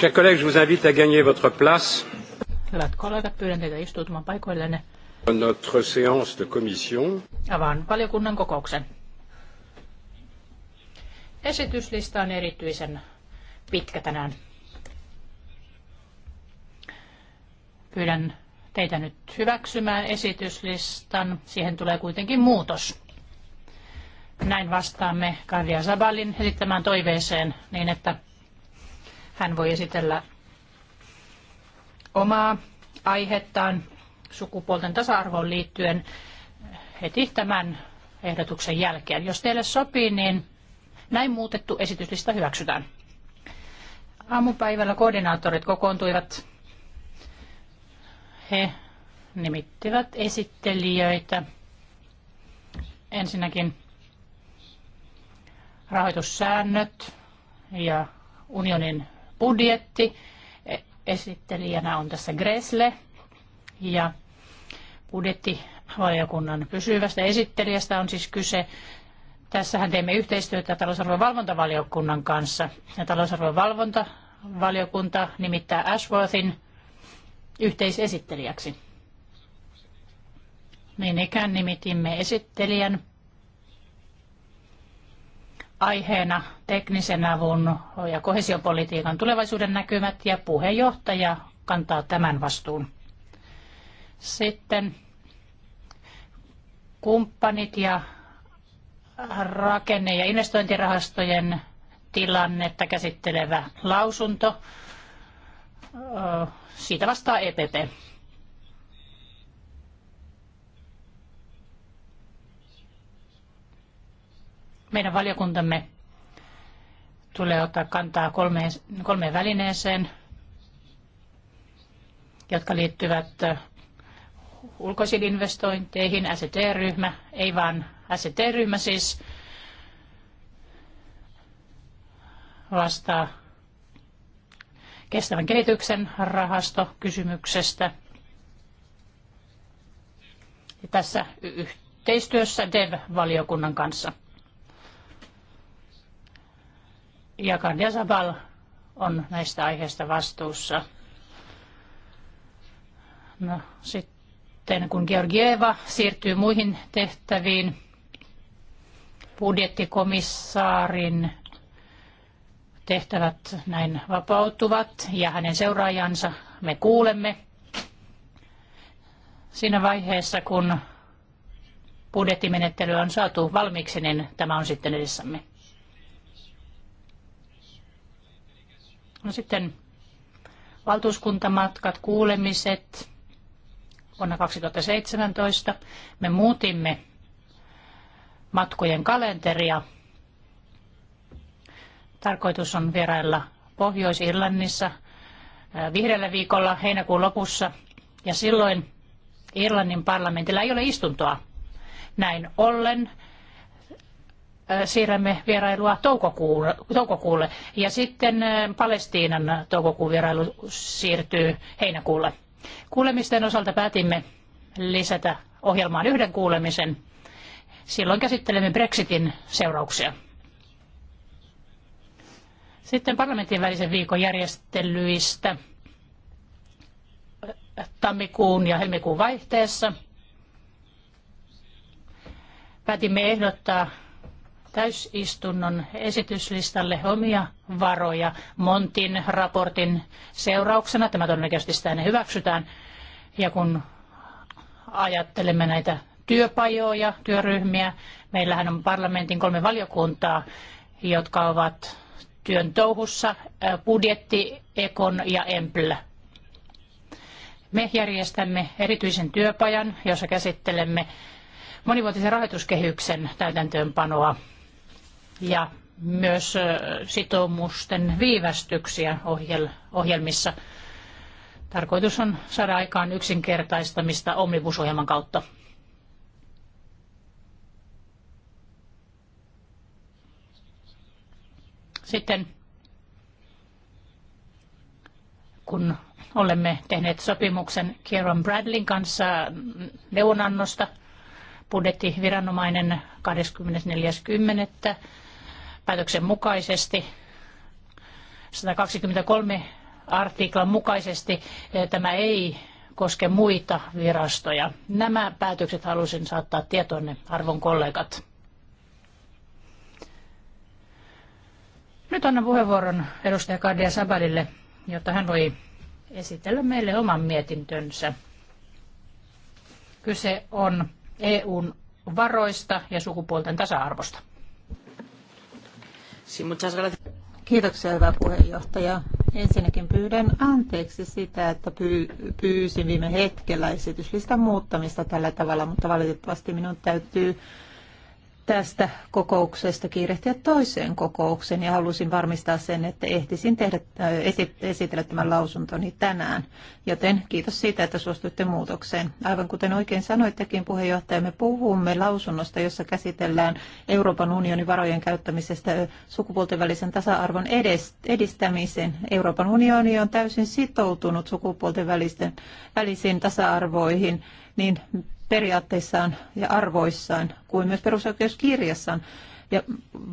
Chers collègues, je vous invite à gagner votre place. Hyvät kollegat, pyydän teitä istuutumaan paikoillenne. Notre séance de commission. Avaan valiokunnan kokouksen. Esityslista on erityisen pitkä tänään. Pyydän teitä nyt hyväksymään esityslistan. Siihen tulee kuitenkin muutos. Näin vastaamme Karja Sabalin esittämään toiveeseen niin, että hän voi esitellä omaa aihettaan sukupuolten tasa-arvoon liittyen heti tämän ehdotuksen jälkeen. Jos teille sopii, niin näin muutettu esityslista hyväksytään. Aamupäivällä koordinaattorit kokoontuivat. He nimittivät esittelijöitä. Ensinnäkin rahoitussäännöt ja unionin budjetti. Esittelijänä on tässä Gresle ja budjettivaliokunnan pysyvästä esittelijästä on siis kyse. Tässähän teemme yhteistyötä talousarvon valvontavaliokunnan kanssa. Ja talousarvon valvontavaliokunta nimittää Ashworthin yhteisesittelijäksi. Niin ikään nimitimme esittelijän aiheena teknisen avun ja kohesiopolitiikan tulevaisuuden näkymät ja puheenjohtaja kantaa tämän vastuun. Sitten kumppanit ja rakenne- ja investointirahastojen tilannetta käsittelevä lausunto. Siitä vastaa EPP. meidän valiokuntamme tulee ottaa kantaa kolmeen, kolmeen välineeseen, jotka liittyvät ulkoisiin investointeihin, st ryhmä ei vaan st ryhmä siis vastaa kestävän kehityksen rahastokysymyksestä. Ja tässä yhteistyössä DEV-valiokunnan kanssa. ja Kardia Sabal on näistä aiheista vastuussa. No, sitten kun Georgieva siirtyy muihin tehtäviin, budjettikomissaarin tehtävät näin vapautuvat ja hänen seuraajansa me kuulemme siinä vaiheessa, kun budjettimenettely on saatu valmiiksi, niin tämä on sitten edessämme. No sitten valtuuskuntamatkat, kuulemiset vuonna 2017. Me muutimme matkojen kalenteria. Tarkoitus on vierailla Pohjois-Irlannissa vihreällä viikolla heinäkuun lopussa ja silloin Irlannin parlamentilla ei ole istuntoa. Näin ollen siirrämme vierailua toukokuulle, toukokuulle ja sitten Palestiinan toukokuun vierailu siirtyy heinäkuulle. Kuulemisten osalta päätimme lisätä ohjelmaan yhden kuulemisen. Silloin käsittelemme Brexitin seurauksia. Sitten parlamentin välisen viikon järjestelyistä tammikuun ja helmikuun vaihteessa. Päätimme ehdottaa täysistunnon esityslistalle omia varoja Montin raportin seurauksena. Tämä todennäköisesti sitä ne hyväksytään. Ja kun ajattelemme näitä työpajoja, työryhmiä, meillähän on parlamentin kolme valiokuntaa, jotka ovat työn touhussa, budjetti, ekon ja emplä. Me järjestämme erityisen työpajan, jossa käsittelemme monivuotisen rahoituskehyksen täytäntöönpanoa ja myös sitoumusten viivästyksiä ohjelmissa. Tarkoitus on saada aikaan yksinkertaistamista omnibusohjelman kautta. Sitten kun olemme tehneet sopimuksen Kieron Bradlin kanssa neuvonannosta, budjettiviranomainen 24.10 päätöksen mukaisesti 123 artiklan mukaisesti eh, tämä ei koske muita virastoja. Nämä päätökset halusin saattaa tietoonne, arvon kollegat. Nyt annan puheenvuoron edustaja Kadia Sabadille, jotta hän voi esitellä meille oman mietintönsä. Kyse on EUn varoista ja sukupuolten tasa-arvosta. Kiitoksia, hyvä puheenjohtaja. Ensinnäkin pyydän anteeksi sitä, että pyysin viime hetkellä esityslistan muuttamista tällä tavalla, mutta valitettavasti minun täytyy tästä kokouksesta kiirehtiä toiseen kokoukseen ja halusin varmistaa sen, että ehtisin tehdä, äh, esitellä tämän lausuntoni tänään. Joten kiitos siitä, että suostuitte muutokseen. Aivan kuten oikein sanoittekin puheenjohtaja, me puhumme lausunnosta, jossa käsitellään Euroopan unionin varojen käyttämisestä sukupuolten välisen tasa-arvon edistämisen. Euroopan unioni on täysin sitoutunut sukupuolten välisten, välisiin tasa-arvoihin, niin periaatteissaan ja arvoissaan kuin myös perusoikeuskirjassaan. Ja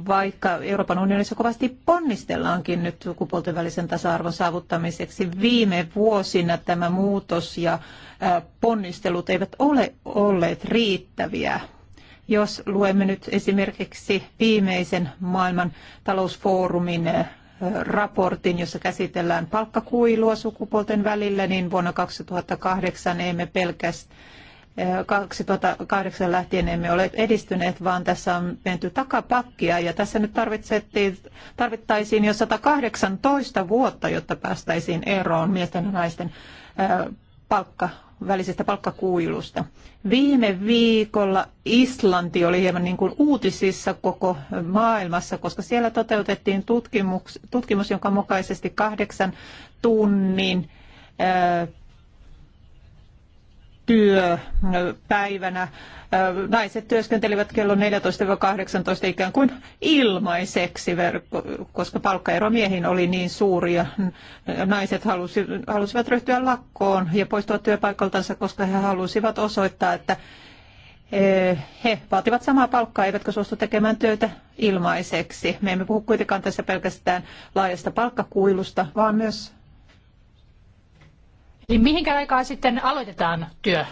vaikka Euroopan unionissa kovasti ponnistellaankin nyt sukupuolten välisen tasa-arvon saavuttamiseksi, viime vuosina tämä muutos ja ponnistelut eivät ole olleet riittäviä. Jos luemme nyt esimerkiksi viimeisen maailman talousfoorumin raportin, jossa käsitellään palkkakuilua sukupuolten välillä, niin vuonna 2008 emme pelkästään 2008 lähtien emme ole edistyneet, vaan tässä on menty takapakkia ja tässä nyt tarvittaisiin jo 118 vuotta, jotta päästäisiin eroon miesten ja naisten palkka, välisestä palkkakuilusta. Viime viikolla Islanti oli hieman niin kuin uutisissa koko maailmassa, koska siellä toteutettiin tutkimus, tutkimus jonka mukaisesti kahdeksan tunnin työpäivänä. Äh, naiset työskentelivät kello 14-18 ikään kuin ilmaiseksi, koska palkkaero miehiin oli niin suuri ja naiset halusivat ryhtyä lakkoon ja poistua työpaikaltansa, koska he halusivat osoittaa, että äh, he vaativat samaa palkkaa, eivätkä suostu tekemään työtä ilmaiseksi. Me emme puhu kuitenkaan tässä pelkästään laajasta palkkakuilusta, vaan myös niin mihinkä aikaan sitten aloitetaan työ?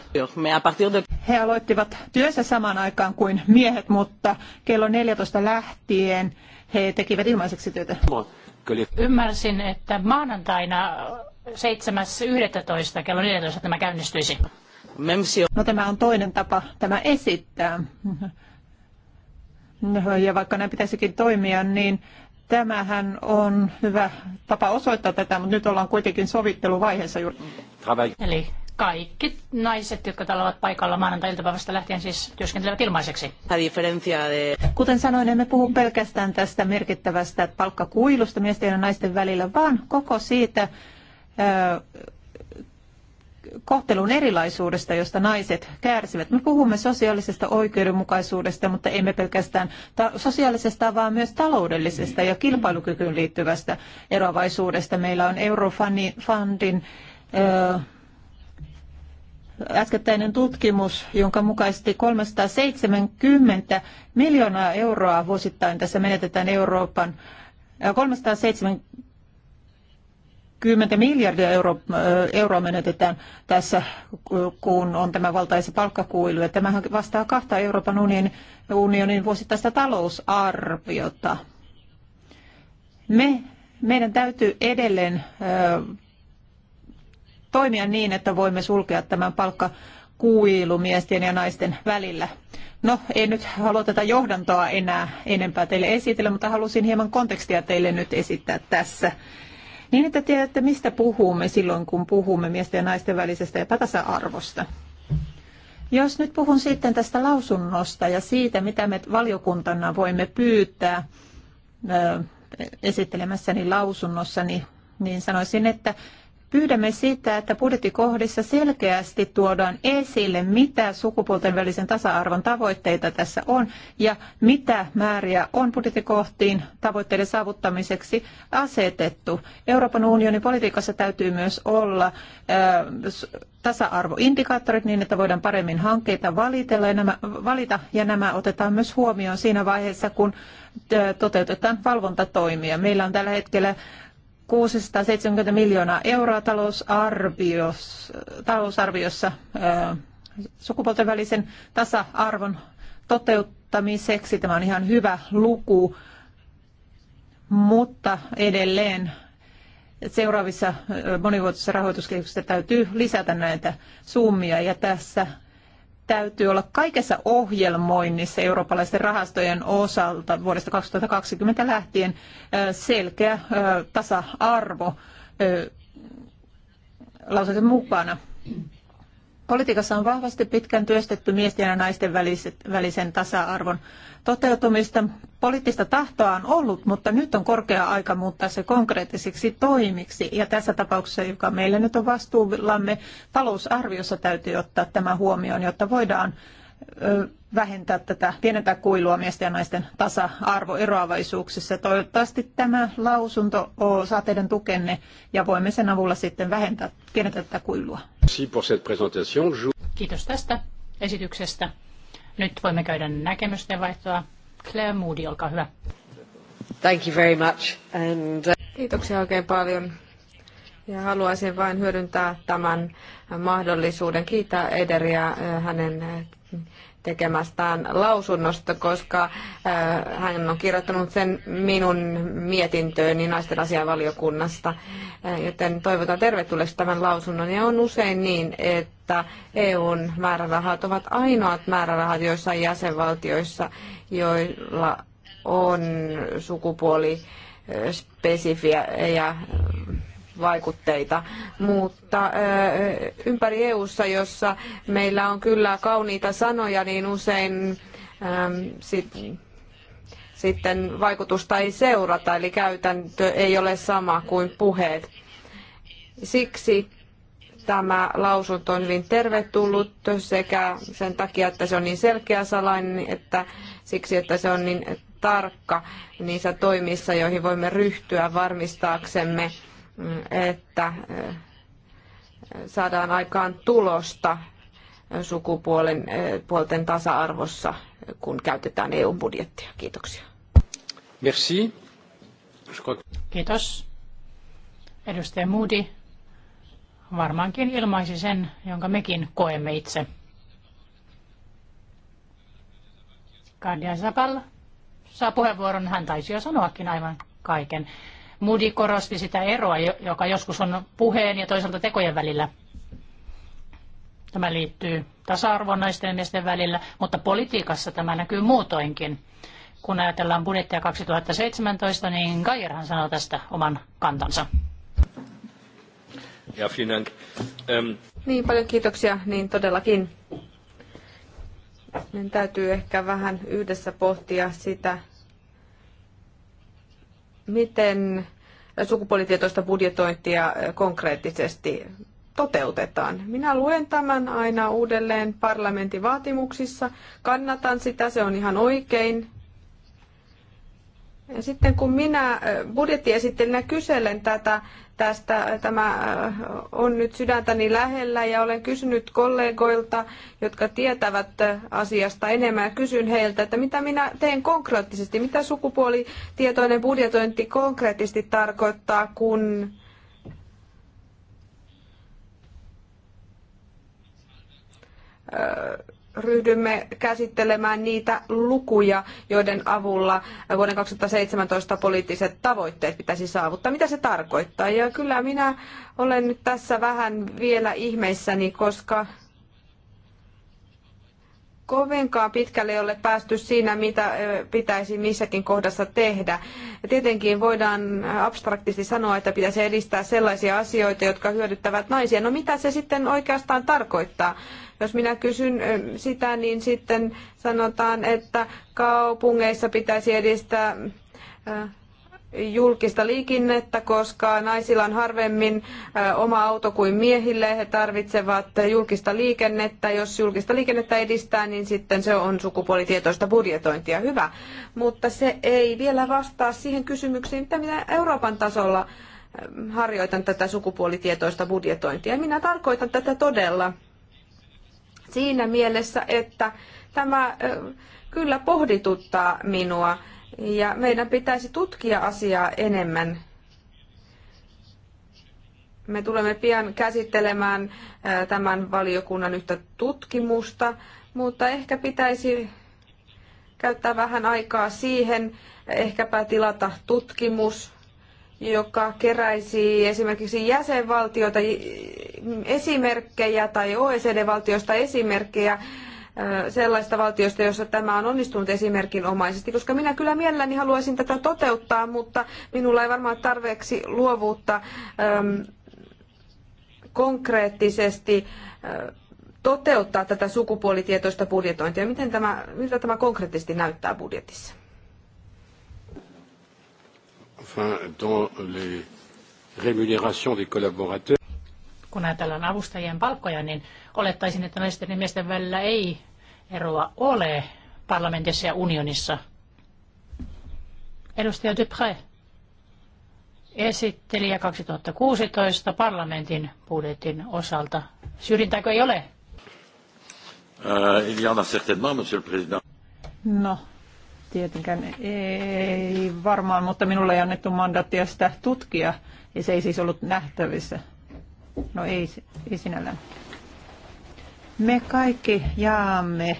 He aloittivat työssä samaan aikaan kuin miehet, mutta kello 14 lähtien he tekivät ilmaiseksi työtä. Ymmärsin, että maanantaina 7.11. kello 14 tämä käynnistyisi. No tämä on toinen tapa tämä esittää. Ja vaikka näin pitäisikin toimia, niin Tämähän on hyvä tapa osoittaa tätä, mutta nyt ollaan kuitenkin sovitteluvaiheessa juuri. Eli kaikki naiset, jotka täällä ovat paikalla maanantai-iltapäivästä lähtien siis työskentelevät ilmaiseksi. Kuten sanoin, emme puhu pelkästään tästä merkittävästä palkkakuilusta miesten ja naisten välillä, vaan koko siitä kohtelun erilaisuudesta, josta naiset kärsivät. Me puhumme sosiaalisesta oikeudenmukaisuudesta, mutta emme pelkästään sosiaalisesta, vaan myös taloudellisesta ja kilpailukykyyn liittyvästä eroavaisuudesta. Meillä on Eurofundin äskettäinen tutkimus, jonka mukaisesti 370 miljoonaa euroa vuosittain tässä menetetään Euroopan 370 10 miljardia euro, euroa menetetään tässä, kun on tämä valtaisa palkkakuilu. Tämähän vastaa kahta Euroopan unionin, unionin vuosittaista talousarviota. Me, meidän täytyy edelleen ö, toimia niin, että voimme sulkea tämän palkkakuilu miesten ja naisten välillä. No, en nyt halua tätä johdantoa enää enempää teille esitellä, mutta halusin hieman kontekstia teille nyt esittää tässä niin että tiedätte, mistä puhumme silloin, kun puhumme miesten ja naisten välisestä epätasa-arvosta. Jos nyt puhun sitten tästä lausunnosta ja siitä, mitä me valiokuntana voimme pyytää esittelemässäni lausunnossa, niin sanoisin, että Pyydämme sitä, että budjettikohdissa selkeästi tuodaan esille, mitä sukupuolten välisen tasa-arvon tavoitteita tässä on ja mitä määriä on budjettikohtiin tavoitteiden saavuttamiseksi asetettu. Euroopan unionin politiikassa täytyy myös olla tasa-arvoindikaattorit niin, että voidaan paremmin hankkeita valitella ja nämä, valita ja nämä otetaan myös huomioon siinä vaiheessa, kun toteutetaan valvontatoimia. Meillä on tällä hetkellä 670 miljoonaa euroa talousarviossa, talousarviossa sukupuolten välisen tasa-arvon toteuttamiseksi. Tämä on ihan hyvä luku, mutta edelleen seuraavissa monivuotisissa rahoituskehyksissä täytyy lisätä näitä summia ja tässä täytyy olla kaikessa ohjelmoinnissa eurooppalaisten rahastojen osalta vuodesta 2020 lähtien selkeä tasa-arvo lauseke mukana. Politiikassa on vahvasti pitkään työstetty miesten ja naisten välisen tasa-arvon toteutumista. Poliittista tahtoa on ollut, mutta nyt on korkea aika muuttaa se konkreettisiksi toimiksi. Ja tässä tapauksessa, joka meillä nyt on vastuullamme, talousarviossa täytyy ottaa tämä huomioon, jotta voidaan vähentää tätä, pienentää kuilua miesten ja naisten tasa-arvoeroavaisuuksissa. Toivottavasti tämä lausunto saa teidän tukenne ja voimme sen avulla sitten vähentää, pienentää tätä kuilua. Kiitos tästä esityksestä. Nyt voimme käydä näkemysten vaihtoa. Claire Moody, olkaa hyvä. Thank you very much. And, uh... Kiitoksia oikein paljon. Ja haluaisin vain hyödyntää tämän mahdollisuuden kiittää Ederiä eh, hänen tekemästään lausunnosta, koska äh, hän on kirjoittanut sen minun mietintööni naisten asianvaliokunnasta. Äh, joten toivotan tervetulleeksi tämän lausunnon. Ja on usein niin, että EUn määrärahat ovat ainoat määrärahat joissain jäsenvaltioissa, joilla on sukupuoli spesifiä ja vaikutteita, mutta ympäri EU:ssa, jossa meillä on kyllä kauniita sanoja, niin usein sit, sitten vaikutusta ei seurata, eli käytäntö ei ole sama kuin puheet. Siksi tämä lausunto on hyvin tervetullut sekä sen takia, että se on niin selkeä salainen, että siksi, että se on niin tarkka niissä toimissa, joihin voimme ryhtyä varmistaaksemme että äh, saadaan aikaan tulosta sukupuolen äh, puolten tasa-arvossa, kun käytetään EU-budjettia. Kiitoksia. Merci. Kiitos. Edustaja Moody varmaankin ilmaisi sen, jonka mekin koemme itse. Kadia Sapal saa puheenvuoron. Hän taisi jo sanoakin aivan kaiken. Moody korosti sitä eroa, joka joskus on puheen ja toisaalta tekojen välillä. Tämä liittyy tasa-arvoon naisten ja miesten välillä, mutta politiikassa tämä näkyy muutoinkin. Kun ajatellaan budjettia 2017, niin Gajerhan sanoo tästä oman kantansa. Ja, ähm. Niin, paljon kiitoksia. Niin todellakin. Meidän niin täytyy ehkä vähän yhdessä pohtia sitä, miten sukupuolitietoista budjetointia eh, konkreettisesti toteutetaan. Minä luen tämän aina uudelleen parlamentin vaatimuksissa. Kannatan sitä, se on ihan oikein. Ja sitten kun minä äh, budjettiesittelijänä kyselen tätä, tästä, äh, tämä äh, on nyt sydäntäni lähellä ja olen kysynyt kollegoilta, jotka tietävät asiasta enemmän ja kysyn heiltä, että mitä minä teen konkreettisesti, mitä sukupuolitietoinen budjetointi konkreettisesti tarkoittaa, kun öö, ryhdymme käsittelemään niitä lukuja, joiden avulla vuoden 2017 poliittiset tavoitteet pitäisi saavuttaa. Mitä se tarkoittaa? Ja kyllä minä olen nyt tässä vähän vielä ihmeissäni, koska kovinkaan pitkälle ei ole päästy siinä, mitä pitäisi missäkin kohdassa tehdä. tietenkin voidaan abstraktisti sanoa, että pitäisi edistää sellaisia asioita, jotka hyödyttävät naisia. No mitä se sitten oikeastaan tarkoittaa? Jos minä kysyn sitä, niin sitten sanotaan, että kaupungeissa pitäisi edistää julkista liikennettä, koska naisilla on harvemmin oma auto kuin miehille. He tarvitsevat julkista liikennettä. Jos julkista liikennettä edistää, niin sitten se on sukupuolitietoista budjetointia. Hyvä. Mutta se ei vielä vastaa siihen kysymykseen, mitä minä Euroopan tasolla harjoitan tätä sukupuolitietoista budjetointia. Minä tarkoitan tätä todella siinä mielessä, että tämä kyllä pohdituttaa minua ja meidän pitäisi tutkia asiaa enemmän. Me tulemme pian käsittelemään tämän valiokunnan yhtä tutkimusta, mutta ehkä pitäisi käyttää vähän aikaa siihen, ehkäpä tilata tutkimus joka keräisi esimerkiksi jäsenvaltioita esimerkkejä tai OECD-valtioista esimerkkejä sellaista valtioista, jossa tämä on onnistunut esimerkinomaisesti, koska minä kyllä mielelläni haluaisin tätä toteuttaa, mutta minulla ei varmaan tarveeksi luovuutta konkreettisesti toteuttaa tätä sukupuolitietoista budjetointia. Miten tämä, miltä tämä konkreettisesti näyttää budjetissa? enfin dans les rémunérations des collaborateurs. Kun ajatellaan avustajien palkkoja, niin olettaisin, että naisten ja miesten välillä ei eroa ole parlamentissa ja unionissa. Edustaja Dupré, esittelijä 2016 parlamentin budjetin osalta. Syrjintääkö ei ole? Uh, il y en a certainement, monsieur le président. No, Tietenkään ei varmaan, mutta minulle ei annettu mandaattia sitä tutkia, ja se ei siis ollut nähtävissä. No ei, ei sinällään. Me kaikki jaamme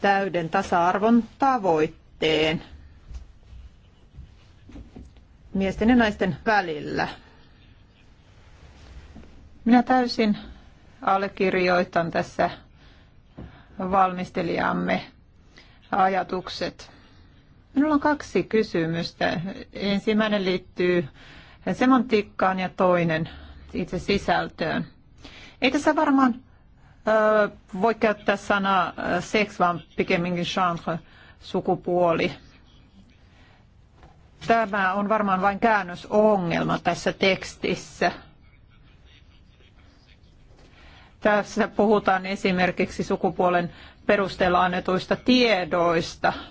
täyden tasa-arvon tavoitteen miesten ja naisten välillä. Minä täysin allekirjoitan tässä valmistelijamme ajatukset. Minulla on kaksi kysymystä. Ensimmäinen liittyy semantiikkaan ja toinen itse sisältöön. Ei tässä varmaan ö, voi käyttää sanaa sex, vaan pikemminkin genre, sukupuoli. Tämä on varmaan vain käännösongelma tässä tekstissä. Tässä puhutaan esimerkiksi sukupuolen perusteella annetuista tiedoista –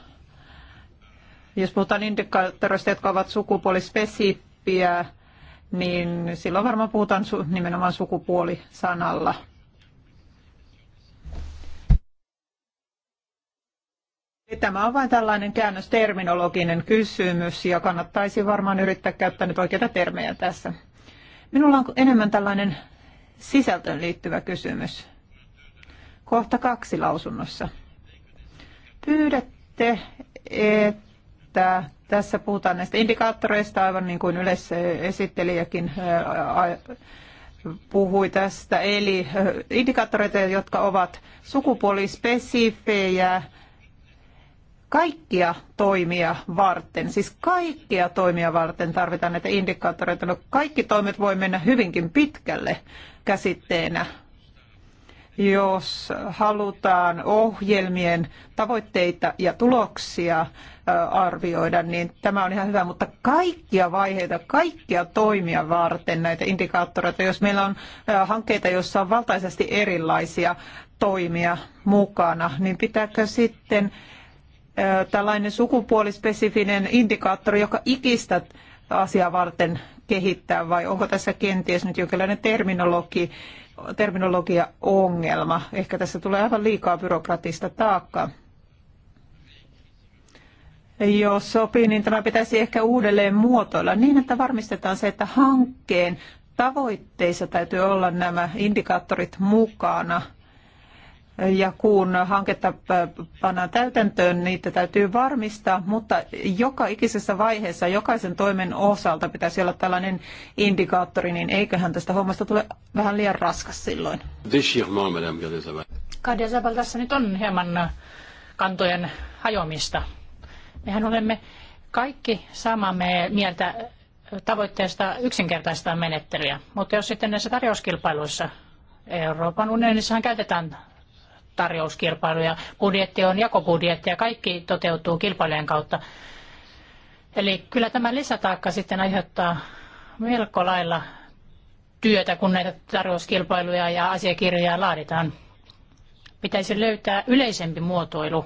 jos puhutaan indikaattoreista, jotka ovat sukupuolispesifiä, niin silloin varmaan puhutaan su- nimenomaan sukupuolisanalla. Tämä on vain tällainen käännösterminologinen kysymys ja kannattaisi varmaan yrittää käyttää nyt oikeita termejä tässä. Minulla on enemmän tällainen sisältöön liittyvä kysymys. Kohta kaksi lausunnossa. Pyydätte, että että tässä puhutaan näistä indikaattoreista, aivan niin kuin yleisesittelijäkin puhui tästä, eli indikaattoreita, jotka ovat sukupuolispesifejä kaikkia toimia varten, siis kaikkia toimia varten tarvitaan näitä indikaattoreita. No kaikki toimet voi mennä hyvinkin pitkälle käsitteenä, jos halutaan ohjelmien tavoitteita ja tuloksia arvioida, niin tämä on ihan hyvä, mutta kaikkia vaiheita, kaikkia toimia varten näitä indikaattoreita, jos meillä on hankkeita, joissa on valtaisesti erilaisia toimia mukana, niin pitääkö sitten tällainen sukupuolispesifinen indikaattori, joka ikistä asiaa varten kehittää vai onko tässä kenties nyt jonkinlainen terminologi, terminologiaongelma. Ehkä tässä tulee aivan liikaa byrokratista taakkaa. Jos sopii, niin tämä pitäisi ehkä uudelleen muotoilla niin, että varmistetaan se, että hankkeen tavoitteissa täytyy olla nämä indikaattorit mukana – ja kun hanketta pannaan täytäntöön, niitä täytyy varmistaa, mutta joka ikisessä vaiheessa, jokaisen toimen osalta pitäisi olla tällainen indikaattori, niin eiköhän tästä hommasta tule vähän liian raskas silloin. Kadia Zabal, tässä nyt on hieman äh, kantojen hajomista. Mehän olemme kaikki samaa mieltä äh, tavoitteesta yksinkertaistaa menettelyä, mutta jos sitten näissä tarjouskilpailuissa Euroopan unionissahan käytetään tarjouskilpailuja. Budjetti on jakobudjetti ja kaikki toteutuu kilpailijan kautta. Eli kyllä tämä lisätaakka sitten aiheuttaa melko lailla työtä, kun näitä tarjouskilpailuja ja asiakirjoja laaditaan. Pitäisi löytää yleisempi muotoilu.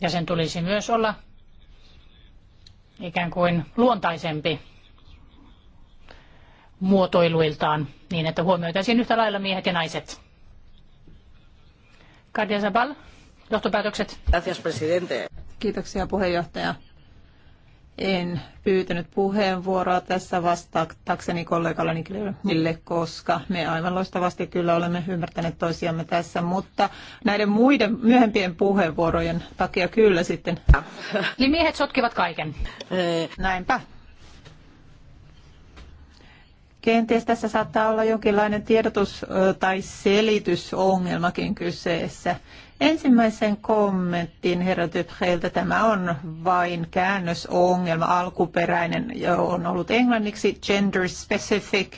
Ja sen tulisi myös olla ikään kuin luontaisempi muotoiluiltaan niin, että huomioitaisiin yhtä lailla miehet ja naiset. Kardia Zabal, johtopäätökset. Gracias, presidente. Kiitoksia puheenjohtaja. En pyytänyt puheenvuoroa tässä vastaakseni kollegallani Mille, koska me aivan loistavasti kyllä olemme ymmärtäneet toisiamme tässä, mutta näiden muiden myöhempien puheenvuorojen takia kyllä sitten. Eli miehet sotkivat kaiken. Näinpä. Kenties tässä saattaa olla jonkinlainen tiedotus- tai selitysongelmakin kyseessä. Ensimmäisen kommentin herra Dupreilta tämä on vain käännösongelma. Alkuperäinen on ollut englanniksi gender specific.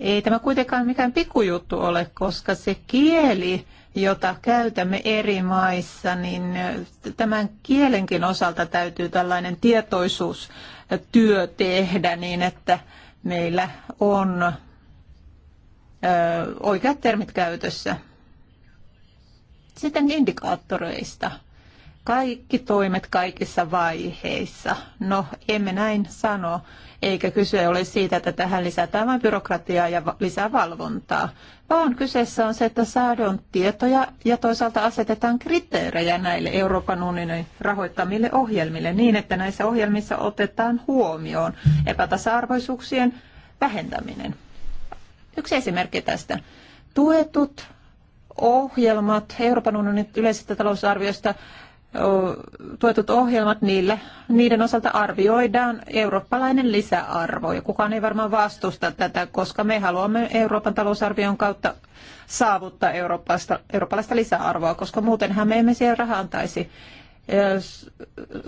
Ei tämä kuitenkaan mikään pikkujuttu ole, koska se kieli, jota käytämme eri maissa, niin tämän kielenkin osalta täytyy tällainen tietoisuus työ tehdä niin, että meillä on oikeat termit käytössä. Sitten indikaattoreista – kaikki toimet kaikissa vaiheissa. No, emme näin sano, eikä kyse ole siitä, että tähän lisätään vain byrokratiaa ja lisää valvontaa, vaan kyseessä on se, että saadaan tietoja ja toisaalta asetetaan kriteerejä näille Euroopan unionin rahoittamille ohjelmille niin, että näissä ohjelmissa otetaan huomioon epätasa-arvoisuuksien vähentäminen. Yksi esimerkki tästä. Tuetut ohjelmat Euroopan unionin yleisestä talousarviosta tuetut ohjelmat, niille niiden osalta arvioidaan eurooppalainen lisäarvo. Ja kukaan ei varmaan vastusta tätä, koska me haluamme Euroopan talousarvion kautta saavuttaa eurooppalaista, eurooppalaista lisäarvoa, koska muutenhan me emme siellä rahantaisi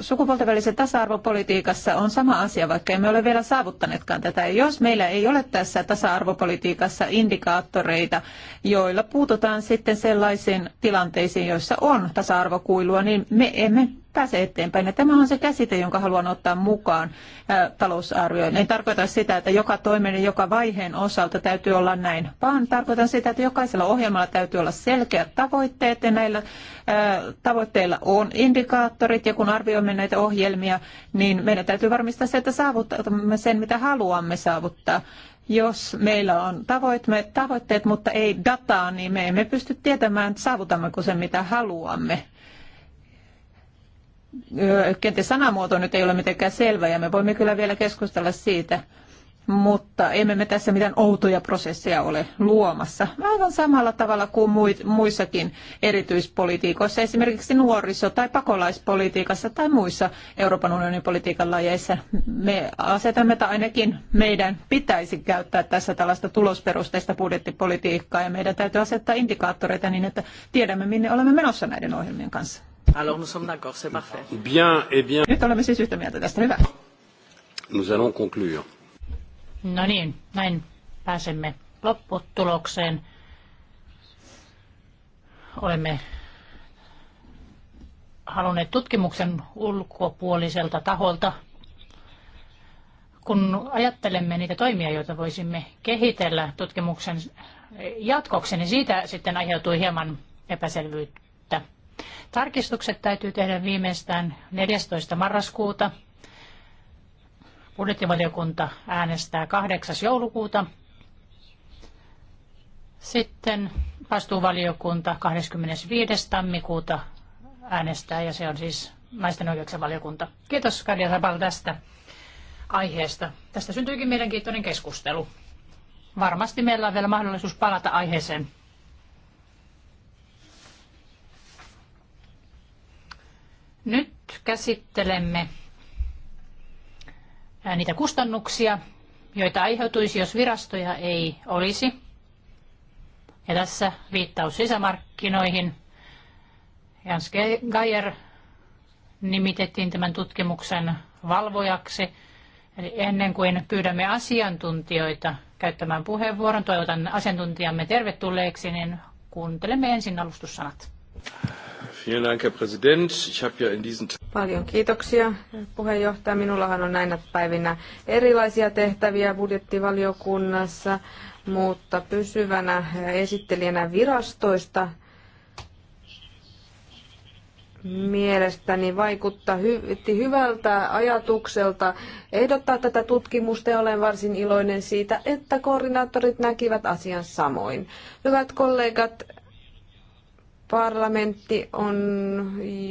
sukupuolten välisessä tasa-arvopolitiikassa on sama asia, vaikka emme ole vielä saavuttaneetkaan tätä. Jos meillä ei ole tässä tasa-arvopolitiikassa indikaattoreita, joilla puututaan sitten sellaisiin tilanteisiin, joissa on tasa-arvokuilua, niin me emme pääse eteenpäin. Ja tämä on se käsite, jonka haluan ottaa mukaan talousarvioon. En tarkoita sitä, että joka toimen ja joka vaiheen osalta täytyy olla näin, vaan tarkoitan sitä, että jokaisella ohjelmalla täytyy olla selkeät tavoitteet ja näillä tavoitteilla on indikaattorit ja kun arvioimme näitä ohjelmia, niin meidän täytyy varmistaa se, että saavutamme sen, mitä haluamme saavuttaa jos meillä on tavoitteet, mutta ei dataa, niin me emme pysty tietämään, saavutammeko sen, mitä haluamme kenties sanamuoto nyt ei ole mitenkään selvä ja me voimme kyllä vielä keskustella siitä, mutta emme me tässä mitään outoja prosesseja ole luomassa. Aivan samalla tavalla kuin muissakin erityispolitiikoissa, esimerkiksi nuoriso- tai pakolaispolitiikassa tai muissa Euroopan unionin politiikan lajeissa. Me asetamme, tai ainakin meidän pitäisi käyttää tässä tällaista tulosperusteista budjettipolitiikkaa, ja meidän täytyy asettaa indikaattoreita niin, että tiedämme, minne olemme menossa näiden ohjelmien kanssa. Alors nous sommes d'accord, c'est parfait. Bien, eh bien. Siis nous allons conclure. No niin, näin pääsemme lopputulokseen. Olemme halunneet tutkimuksen ulkopuoliselta taholta. Kun ajattelemme niitä toimia, joita voisimme kehitellä tutkimuksen jatkoksi, niin siitä sitten aiheutui hieman epäselvyyttä. Tarkistukset täytyy tehdä viimeistään 14. marraskuuta. Budjettivaliokunta äänestää 8. joulukuuta. Sitten vastuuvaliokunta 25. tammikuuta äänestää, ja se on siis naisten oikeuksien valiokunta. Kiitos Kadia Sabal tästä aiheesta. Tästä syntyykin mielenkiintoinen keskustelu. Varmasti meillä on vielä mahdollisuus palata aiheeseen. Nyt käsittelemme niitä kustannuksia, joita aiheutuisi, jos virastoja ei olisi. Ja tässä viittaus sisämarkkinoihin. Jans Geier nimitettiin tämän tutkimuksen valvojaksi. Eli ennen kuin pyydämme asiantuntijoita käyttämään puheenvuoron, toivotan asiantuntijamme tervetulleeksi, niin kuuntelemme ensin alustussanat. Paljon kiitoksia puheenjohtaja. Minullahan on näinä päivinä erilaisia tehtäviä budjettivaliokunnassa, mutta pysyvänä esittelijänä virastoista mielestäni vaikuttaa hy- hyvältä ajatukselta ehdottaa tätä tutkimusta ja olen varsin iloinen siitä, että koordinaattorit näkivät asian samoin. Hyvät kollegat, Parlamentti on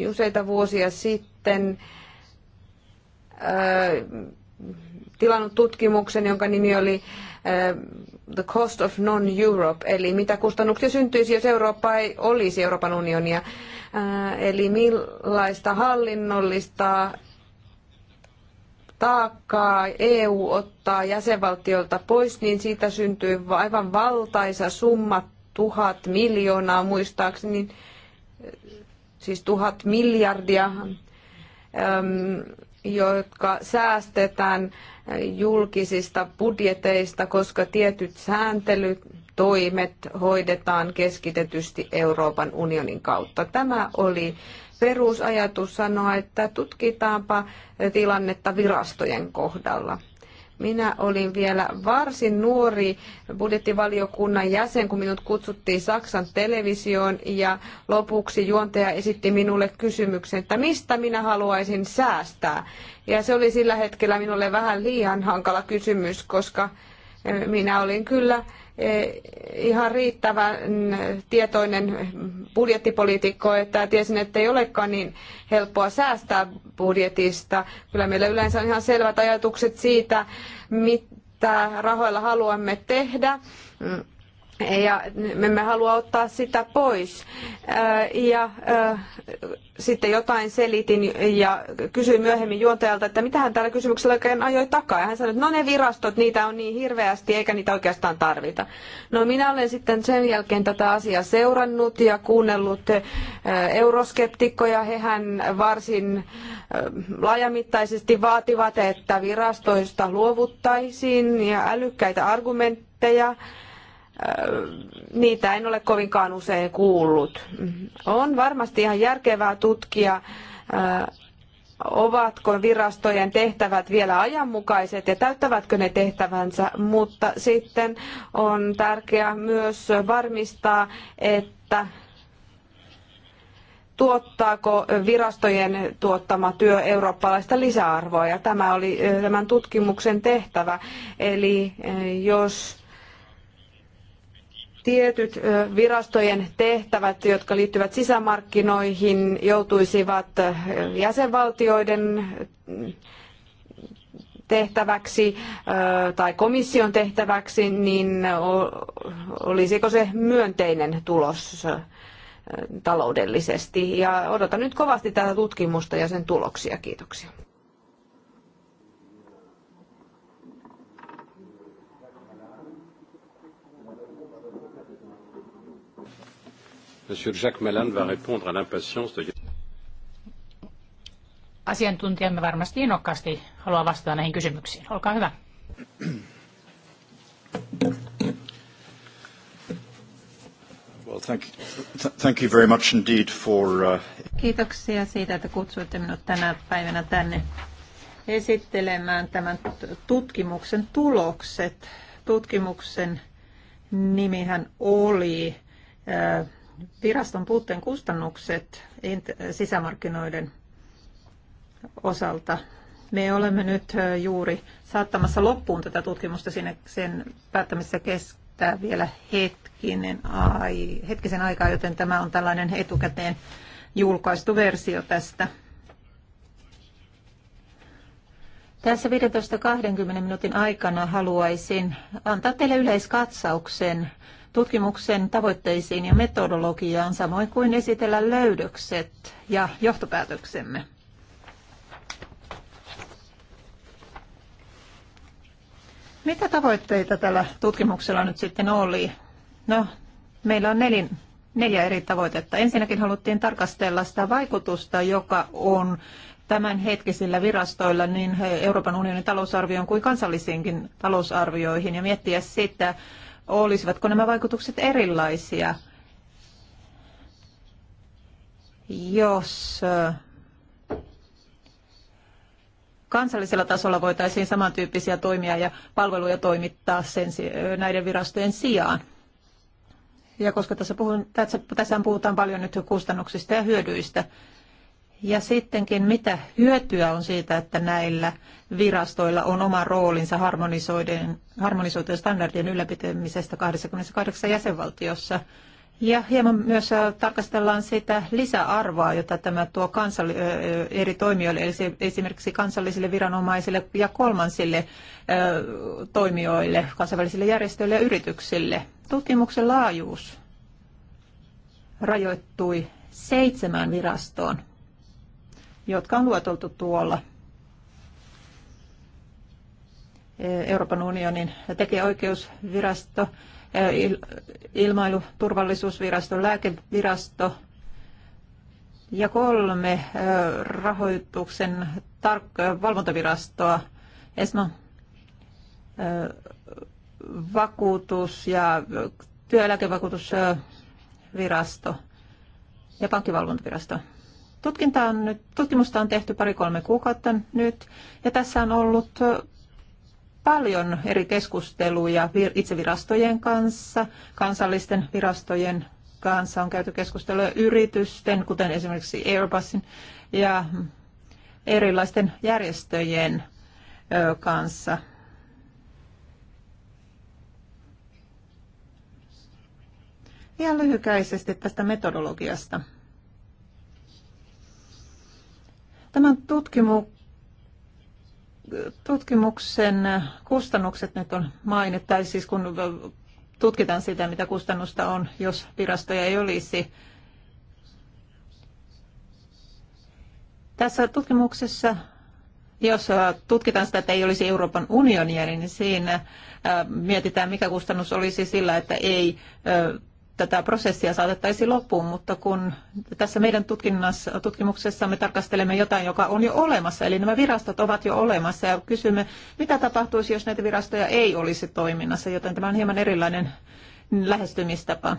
useita vuosia sitten tilannut tutkimuksen, jonka nimi oli The Cost of Non-Europe, eli mitä kustannuksia syntyisi, jos Eurooppa ei olisi Euroopan unionia. Eli millaista hallinnollista taakkaa EU ottaa jäsenvaltiolta pois, niin siitä syntyy aivan valtaisa summa tuhat miljoonaa muistaakseni, niin, siis tuhat miljardia, ähm, jotka säästetään julkisista budjeteista, koska tietyt sääntelytoimet hoidetaan keskitetysti Euroopan unionin kautta. Tämä oli perusajatus sanoa, että tutkitaanpa tilannetta virastojen kohdalla. Minä olin vielä varsin nuori budjettivaliokunnan jäsen, kun minut kutsuttiin Saksan televisioon ja lopuksi juontaja esitti minulle kysymyksen, että mistä minä haluaisin säästää. Ja se oli sillä hetkellä minulle vähän liian hankala kysymys, koska eh, minä olin kyllä Eh, ihan riittävän tietoinen budjettipoliitikko, että tiesin, että ei olekaan niin helppoa säästää budjetista. Kyllä meillä yleensä on ihan selvät ajatukset siitä, mitä rahoilla haluamme tehdä mm ja me emme halua ottaa sitä pois. Äh, ja äh, sitten jotain selitin ja kysyin myöhemmin juontajalta, että mitä hän tällä kysymyksellä oikein ajoi takaa. Ja hän sanoi, että no ne virastot, niitä on niin hirveästi eikä niitä oikeastaan tarvita. No minä olen sitten sen jälkeen tätä asiaa seurannut ja kuunnellut äh, euroskeptikkoja. Hehän varsin laajamittaisesti vaativat, että virastoista luovuttaisiin ja älykkäitä argumentteja niitä en ole kovinkaan usein kuullut. On varmasti ihan järkevää tutkia, äh, ovatko virastojen tehtävät vielä ajanmukaiset ja täyttävätkö ne tehtävänsä, mutta sitten on tärkeää myös varmistaa, että tuottaako virastojen tuottama työ eurooppalaista lisäarvoa. Ja tämä oli äh, tämän tutkimuksen tehtävä. Eli äh, jos tietyt virastojen tehtävät, jotka liittyvät sisämarkkinoihin, joutuisivat jäsenvaltioiden mm, tehtäväksi tai komission tehtäväksi, niin olisiko se myönteinen tulos taloudellisesti? Ja odotan nyt kovasti tätä tutkimusta ja sen tuloksia. Kiitoksia. Monsieur Jacques va répondre à l'impatience de... Asiantuntijamme varmasti innokkaasti haluaa vastata näihin kysymyksiin. Olkaa hyvä. Well, thank, thank you very much indeed for, uh... Kiitoksia siitä, että kutsuitte minut tänä päivänä tänne esittelemään tämän tutkimuksen tulokset. Tutkimuksen nimihän oli äh, viraston puutteen kustannukset sisämarkkinoiden osalta. Me olemme nyt juuri saattamassa loppuun tätä tutkimusta sinne sen päättämisessä kestää vielä hetkinen ai, hetkisen aikaa, joten tämä on tällainen etukäteen julkaistu versio tästä. Tässä 15-20 minuutin aikana haluaisin antaa teille yleiskatsauksen tutkimuksen tavoitteisiin ja metodologiaan, samoin kuin esitellä löydökset ja johtopäätöksemme. Mitä tavoitteita tällä tutkimuksella nyt sitten oli? No, meillä on nelin, neljä eri tavoitetta. Ensinnäkin haluttiin tarkastella sitä vaikutusta, joka on tämänhetkisillä virastoilla niin Euroopan unionin talousarvioon kuin kansallisiinkin talousarvioihin ja miettiä sitä, Olisivatko nämä vaikutukset erilaisia, jos kansallisella tasolla voitaisiin samantyyppisiä toimia ja palveluja toimittaa sen, näiden virastojen sijaan? Ja koska tässä, puhun, tässä, tässä puhutaan paljon nyt kustannuksista ja hyödyistä, ja sittenkin, mitä hyötyä on siitä, että näillä virastoilla on oma roolinsa harmonisoitujen standardien ylläpitämisestä 28 jäsenvaltiossa? Ja hieman myös äh, tarkastellaan sitä lisäarvoa, jota tämä tuo kansali- eri toimijoille, eli esimerkiksi kansallisille viranomaisille ja kolmansille toimijoille, kansainvälisille järjestöille ja yrityksille. Tutkimuksen laajuus rajoittui seitsemään virastoon jotka on luoteltu tuolla Euroopan unionin tekijäoikeusvirasto, ilmailuturvallisuusvirasto, lääkevirasto ja kolme rahoituksen tark- valvontavirastoa, ESMA, vakuutus- ja työeläkevakuutusvirasto ja pankkivalvontavirasto. Tutkinta on nyt, tutkimusta on tehty pari-kolme kuukautta nyt, ja tässä on ollut paljon eri keskusteluja itsevirastojen kanssa, kansallisten virastojen kanssa on käyty keskustelua yritysten, kuten esimerkiksi Airbusin ja erilaisten järjestöjen kanssa. Ihan lyhykäisesti tästä metodologiasta. Tämän tutkimuksen tutkimuksen kustannukset nyt on mainittu, tai siis kun tutkitaan sitä, mitä kustannusta on, jos virastoja ei olisi. Tässä tutkimuksessa, jos äh, tutkitaan sitä, että ei olisi Euroopan unionia, niin siinä äh, mietitään, mikä kustannus olisi sillä, että ei äh, tätä prosessia saatettaisiin loppuun, mutta kun tässä meidän tutkimuksessa me tarkastelemme jotain, joka on jo olemassa, eli nämä virastot ovat jo olemassa ja kysymme, mitä tapahtuisi, jos näitä virastoja ei olisi toiminnassa, joten tämä on hieman erilainen lähestymistapa.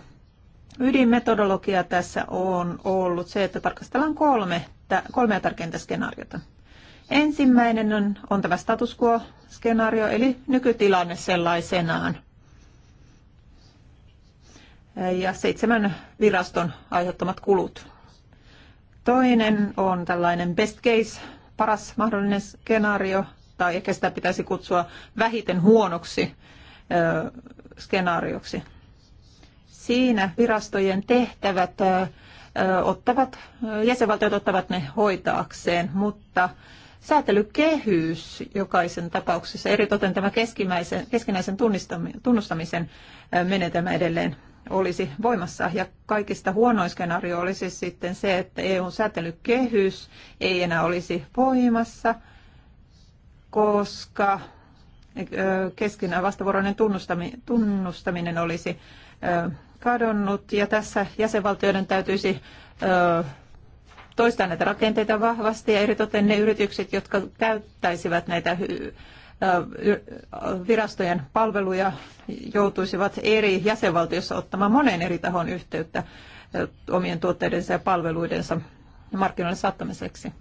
Ydinmetodologia tässä on ollut se, että tarkastellaan kolme, kolmea tärkeintä skenaariota. Ensimmäinen on, on tämä status quo-skenaario, eli nykytilanne sellaisenaan – ja seitsemän viraston aiheuttamat kulut. Toinen on tällainen best case, paras mahdollinen skenaario, tai ehkä sitä pitäisi kutsua vähiten huonoksi skenaarioksi. Siinä virastojen tehtävät ottavat, jäsenvaltiot ottavat ne hoitaakseen, mutta säätelykehys jokaisen tapauksessa, eritoten tämä keskinäisen tunnistamisen menetelmä edelleen olisi voimassa. Ja kaikista huonoin skenaario olisi sitten se, että EUn säätelykehys ei enää olisi voimassa, koska keskenään vastavuoroinen tunnustaminen olisi kadonnut. Ja tässä jäsenvaltioiden täytyisi toistaa näitä rakenteita vahvasti ja eritoten ne yritykset, jotka käyttäisivät näitä virastojen palveluja joutuisivat eri jäsenvaltiossa ottamaan monen eri tahon yhteyttä omien tuotteidensa ja palveluidensa markkinoille saattamiseksi.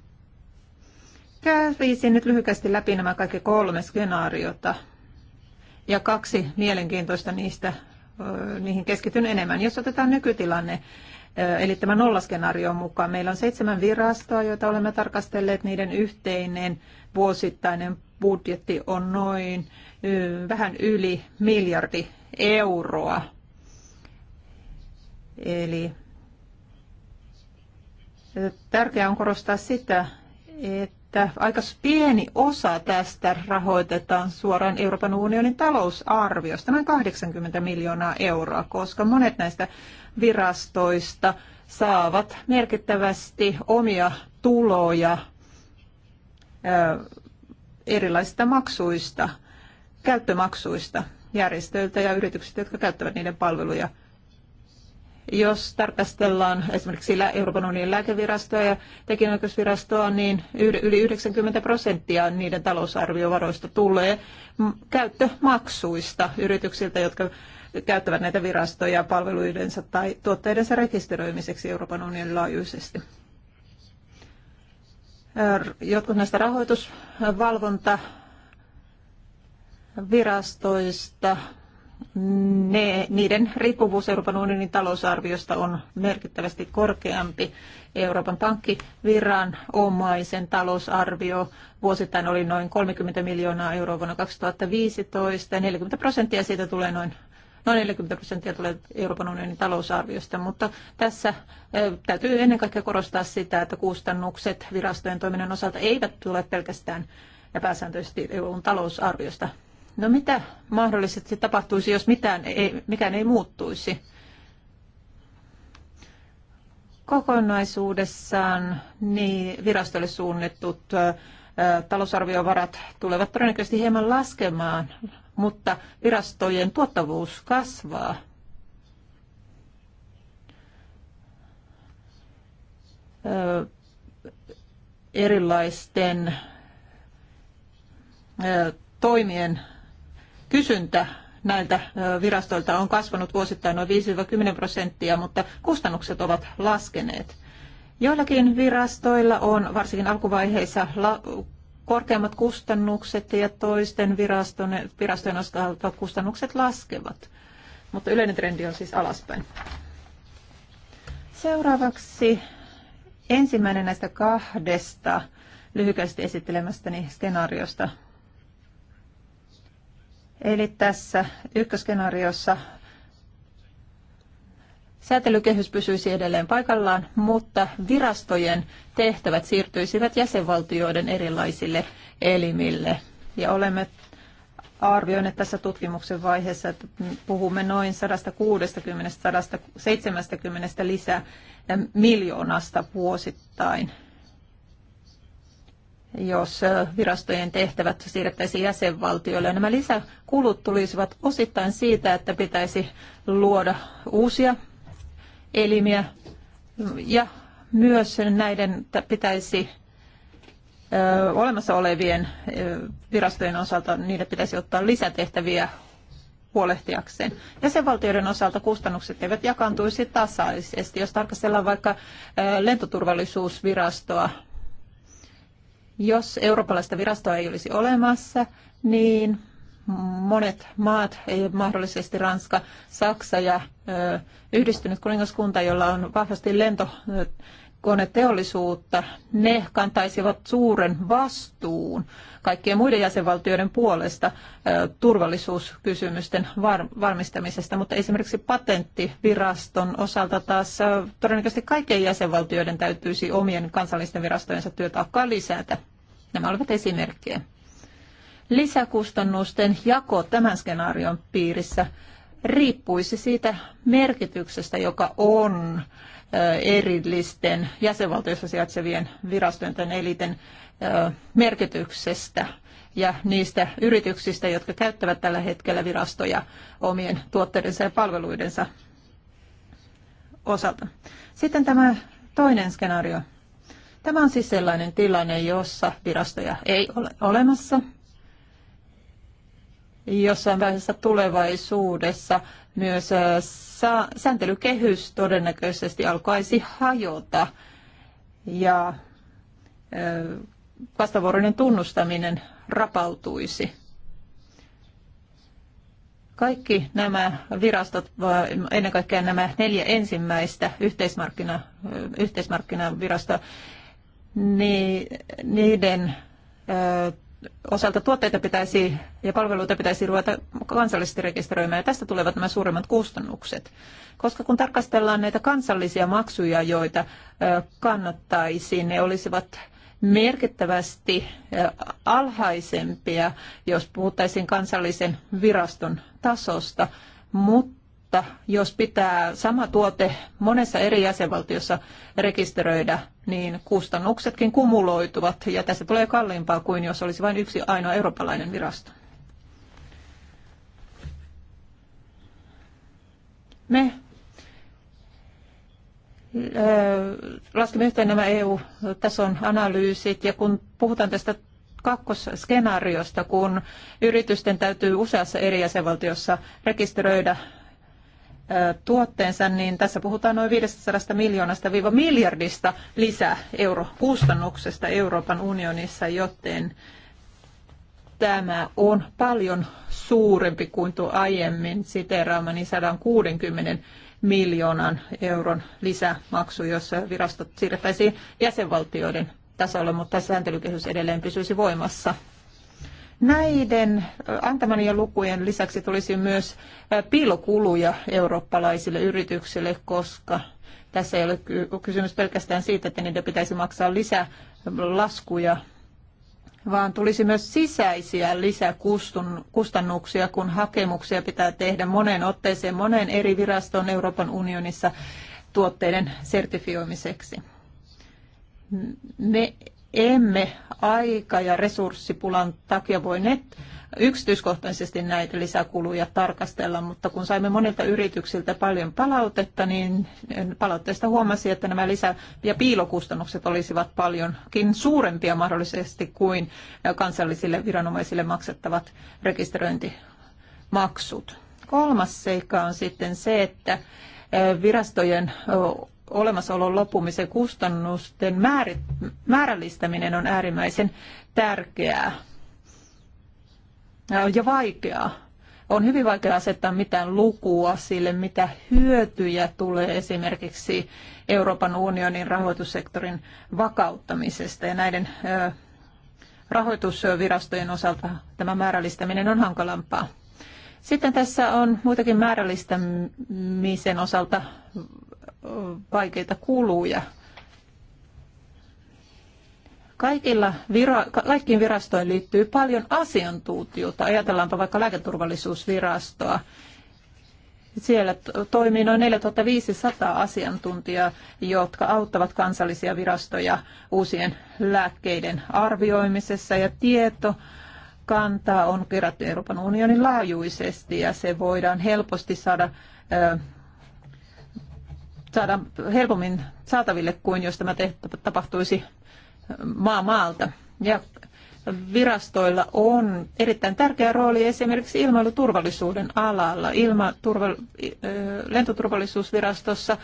Kävisin nyt lyhykästi läpi nämä kaikki kolme skenaariota ja kaksi mielenkiintoista niistä, niihin keskityn enemmän. Jos otetaan nykytilanne, eli tämä nollaskenaarion mukaan, meillä on seitsemän virastoa, joita olemme tarkastelleet, niiden yhteinen vuosittainen budjetti on noin vähän yli miljardi euroa. Eli tärkeää on korostaa sitä, että aika pieni osa tästä rahoitetaan suoraan Euroopan unionin talousarviosta, noin 80 miljoonaa euroa, koska monet näistä virastoista saavat merkittävästi omia tuloja erilaisista maksuista, käyttömaksuista järjestöiltä ja yrityksiltä, jotka käyttävät niiden palveluja. Jos tarkastellaan esimerkiksi Euroopan unionin lääkevirastoa ja tekijänoikeusvirastoa, niin yli 90 prosenttia niiden talousarviovaroista tulee käyttömaksuista yrityksiltä, jotka käyttävät näitä virastoja palveluidensa tai tuotteidensa rekisteröimiseksi Euroopan unionin laajuisesti. Jotkut näistä rahoitusvalvonta virastoista, ne, niiden riippuvuus Euroopan unionin talousarviosta on merkittävästi korkeampi. Euroopan omaisen talousarvio vuosittain oli noin 30 miljoonaa euroa vuonna 2015 ja 40 prosenttia siitä tulee noin noin 40 prosenttia tulee Euroopan unionin talousarviosta, mutta tässä eh, täytyy ennen kaikkea korostaa sitä, että kustannukset virastojen toiminnan osalta eivät tule pelkästään ja pääsääntöisesti EUn talousarviosta. No mitä mahdollisesti tapahtuisi, jos mitään ei, mikään ei muuttuisi? Kokonaisuudessaan niin virastolle suunnittut eh, talousarviovarat tulevat todennäköisesti hieman laskemaan mutta virastojen tuottavuus kasvaa. erilaisten toimien kysyntä näiltä virastoilta on kasvanut vuosittain noin 5-10 prosenttia, mutta kustannukset ovat laskeneet. Joillakin virastoilla on varsinkin alkuvaiheessa korkeammat kustannukset ja toisten virastojen, virastojen osalta kustannukset laskevat. Mutta yleinen trendi on siis alaspäin. Seuraavaksi ensimmäinen näistä kahdesta lyhykäisesti esittelemästäni skenaariosta. Eli tässä ykköskenaariossa Säätelykehys pysyisi edelleen paikallaan, mutta virastojen tehtävät siirtyisivät jäsenvaltioiden erilaisille elimille. Ja olemme arvioineet tässä tutkimuksen vaiheessa, että puhumme noin 160-170 lisää miljoonasta vuosittain, jos virastojen tehtävät siirrettäisiin jäsenvaltioille. Nämä lisäkulut tulisivat osittain siitä, että pitäisi luoda uusia elimiä ja myös näiden pitäisi olemassa olevien virastojen osalta niiden pitäisi ottaa lisätehtäviä huolehtiakseen. Jäsenvaltioiden osalta kustannukset eivät jakaantuisi tasaisesti. Jos tarkastellaan vaikka lentoturvallisuusvirastoa, jos eurooppalaista virastoa ei olisi olemassa, niin monet maat, mahdollisesti Ranska, Saksa ja yhdistynyt kuningaskunta, jolla on vahvasti lentokoneteollisuutta, ne kantaisivat suuren vastuun kaikkien muiden jäsenvaltioiden puolesta turvallisuuskysymysten varmistamisesta, mutta esimerkiksi patenttiviraston osalta taas todennäköisesti kaikkien jäsenvaltioiden täytyisi omien kansallisten virastojensa työtaakkaa lisätä. Nämä olivat esimerkkejä. Lisäkustannusten jako tämän skenaarion piirissä riippuisi siitä merkityksestä, joka on erillisten jäsenvaltioissa sijaitsevien virastojen tai eliten merkityksestä ja niistä yrityksistä, jotka käyttävät tällä hetkellä virastoja omien tuotteidensa ja palveluidensa osalta. Sitten tämä toinen skenaario. Tämä on siis sellainen tilanne, jossa virastoja ei ole olemassa, jossain vaiheessa tulevaisuudessa myös sääntelykehys todennäköisesti alkaisi hajota ja vastavuoroinen tunnustaminen rapautuisi. Kaikki nämä virastot, ennen kaikkea nämä neljä ensimmäistä yhteismarkkina, yhteismarkkinavirastoa, niin niiden osalta tuotteita pitäisi ja palveluita pitäisi ruveta kansallisesti rekisteröimään ja tästä tulevat nämä suuremmat kustannukset. Koska kun tarkastellaan näitä kansallisia maksuja, joita kannattaisi, ne olisivat merkittävästi alhaisempia, jos puhuttaisiin kansallisen viraston tasosta, mutta mutta jos pitää sama tuote monessa eri jäsenvaltiossa rekisteröidä, niin kustannuksetkin kumuloituvat ja tästä tulee kalliimpaa kuin jos olisi vain yksi ainoa eurooppalainen virasto. Me laskemme yhteen nämä EU-tason analyysit ja kun puhutaan tästä kakkosskenaariosta, kun yritysten täytyy useassa eri jäsenvaltiossa rekisteröidä tuotteensa, niin tässä puhutaan noin 500 miljoonasta viiva miljardista lisäeurokustannuksesta Euroopan unionissa, joten tämä on paljon suurempi kuin tuo aiemmin siteeraamani 160 miljoonan euron lisämaksu, jossa virastot siirrettäisiin jäsenvaltioiden tasolle, mutta sääntelykehys edelleen pysyisi voimassa. Näiden antamanien lukujen lisäksi tulisi myös piilokuluja eurooppalaisille yrityksille, koska tässä ei ole kysymys pelkästään siitä, että niiden pitäisi maksaa lisää laskuja, vaan tulisi myös sisäisiä lisäkustannuksia, kun hakemuksia pitää tehdä moneen otteeseen, moneen eri virastoon Euroopan unionissa tuotteiden sertifioimiseksi. Me emme aika- ja resurssipulan takia voineet yksityiskohtaisesti näitä lisäkuluja tarkastella, mutta kun saimme monilta yrityksiltä paljon palautetta, niin palautteesta huomasi, että nämä lisä- ja piilokustannukset olisivat paljonkin suurempia mahdollisesti kuin kansallisille viranomaisille maksettavat rekisteröintimaksut. Kolmas seikka on sitten se, että virastojen olemassaolon lopumisen kustannusten määrällistäminen on äärimmäisen tärkeää ja vaikeaa. On hyvin vaikea asettaa mitään lukua sille, mitä hyötyjä tulee esimerkiksi Euroopan unionin rahoitussektorin vakauttamisesta ja näiden rahoitusvirastojen osalta tämä määrällistäminen on hankalampaa. Sitten tässä on muitakin määrällistämisen osalta vaikeita kuluja. Kaikilla vira, kaikkiin virastoihin liittyy paljon asiantuntijuutta. Ajatellaanpa vaikka lääketurvallisuusvirastoa. Siellä toimii noin 4500 asiantuntijaa, jotka auttavat kansallisia virastoja uusien lääkkeiden arvioimisessa ja tieto kantaa on kerätty Euroopan unionin laajuisesti ja se voidaan helposti saada saadaan helpommin saataville kuin jos tämä tapahtuisi maa maalta. Ja virastoilla on erittäin tärkeä rooli esimerkiksi ilmailuturvallisuuden alalla. Ilma, turva, lentoturvallisuusvirastossa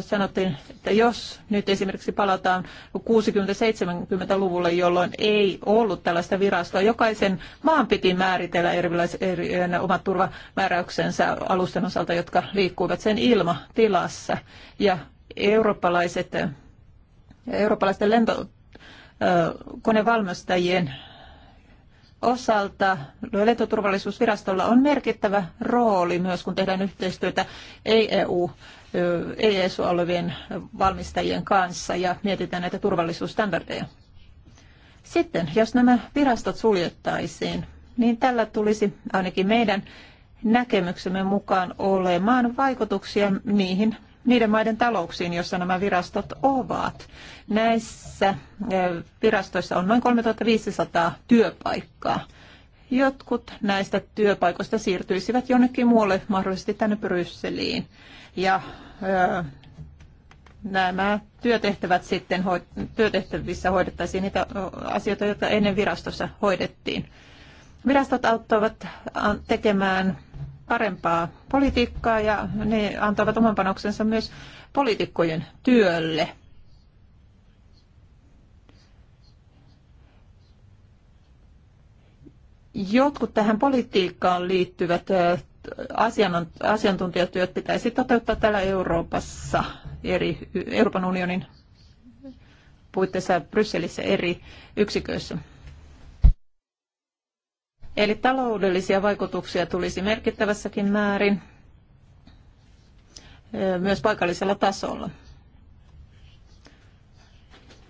sanottiin, että jos nyt esimerkiksi palataan 60-70-luvulle, jolloin ei ollut tällaista virastoa, jokaisen maan piti määritellä erilaiset omat turvamääräyksensä alusten osalta, jotka liikkuivat sen ilmatilassa. Ja eurooppalaiset, eurooppalaisten lentokonevalmistajien osalta lentoturvallisuusvirastolla on merkittävä rooli myös, kun tehdään yhteistyötä ei-EU ei ESU olevien valmistajien kanssa ja mietitään näitä turvallisuusstandardeja. Sitten, jos nämä virastot suljettaisiin, niin tällä tulisi ainakin meidän näkemyksemme mukaan olemaan vaikutuksia niihin niiden maiden talouksiin, joissa nämä virastot ovat. Näissä eh, virastoissa on noin 3500 työpaikkaa. Jotkut näistä työpaikoista siirtyisivät jonnekin muualle, mahdollisesti tänne Brysseliin. Ja nämä työtehtävät sitten, työtehtävissä hoidettaisiin niitä asioita, joita ennen virastossa hoidettiin. Virastot auttavat tekemään parempaa politiikkaa ja ne antavat oman panoksensa myös poliitikkojen työlle. Jotkut tähän politiikkaan liittyvät asiantuntijatyöt pitäisi toteuttaa täällä Euroopassa, eri, Euroopan unionin puitteissa Brysselissä eri yksiköissä. Eli taloudellisia vaikutuksia tulisi merkittävässäkin määrin e, myös paikallisella tasolla.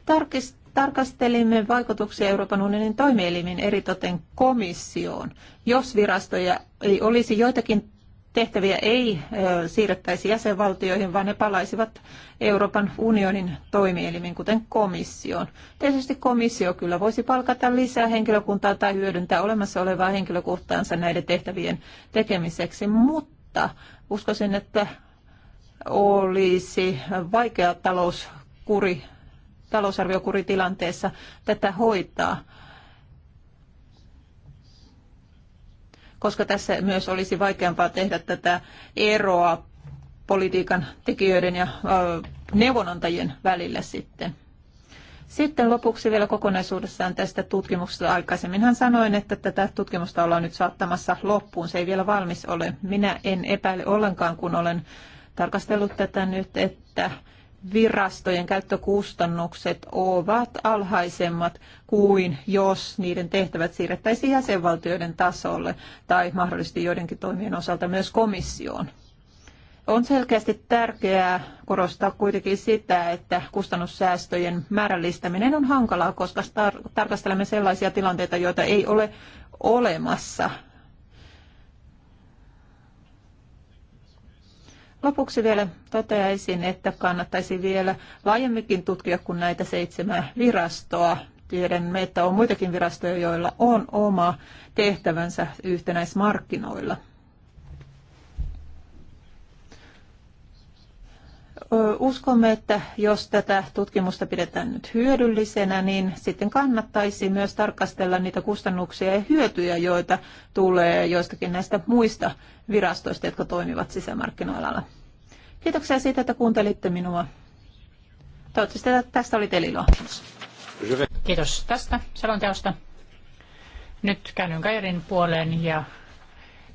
Tarkist tarkastelimme vaikutuksia Euroopan unionin toimielimin eritoten komissioon. Jos virastoja ei olisi, joitakin tehtäviä ei siirrettäisi jäsenvaltioihin, vaan ne palaisivat Euroopan unionin toimielimiin, kuten komissioon. Tietysti komissio kyllä voisi palkata lisää henkilökuntaa tai hyödyntää olemassa olevaa henkilökuntaansa näiden tehtävien tekemiseksi, mutta uskoisin, että olisi vaikea talouskuri talousarviokuritilanteessa tätä hoitaa. Koska tässä myös olisi vaikeampaa tehdä tätä eroa politiikan tekijöiden ja neuvonantajien välillä sitten. Sitten lopuksi vielä kokonaisuudessaan tästä tutkimuksesta. Aikaisemminhan sanoin, että tätä tutkimusta ollaan nyt saattamassa loppuun. Se ei vielä valmis ole. Minä en epäile ollenkaan, kun olen tarkastellut tätä nyt, että virastojen käyttökustannukset ovat alhaisemmat kuin jos niiden tehtävät siirrettäisiin jäsenvaltioiden tasolle tai mahdollisesti joidenkin toimien osalta myös komissioon. On selkeästi tärkeää korostaa kuitenkin sitä, että kustannussäästöjen määrällistäminen on hankalaa, koska tarkastelemme sellaisia tilanteita, joita ei ole olemassa Lopuksi vielä toteaisin, että kannattaisi vielä laajemminkin tutkia kuin näitä seitsemää virastoa. Tiedämme, että on muitakin virastoja, joilla on oma tehtävänsä yhtenäismarkkinoilla. uskomme, että jos tätä tutkimusta pidetään nyt hyödyllisenä, niin sitten kannattaisi myös tarkastella niitä kustannuksia ja hyötyjä, joita tulee joistakin näistä muista virastoista, jotka toimivat sisämarkkinoilla. Kiitoksia siitä, että kuuntelitte minua. Toivottavasti tästä oli telilo. Kiitos tästä selonteosta. Nyt käännyn Kairin puoleen ja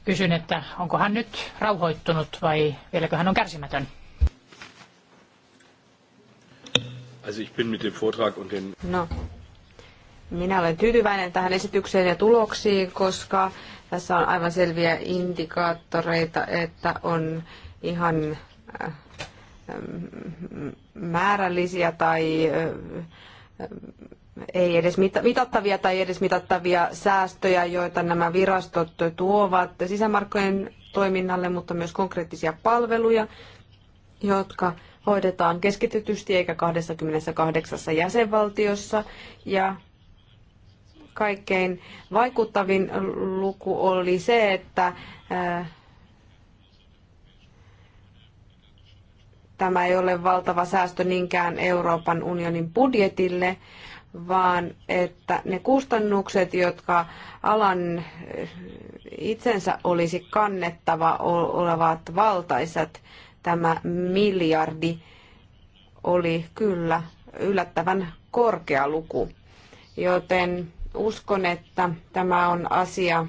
kysyn, että onko hän nyt rauhoittunut vai vieläkö hän on kärsimätön? Also ich bin mit dem Vortrag und den... No. Minä olen tyytyväinen tähän esitykseen ja tuloksiin, koska tässä on aivan selviä indikaattoreita, että on ihan äh, mm, määrällisiä tai äh, ei edes mitattavia tai edes mitattavia säästöjä, joita nämä virastot tuovat sisämarkkojen toiminnalle, mutta myös konkreettisia palveluja, jotka hoidetaan keskitetysti eikä 28 jäsenvaltiossa. Ja kaikkein vaikuttavin luku oli se, että äh, tämä ei ole valtava säästö niinkään Euroopan unionin budjetille, vaan että ne kustannukset, jotka alan äh, itsensä olisi kannettava, olevat valtaisat tämä miljardi oli kyllä yllättävän korkea luku. Joten uskon, että tämä on asia,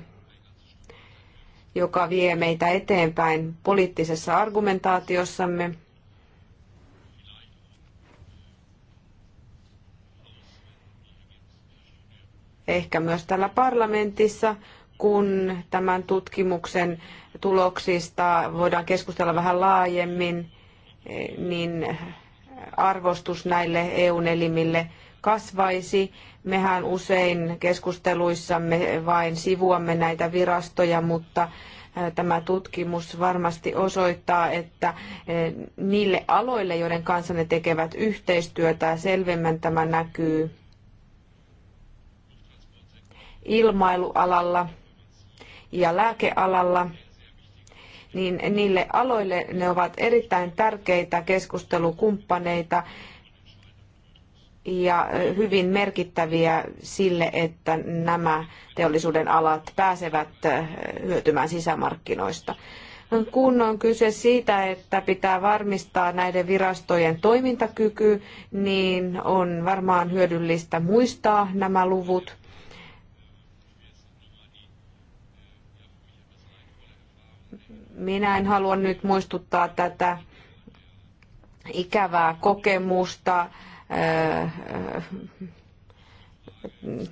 joka vie meitä eteenpäin poliittisessa argumentaatiossamme. Ehkä myös täällä parlamentissa, kun tämän tutkimuksen tuloksista voidaan keskustella vähän laajemmin, niin arvostus näille EU-elimille kasvaisi. Mehän usein keskusteluissamme vain sivuamme näitä virastoja, mutta tämä tutkimus varmasti osoittaa, että niille aloille, joiden kanssa ne tekevät yhteistyötä, selvemmän tämä näkyy ilmailualalla – ja lääkealalla, niin niille aloille ne ovat erittäin tärkeitä keskustelukumppaneita ja hyvin merkittäviä sille, että nämä teollisuuden alat pääsevät eh, hyötymään sisämarkkinoista. Kun on kyse siitä, että pitää varmistaa näiden virastojen toimintakyky, niin on varmaan hyödyllistä muistaa nämä luvut. Minä en halua nyt muistuttaa tätä ikävää kokemusta. Äh, äh,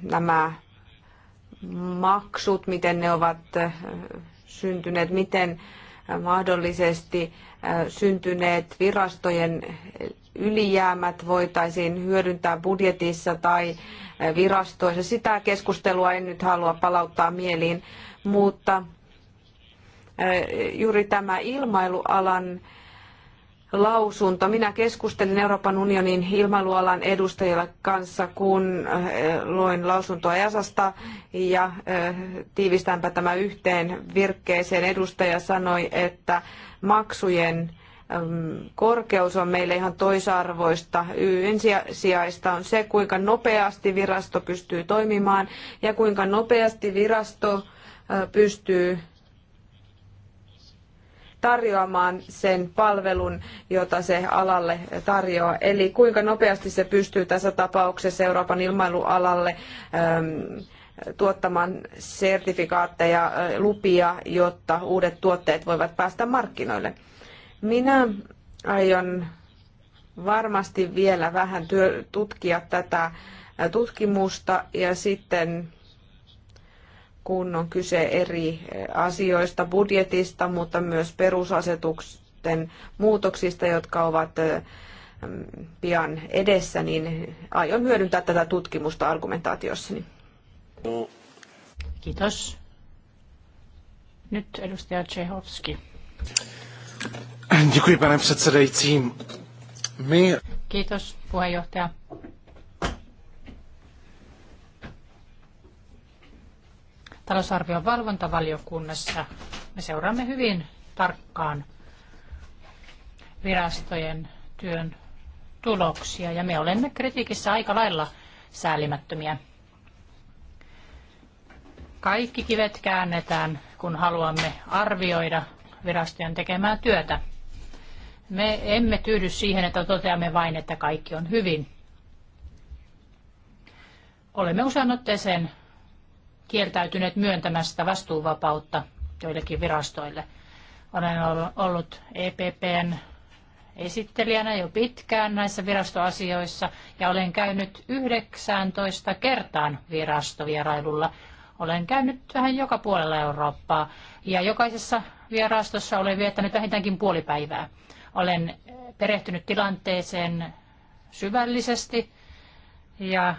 nämä maksut, miten ne ovat äh, syntyneet, miten mahdollisesti syntyneet virastojen ylijäämät voitaisiin hyödyntää budjetissa tai virastoissa. Sitä keskustelua en nyt halua palauttaa mieliin, mutta juuri tämä ilmailualan lausunto. Minä keskustelin Euroopan unionin ilmailualan edustajilla kanssa, kun luin lausuntoa Jasasta ja tiivistäänpä tämä yhteen virkkeeseen. Edustaja sanoi, että maksujen korkeus on meille ihan toisarvoista. Ensisijaista on se, kuinka nopeasti virasto pystyy toimimaan ja kuinka nopeasti virasto pystyy tarjoamaan sen palvelun, jota se alalle tarjoaa. Eli kuinka nopeasti se pystyy tässä tapauksessa Euroopan ilmailualalle ähm, tuottamaan sertifikaatteja, äh, lupia, jotta uudet tuotteet voivat päästä markkinoille. Minä aion varmasti vielä vähän tutkia tätä äh, tutkimusta ja sitten kun on kyse eri eh, asioista, budjetista, mutta myös perusasetusten muutoksista, jotka ovat eh, mm, pian edessä, niin aion hyödyntää tätä tutkimusta argumentaatiossani. Kiitos. Nyt edustaja Tsehovski. Děkuji, pane předsedající. Kiitos, puheenjohtaja. talousarvion valvontavaliokunnassa me seuraamme hyvin tarkkaan virastojen työn tuloksia ja me olemme kritiikissä aika lailla säälimättömiä. Kaikki kivet käännetään, kun haluamme arvioida virastojen tekemää työtä. Me emme tyydy siihen, että toteamme vain, että kaikki on hyvin. Olemme usein otteeseen kieltäytyneet myöntämästä vastuuvapautta joillekin virastoille. Olen ollut EPPn esittelijänä jo pitkään näissä virastoasioissa ja olen käynyt 19 kertaan virastovierailulla. Olen käynyt vähän joka puolella Eurooppaa ja jokaisessa virastossa olen viettänyt vähintäänkin puoli päivää. Olen perehtynyt tilanteeseen syvällisesti ja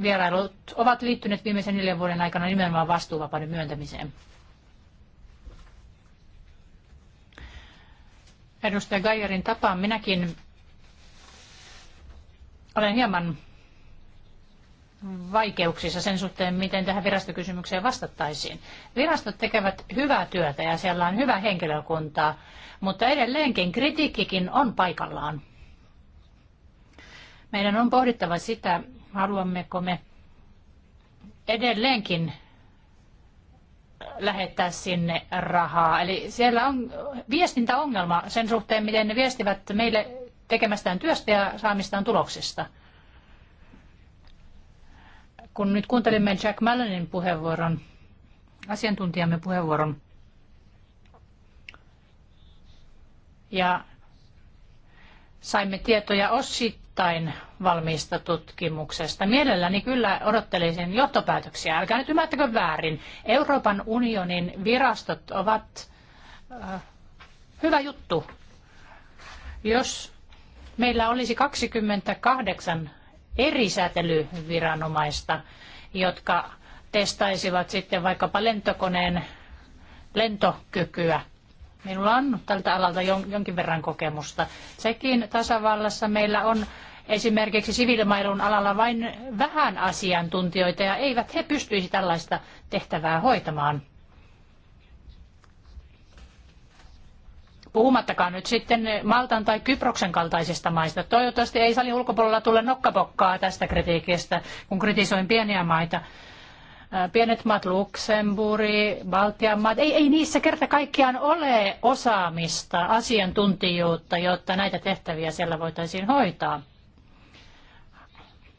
vierailut ovat liittyneet viimeisen neljän vuoden aikana nimenomaan vastuuvapauden myöntämiseen. Edustaja Gajarin tapaan minäkin olen hieman vaikeuksissa sen suhteen, miten tähän virastokysymykseen vastattaisiin. Virastot tekevät hyvää työtä ja siellä on hyvä henkilökuntaa, mutta edelleenkin kritiikkikin on paikallaan. Meidän on pohdittava sitä, haluammeko me edelleenkin lähettää sinne rahaa. Eli siellä on viestintäongelma sen suhteen, miten ne viestivät meille tekemästään työstä ja saamistaan tuloksista. Kun nyt kuuntelimme Jack Mallonin puheenvuoron, asiantuntijamme puheenvuoron, ja saimme tietoja Ossi osittain valmiista tutkimuksesta. Mielelläni kyllä odottelisin johtopäätöksiä. Älkää nyt ymmärtäkö väärin. Euroopan unionin virastot ovat äh, hyvä juttu. Jos meillä olisi 28 eri säätelyviranomaista, jotka testaisivat sitten vaikkapa lentokoneen lentokykyä, Minulla on tältä alalta jonkin verran kokemusta. Sekin tasavallassa meillä on esimerkiksi sivilmailun alalla vain vähän asiantuntijoita ja eivät he pystyisi tällaista tehtävää hoitamaan. Puhumattakaan nyt sitten Maltan tai Kyproksen kaltaisista maista. Toivottavasti ei salin ulkopuolella tule nokkapokkaa tästä kritiikistä, kun kritisoin pieniä maita. Äh, pienet maat, Luxemburgi, Baltian maat, ei, ei niissä kerta kaikkiaan ole osaamista, asiantuntijuutta, jotta näitä tehtäviä siellä voitaisiin hoitaa.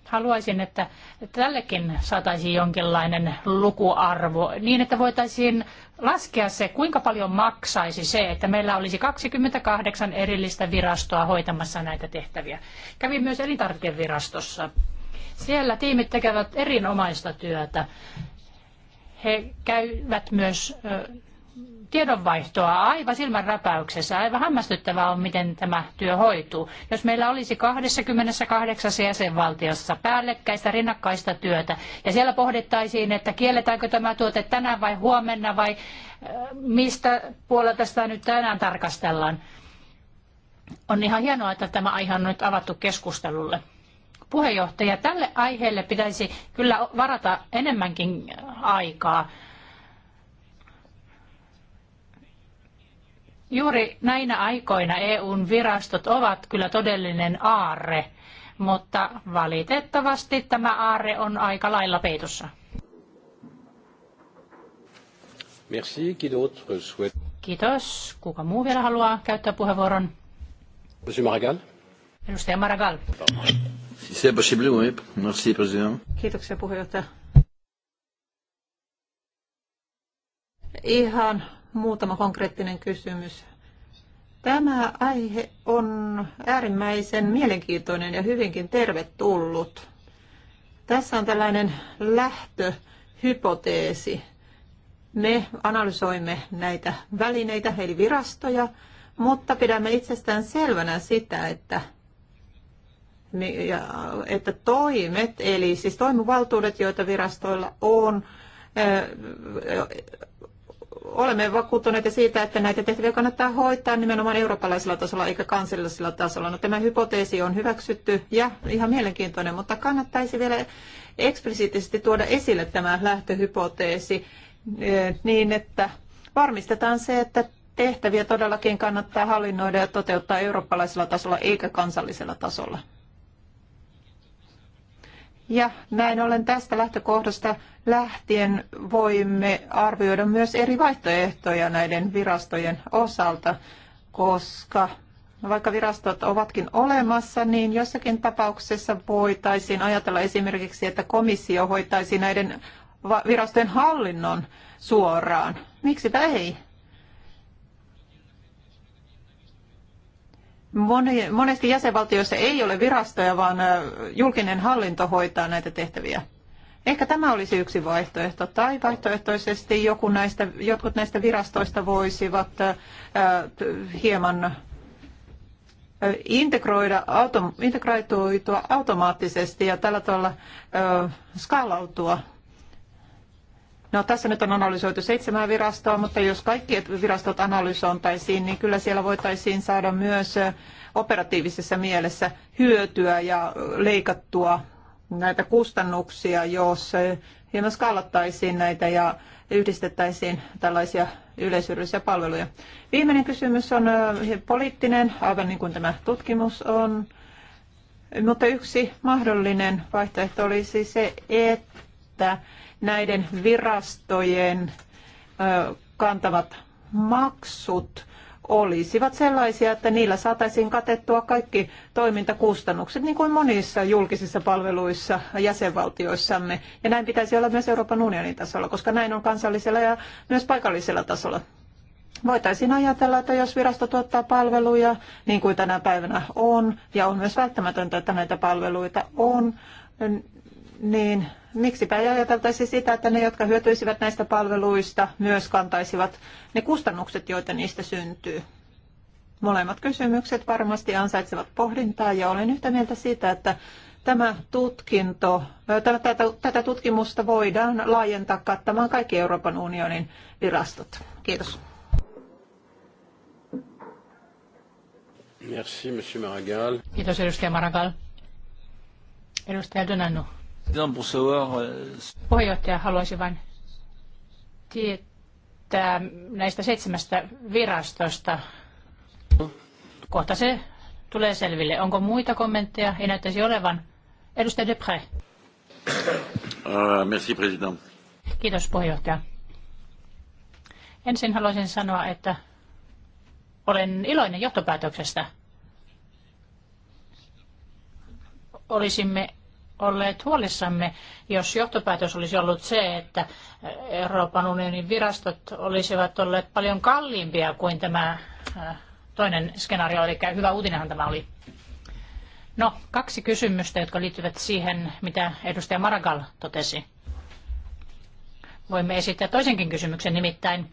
Haluaisin, että tällekin saataisiin jonkinlainen lukuarvo, niin että voitaisiin laskea se, kuinka paljon maksaisi se, että meillä olisi 28 erillistä virastoa hoitamassa näitä tehtäviä. Kävin myös elintarvikevirastossa. virastossa siellä tiimit tekevät erinomaista työtä. He käyvät myös tiedonvaihtoa aivan silmän räpäyksessä. Aivan hämmästyttävää on, miten tämä työ hoituu. Jos meillä olisi 28 jäsenvaltiossa päällekkäistä rinnakkaista työtä ja siellä pohdittaisiin, että kielletäänkö tämä tuote tänään vai huomenna vai mistä puolelta sitä nyt tänään tarkastellaan. On ihan hienoa, että tämä aihe on nyt avattu keskustelulle puheenjohtaja, tälle aiheelle pitäisi kyllä varata enemmänkin aikaa. Juuri näinä aikoina EUn virastot ovat kyllä todellinen aarre, mutta valitettavasti tämä aarre on aika lailla peitossa. Merci. Qui d'autre Kiitos. Kuka muu vielä haluaa käyttää puheenvuoron? Monsieur Maragall. Edustaja Maragall. Merci, President. Kiitoksia puheenjohtaja. Ihan muutama konkreettinen kysymys. Tämä aihe on äärimmäisen mielenkiintoinen ja hyvinkin tervetullut. Tässä on tällainen lähtöhypoteesi. Me analysoimme näitä välineitä, eli virastoja, mutta pidämme itsestään selvänä sitä, että niin, että toimet, eli siis toimivaltuudet, joita virastoilla on, olemme vakuuttuneita siitä, että näitä tehtäviä kannattaa hoitaa nimenomaan eurooppalaisella tasolla eikä kansallisella tasolla. No, tämä hypoteesi on hyväksytty ja ihan mielenkiintoinen, mutta kannattaisi vielä eksplisiittisesti tuoda esille tämä lähtöhypoteesi niin, että varmistetaan se, että tehtäviä todellakin kannattaa hallinnoida ja toteuttaa eurooppalaisella tasolla eikä kansallisella tasolla. Ja näin ollen tästä lähtökohdasta lähtien voimme arvioida myös eri vaihtoehtoja näiden virastojen osalta, koska vaikka virastot ovatkin olemassa, niin jossakin tapauksessa voitaisiin ajatella esimerkiksi, että komissio hoitaisi näiden virastojen hallinnon suoraan. Miksipä ei? Monesti jäsenvaltioissa ei ole virastoja, vaan julkinen hallinto hoitaa näitä tehtäviä. Ehkä tämä olisi yksi vaihtoehto, tai vaihtoehtoisesti joku näistä, jotkut näistä virastoista voisivat hieman integroida, auto, integroituitua automaattisesti ja tällä tavalla skaalautua No tässä nyt on analysoitu seitsemän virastoa, mutta jos kaikki virastot analysoitaisiin, niin kyllä siellä voitaisiin saada myös operatiivisessa mielessä hyötyä ja leikattua näitä kustannuksia, jos hieman skallattaisiin näitä ja yhdistettäisiin tällaisia yleisyydellisiä palveluja. Viimeinen kysymys on poliittinen, aivan niin kuin tämä tutkimus on. Mutta yksi mahdollinen vaihtoehto olisi se, että näiden virastojen kantavat maksut olisivat sellaisia, että niillä saataisiin katettua kaikki toimintakustannukset, niin kuin monissa julkisissa palveluissa jäsenvaltioissamme. Ja näin pitäisi olla myös Euroopan unionin tasolla, koska näin on kansallisella ja myös paikallisella tasolla. Voitaisiin ajatella, että jos virasto tuottaa palveluja, niin kuin tänä päivänä on, ja on myös välttämätöntä, että näitä palveluita on, niin miksipä ei ajateltaisi sitä, että ne, jotka hyötyisivät näistä palveluista, myös kantaisivat ne kustannukset, joita niistä syntyy. Molemmat kysymykset varmasti ansaitsevat pohdintaa ja olen yhtä mieltä siitä, että tämä tutkinto, tätä, tutkimusta voidaan laajentaa kattamaan kaikki Euroopan unionin virastot. Kiitos. Merci, Monsieur Kiitos, edustaja Maragall. Edustaja Donanno. Äh, puheenjohtaja, haluaisin vain tietää näistä seitsemästä virastosta. Kohta se tulee selville. Onko muita kommentteja? Ei näyttäisi olevan. Edustaja Depré. Äh, merci, president. Kiitos puheenjohtaja. Ensin haluaisin sanoa, että olen iloinen johtopäätöksestä. Olisimme olleet huolissamme, jos johtopäätös olisi ollut se, että Euroopan unionin virastot olisivat olleet paljon kalliimpia kuin tämä toinen skenaario, eli hyvä uutinenhan tämä oli. No, kaksi kysymystä, jotka liittyvät siihen, mitä edustaja Maragall totesi. Voimme esittää toisenkin kysymyksen, nimittäin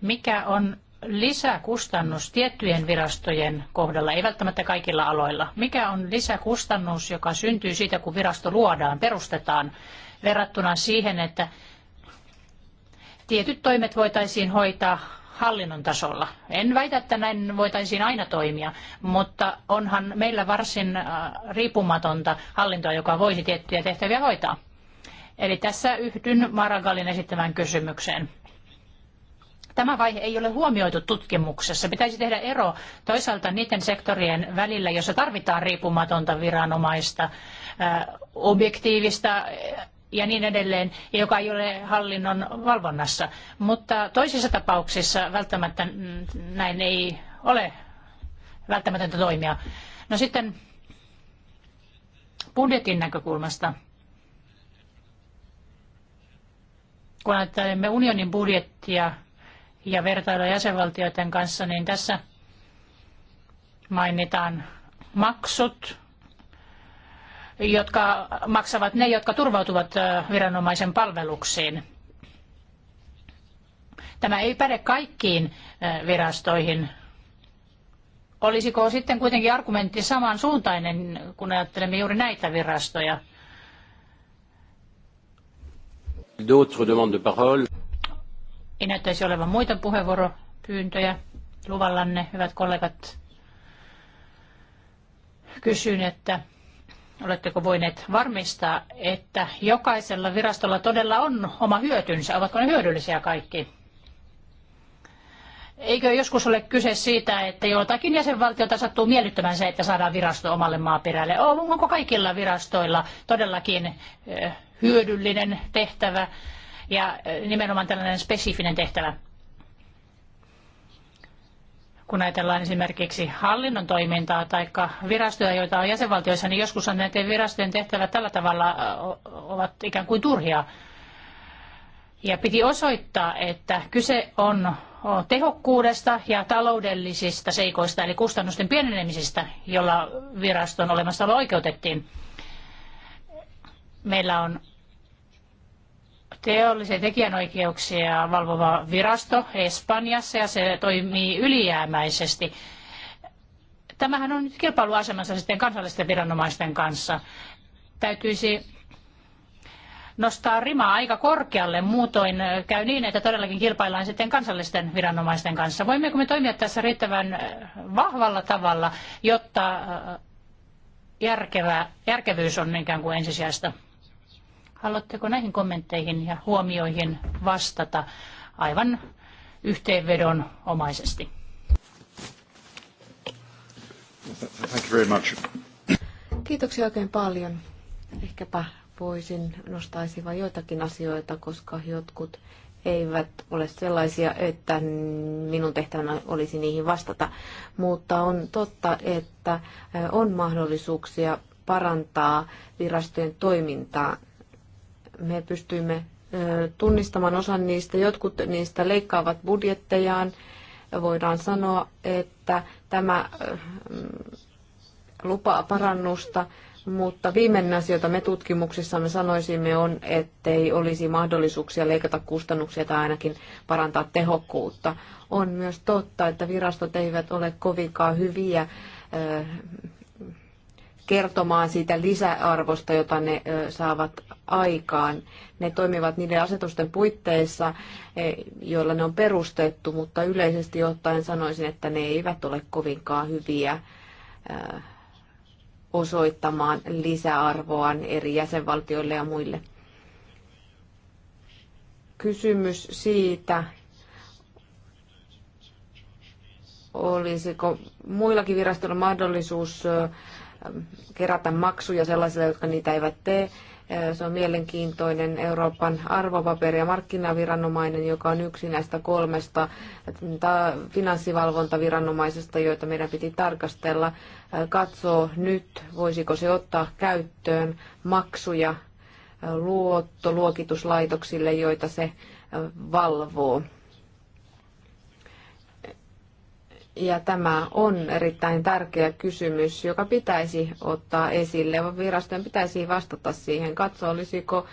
mikä on lisäkustannus tiettyjen virastojen kohdalla, ei välttämättä kaikilla aloilla? Mikä on lisäkustannus, joka syntyy siitä, kun virasto luodaan, perustetaan, verrattuna siihen, että tietyt toimet voitaisiin hoitaa hallinnon tasolla. En väitä, että näin voitaisiin aina toimia, mutta onhan meillä varsin äh, riippumatonta hallintoa, joka voisi tiettyjä tehtäviä hoitaa. Eli tässä yhdyn Maragallin esittämään kysymykseen. Tämä vaihe ei ole huomioitu tutkimuksessa. Pitäisi tehdä ero toisaalta niiden sektorien välillä, jossa tarvitaan riippumatonta viranomaista, äh, objektiivista äh, ja niin edelleen, joka ei ole hallinnon valvonnassa. Mutta toisissa tapauksissa välttämättä mm, näin ei ole välttämätöntä toimia. No sitten budjetin näkökulmasta. Kun ajattelemme unionin budjettia ja vertailla jäsenvaltioiden kanssa, niin tässä mainitaan maksut, jotka maksavat ne, jotka turvautuvat viranomaisen palveluksiin. Tämä ei päde kaikkiin virastoihin. Olisiko sitten kuitenkin argumentti samansuuntainen, kun ajattelemme juuri näitä virastoja? D'autres demandes de parole. Ei näyttäisi olevan muita puheenvuoropyyntöjä. Luvallanne, hyvät kollegat, kysyn, että oletteko voineet varmistaa, että jokaisella virastolla todella on oma hyötynsä? Ovatko ne hyödyllisiä kaikki? Eikö joskus ole kyse siitä, että jotakin jäsenvaltiota sattuu miellyttämään se, että saadaan virasto omalle maaperälle? Onko kaikilla virastoilla todellakin eh, hyödyllinen tehtävä ja nimenomaan tällainen spesifinen tehtävä. Kun ajatellaan esimerkiksi hallinnon toimintaa tai virastoja, joita on jäsenvaltioissa, niin joskus on näiden virastojen tehtävät tällä tavalla ovat ikään kuin turhia. Ja piti osoittaa, että kyse on tehokkuudesta ja taloudellisista seikoista, eli kustannusten pienenemisistä, jolla viraston olemassaolo oikeutettiin. Meillä on teollisia tekijänoikeuksia valvova virasto Espanjassa ja se toimii ylijäämäisesti. Tämähän on nyt kilpailuasemassa sitten kansallisten viranomaisten kanssa. Täytyisi nostaa rimaa aika korkealle. Muutoin käy niin, että todellakin kilpaillaan sitten kansallisten viranomaisten kanssa. Voimmeko me toimia tässä riittävän äh, vahvalla tavalla, jotta äh, järkevä, järkevyys on ikään kuin ensisijaista? Haluatteko näihin kommentteihin ja huomioihin vastata aivan yhteenvedon omaisesti? Thank you very much. Kiitoksia oikein paljon. Ehkäpä voisin nostaisi vain joitakin asioita, koska jotkut eivät ole sellaisia, että minun tehtävänä olisi niihin vastata. Mutta on totta, että on mahdollisuuksia parantaa virastojen toimintaa me pystyimme tunnistamaan osan niistä. Jotkut niistä leikkaavat budjettejaan. Voidaan sanoa, että tämä mm, lupaa parannusta, mutta viimeinen asia, jota me tutkimuksissamme sanoisimme, on, ettei olisi mahdollisuuksia leikata kustannuksia tai ainakin parantaa tehokkuutta. On myös totta, että virastot eivät ole kovinkaan hyviä kertomaan siitä lisäarvosta, jota ne saavat aikaan. Ne toimivat niiden asetusten puitteissa, e, joilla ne on perustettu, mutta yleisesti ottaen sanoisin, että ne eivät ole kovinkaan hyviä osoittamaan lisäarvoaan eri jäsenvaltioille ja muille. Kysymys siitä, olisiko muillakin virastoilla mahdollisuus kerätä maksuja sellaisille, jotka niitä eivät tee. Se on mielenkiintoinen Euroopan arvopaperi- ja markkinaviranomainen, joka on yksi näistä kolmesta finanssivalvontaviranomaisesta, joita meidän piti tarkastella. Katsoo nyt, voisiko se ottaa käyttöön maksuja luottoluokituslaitoksille, joita se valvoo. Ja tämä on erittäin tärkeä kysymys, joka pitäisi ottaa esille. Virastojen pitäisi vastata siihen, katsoa olisiko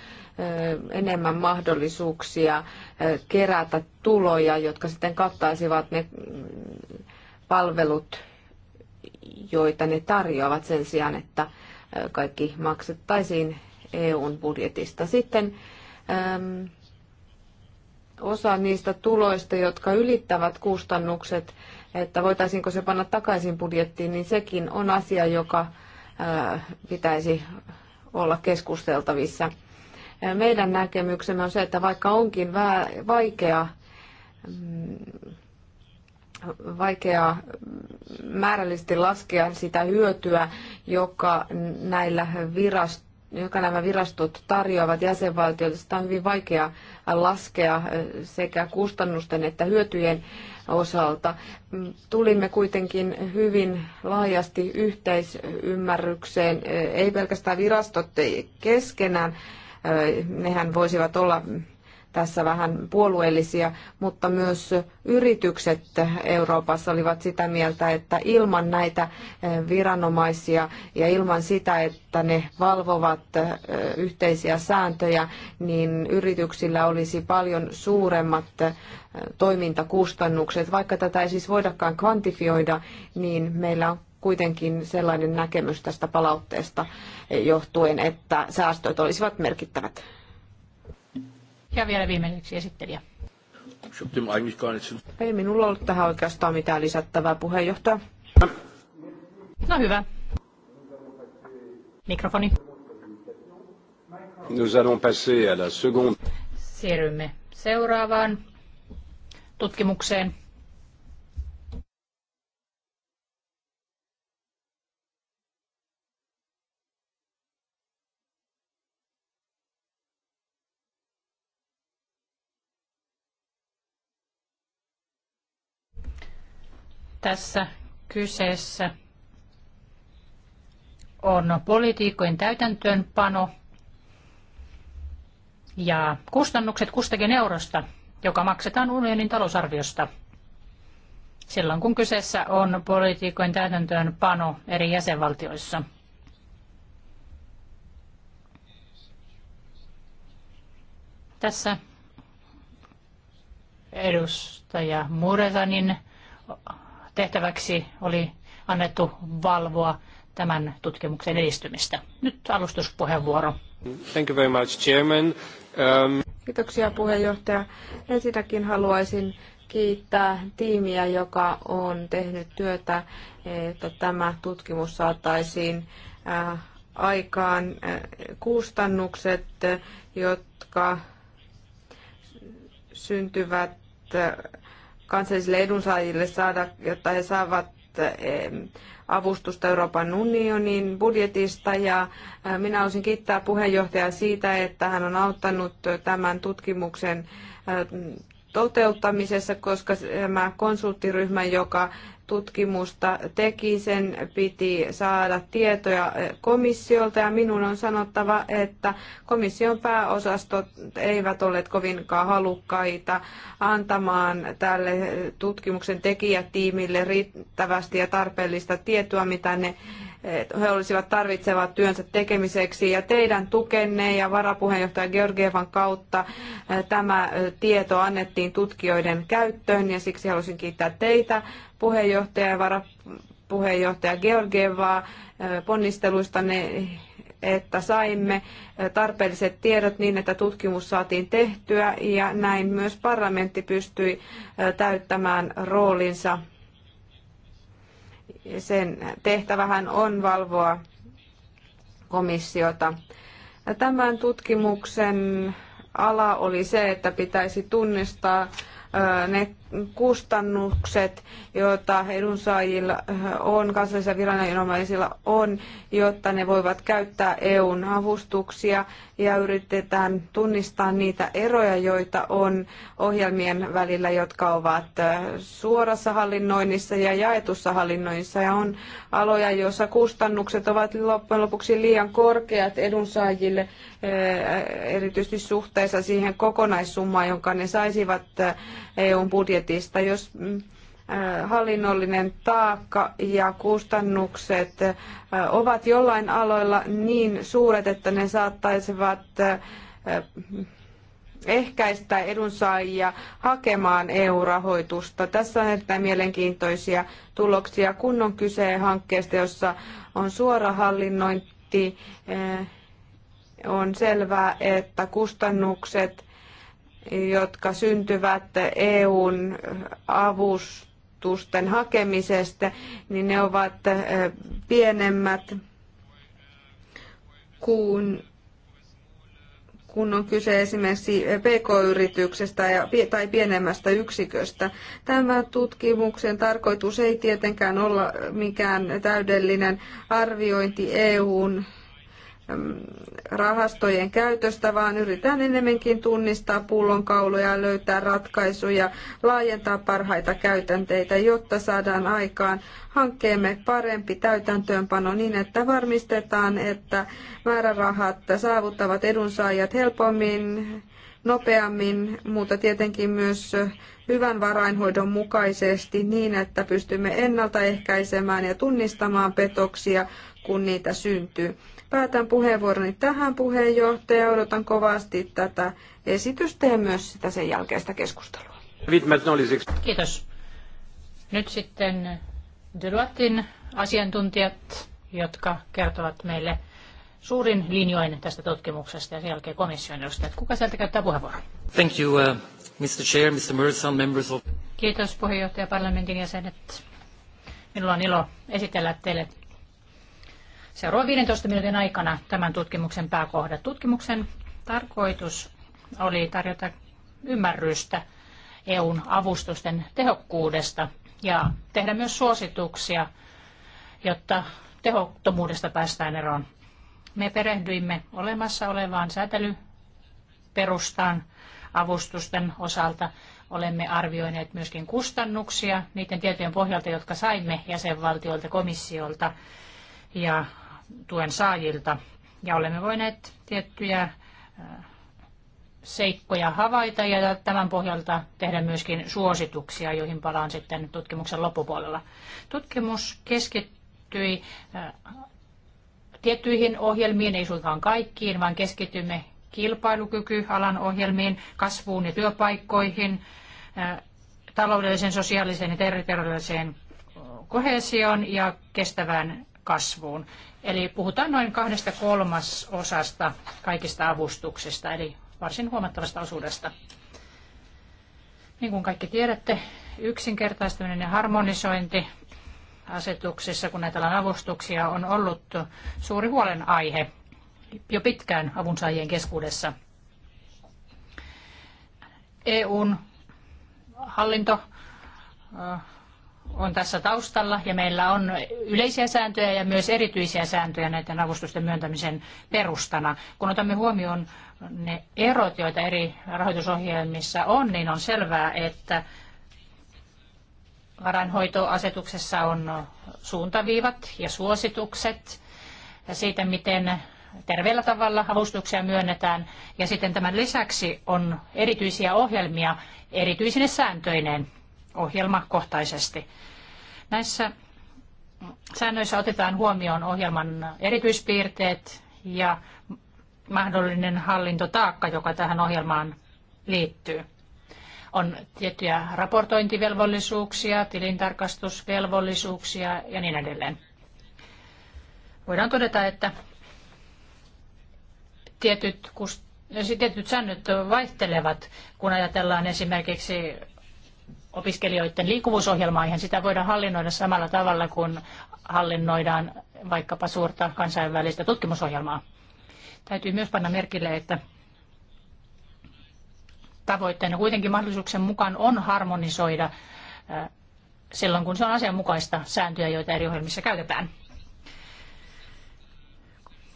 enemmän mahdollisuuksia kerätä tuloja, jotka sitten kattaisivat ne mm, palvelut, joita ne tarjoavat sen sijaan, että kaikki maksettaisiin EUn budjetista. Sitten osa niistä tuloista, jotka ylittävät kustannukset, että voitaisiinko se panna takaisin budjettiin, niin sekin on asia, joka äh, pitäisi olla keskusteltavissa. Äh, meidän näkemyksemme on se, että vaikka onkin vaikea, mm, vaikea määrällisesti laskea sitä hyötyä, joka näillä virast, joka nämä virastot tarjoavat jäsenvaltioille. Sitä on hyvin vaikea laskea äh, sekä kustannusten että hyötyjen osalta. Tulimme kuitenkin hyvin laajasti yhteisymmärrykseen, ei pelkästään virastot keskenään, nehän voisivat olla tässä vähän puolueellisia, mutta myös yritykset Euroopassa olivat sitä mieltä, että ilman näitä eh, viranomaisia ja ilman sitä, että ne valvovat eh, yhteisiä sääntöjä, niin yrityksillä olisi paljon suuremmat eh, toimintakustannukset. Vaikka tätä ei siis voidakaan kvantifioida, niin meillä on kuitenkin sellainen näkemys tästä palautteesta johtuen, että säästöt olisivat merkittävät. Ja vielä viimeiseksi esittelijä. Ei minulla ollut tähän oikeastaan mitään lisättävää, puheenjohtaja. No hyvä. Mikrofoni. Nous allons passer à la seconde. Siirrymme seuraavaan tutkimukseen. Tässä kyseessä on politiikkojen täytäntöönpano ja kustannukset kustakin eurosta, joka maksetaan unionin talousarviosta silloin, kun kyseessä on politiikkojen täytäntöönpano eri jäsenvaltioissa. Tässä edustaja Muretanin tehtäväksi oli annettu valvoa tämän tutkimuksen edistymistä. Nyt alustuspuheenvuoro. Thank you very much, Chairman. Um... Kiitoksia puheenjohtaja. Ensinnäkin haluaisin kiittää tiimiä, joka on tehnyt työtä, että tämä tutkimus saataisiin äh, aikaan äh, kustannukset, jotka syntyvät äh, kansallisille edunsaajille saada, jotta he saavat eh, avustusta Euroopan unionin budjetista ja eh, minä haluaisin kiittää puheenjohtajaa siitä, että hän on auttanut tämän tutkimuksen eh, toteuttamisessa, koska tämä konsulttiryhmä, joka tutkimusta teki, sen piti saada tietoja eh, komissiolta ja minun on sanottava, että komission pääosastot eivät olleet kovinkaan halukkaita antamaan tälle eh, tutkimuksen tekijätiimille riittävästi ja tarpeellista tietoa, mitä ne he olisivat tarvitsevat työnsä tekemiseksi. Ja teidän tukenne ja varapuheenjohtaja Georgievan kautta tämä tieto annettiin tutkijoiden käyttöön ja siksi haluaisin kiittää teitä puheenjohtaja ja varapuheenjohtaja Georgievaa ponnisteluistanne että saimme tarpeelliset tiedot niin, että tutkimus saatiin tehtyä ja näin myös parlamentti pystyi täyttämään roolinsa sen tehtävähän on valvoa komissiota. Tämän tutkimuksen ala oli se, että pitäisi tunnistaa ne kustannukset, joita edunsaajilla on, kansallisilla viranomaisilla on, jotta ne voivat käyttää EUn avustuksia ja yritetään tunnistaa niitä eroja, joita on ohjelmien välillä, jotka ovat suorassa hallinnoinnissa ja jaetussa hallinnoinnissa. Ja on aloja, joissa kustannukset ovat loppujen lopuksi liian korkeat edunsaajille, erityisesti suhteessa siihen kokonaissummaan, jonka ne saisivat eu budjetista. Jos mm, äh, hallinnollinen taakka ja kustannukset äh, ovat jollain aloilla niin suuret, että ne saattaisivat äh, ehkäistä edunsaajia hakemaan EU-rahoitusta. Tässä on erittäin mielenkiintoisia tuloksia, kun on kyse hankkeesta, jossa on suora hallinnointi. On selvää, että kustannukset jotka syntyvät EUn avustusten hakemisesta, niin ne ovat eh, pienemmät kuin kun on kyse esimerkiksi pk-yrityksestä tai pienemmästä yksiköstä. Tämän tutkimuksen tarkoitus ei tietenkään olla mikään täydellinen arviointi EUn rahastojen käytöstä, vaan yritetään enemmänkin tunnistaa pullonkauloja löytää ratkaisuja, laajentaa parhaita käytänteitä, jotta saadaan aikaan hankkeemme parempi täytäntöönpano niin, että varmistetaan, että määrärahat saavuttavat edunsaajat helpommin, nopeammin, mutta tietenkin myös hyvän varainhoidon mukaisesti niin, että pystymme ennaltaehkäisemään ja tunnistamaan petoksia, kun niitä syntyy. Päätän puheenvuoroni tähän puheenjohtaja. Odotan kovasti tätä esitystä ja myös sitä sen jälkeistä keskustelua. Kiitos. Nyt sitten Deloittin asiantuntijat, jotka kertovat meille suurin linjoin tästä tutkimuksesta ja sen jälkeen komission edustajat. Kuka sieltä käyttää puheenvuoron? Thank you, uh, Mr. Chair, Mr. Murson, members of... Kiitos puheenjohtaja parlamentin jäsenet. Minulla on ilo esitellä teille seuraavan 15 minuutin aikana tämän tutkimuksen pääkohdat. Tutkimuksen tarkoitus oli tarjota ymmärrystä EUn avustusten tehokkuudesta ja tehdä myös suosituksia, jotta tehottomuudesta päästään eroon. Me perehdyimme olemassa olevaan säätelyperustaan avustusten osalta. Olemme arvioineet myöskin kustannuksia niiden tietojen pohjalta, jotka saimme jäsenvaltioilta, komissiolta ja tuen saajilta. Ja olemme voineet tiettyjä äh, seikkoja havaita ja tämän pohjalta tehdä myöskin suosituksia, joihin palaan sitten tutkimuksen loppupuolella. Tutkimus keskittyi äh, tiettyihin ohjelmiin, ei suinkaan kaikkiin, vaan keskitymme kilpailukykyalan ohjelmiin, kasvuun ja työpaikkoihin, äh, taloudelliseen, sosiaaliseen ja terveydelliseen kohesioon ja kestävään kasvuun. Eli puhutaan noin kahdesta kolmasosasta kaikista avustuksista, eli varsin huomattavasta osuudesta. Niin kuin kaikki tiedätte, yksinkertaistaminen ja harmonisointi asetuksissa, kun näitä avustuksia on ollut suuri huolenaihe jo pitkään avunsaajien keskuudessa. EUn hallinto on tässä taustalla ja meillä on yleisiä sääntöjä ja myös erityisiä sääntöjä näiden avustusten myöntämisen perustana. Kun otamme huomioon ne erot, joita eri rahoitusohjelmissa on, niin on selvää, että varainhoitoasetuksessa on suuntaviivat ja suositukset ja siitä, miten terveellä tavalla avustuksia myönnetään. Ja sitten tämän lisäksi on erityisiä ohjelmia erityisine sääntöineen ohjelmakohtaisesti. Näissä säännöissä otetaan huomioon ohjelman erityispiirteet ja mahdollinen hallintotaakka, joka tähän ohjelmaan liittyy. On tiettyjä raportointivelvollisuuksia, tilintarkastusvelvollisuuksia ja niin edelleen. Voidaan todeta, että tietyt, siis tietyt säännöt vaihtelevat, kun ajatellaan esimerkiksi opiskelijoiden liikkuvuusohjelmaa, eihän sitä voida hallinnoida samalla tavalla kuin hallinnoidaan vaikkapa suurta kansainvälistä tutkimusohjelmaa. Täytyy myös panna merkille, että tavoitteena kuitenkin mahdollisuuksien mukaan on harmonisoida silloin, kun se on asianmukaista sääntöjä, joita eri ohjelmissa käytetään.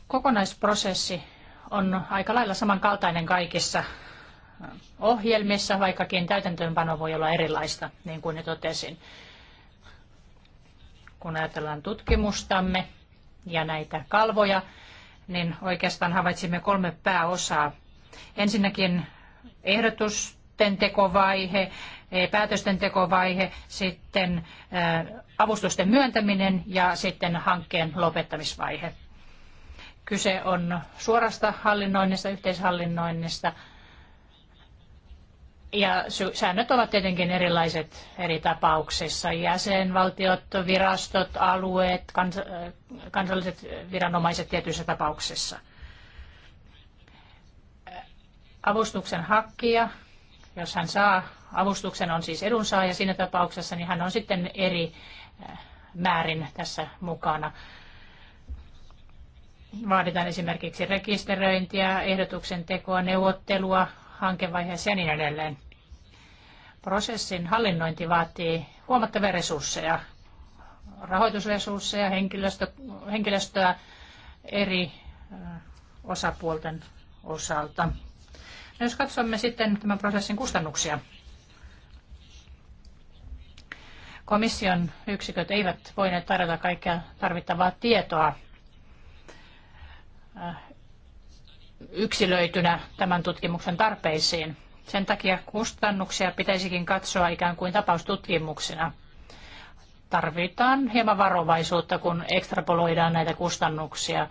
Kokonaisprosessi on aika lailla samankaltainen kaikissa ohjelmissa, vaikkakin täytäntöönpano voi olla erilaista, niin kuin jo totesin. Kun ajatellaan tutkimustamme ja näitä kalvoja, niin oikeastaan havaitsimme kolme pääosaa. Ensinnäkin ehdotusten tekovaihe, eh, päätösten tekovaihe, sitten eh, avustusten myöntäminen ja sitten hankkeen lopettamisvaihe. Kyse on suorasta hallinnoinnista, yhteishallinnoinnista – ja säännöt ovat tietenkin erilaiset eri tapauksissa. Jäsenvaltiot, virastot, alueet, kans- kansalliset viranomaiset tietyissä tapauksissa. Avustuksen hakkija, jos hän saa avustuksen, on siis edunsaaja siinä tapauksessa, niin hän on sitten eri äh, määrin tässä mukana. Vaaditaan esimerkiksi rekisteröintiä, ehdotuksen tekoa, neuvottelua, hankevaiheessa ja niin edelleen. Prosessin hallinnointi vaatii huomattavia resursseja, rahoitusresursseja, henkilöstö, henkilöstöä eri osapuolten osalta. No jos katsomme sitten tämän prosessin kustannuksia, komission yksiköt eivät voineet tarjota kaikkea tarvittavaa tietoa yksilöitynä tämän tutkimuksen tarpeisiin. Sen takia kustannuksia pitäisikin katsoa ikään kuin tapaustutkimuksena. Tarvitaan hieman varovaisuutta, kun ekstrapoloidaan näitä kustannuksia äh,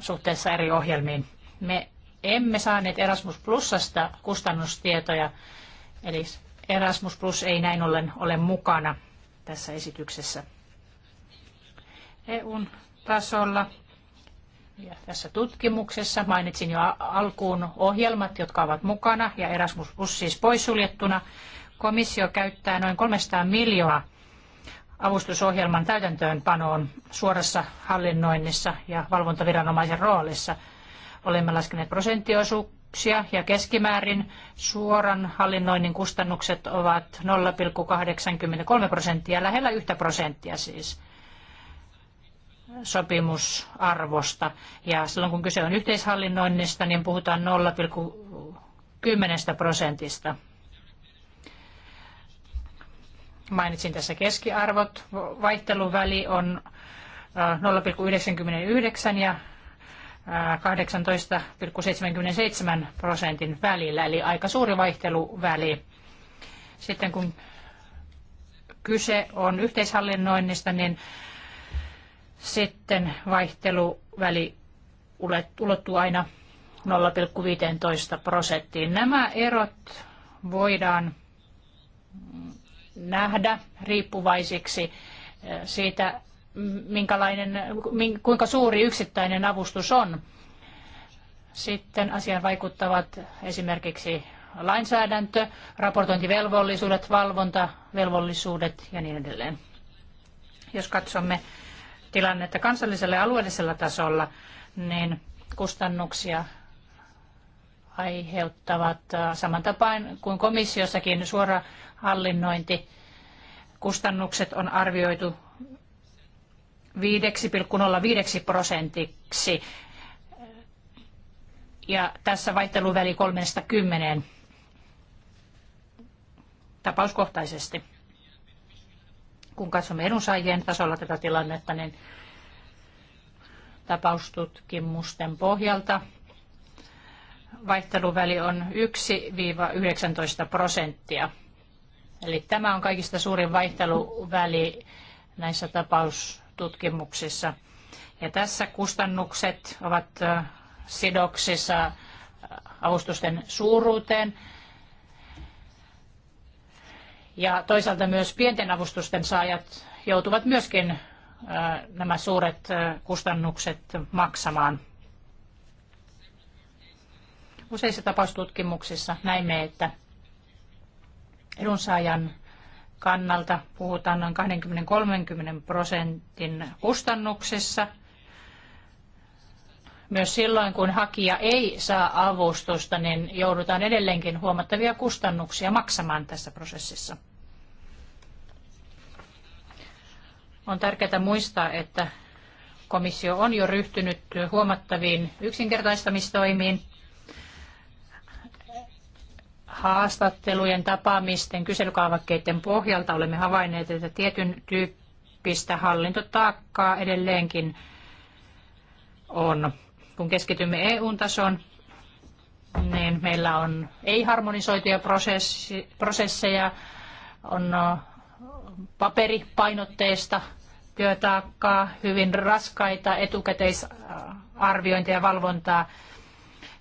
suhteessa eri ohjelmiin. Me emme saaneet Erasmus Plusasta kustannustietoja, eli Erasmus Plus ei näin ollen ole mukana tässä esityksessä. EUn tasolla ja tässä tutkimuksessa mainitsin jo alkuun ohjelmat, jotka ovat mukana ja Erasmus Plus siis poissuljettuna. Komissio käyttää noin 300 miljoonaa avustusohjelman täytäntöönpanoon suorassa hallinnoinnissa ja valvontaviranomaisen roolissa. Olemme laskeneet prosenttiosuuksia ja keskimäärin suoran hallinnoinnin kustannukset ovat 0,83 prosenttia, lähellä yhtä prosenttia siis sopimusarvosta. Ja silloin kun kyse on yhteishallinnoinnista, niin puhutaan 0,10 prosentista. Mainitsin tässä keskiarvot. Vaihteluväli on 0,99 äh, ja 18,77 äh, prosentin välillä, eli aika suuri vaihteluväli. Sitten kun kyse on yhteishallinnoinnista, niin sitten vaihteluväli ulottuu aina 0,15 prosenttiin. Nämä erot voidaan nähdä riippuvaisiksi eh, siitä, minkälainen, kuinka suuri yksittäinen avustus on. Sitten asiaan vaikuttavat esimerkiksi lainsäädäntö, raportointivelvollisuudet, valvontavelvollisuudet ja niin edelleen. Jos katsomme tilannetta kansallisella ja alueellisella tasolla, niin kustannuksia aiheuttavat äh, saman tapaan kuin komissiossakin suora hallinnointi. Kustannukset on arvioitu 5,05 prosentiksi ja tässä vaihteluväli 30 tapauskohtaisesti kun katsomme edunsaajien tasolla tätä tilannetta, niin tapaustutkimusten pohjalta vaihteluväli on 1-19 prosenttia. Eli tämä on kaikista suurin vaihteluväli näissä tapaustutkimuksissa. Ja tässä kustannukset ovat sidoksissa avustusten suuruuteen ja toisaalta myös pienten avustusten saajat joutuvat myöskin äh, nämä suuret äh, kustannukset maksamaan. Useissa tapaustutkimuksissa näimme, että edunsaajan kannalta puhutaan noin 20-30 prosentin kustannuksissa – myös silloin, kun hakija ei saa avustusta, niin joudutaan edelleenkin huomattavia kustannuksia maksamaan tässä prosessissa. On tärkeää muistaa, että komissio on jo ryhtynyt huomattaviin yksinkertaistamistoimiin, haastattelujen, tapaamisten, kyselykaavakkeiden pohjalta olemme havainneet, että tietyn tyyppistä hallintotaakkaa edelleenkin on. Kun keskitymme EU-tason, niin meillä on ei-harmonisoituja prosesseja, on paperipainotteista työtaakkaa, hyvin raskaita etukäteisarviointia ja valvontaa,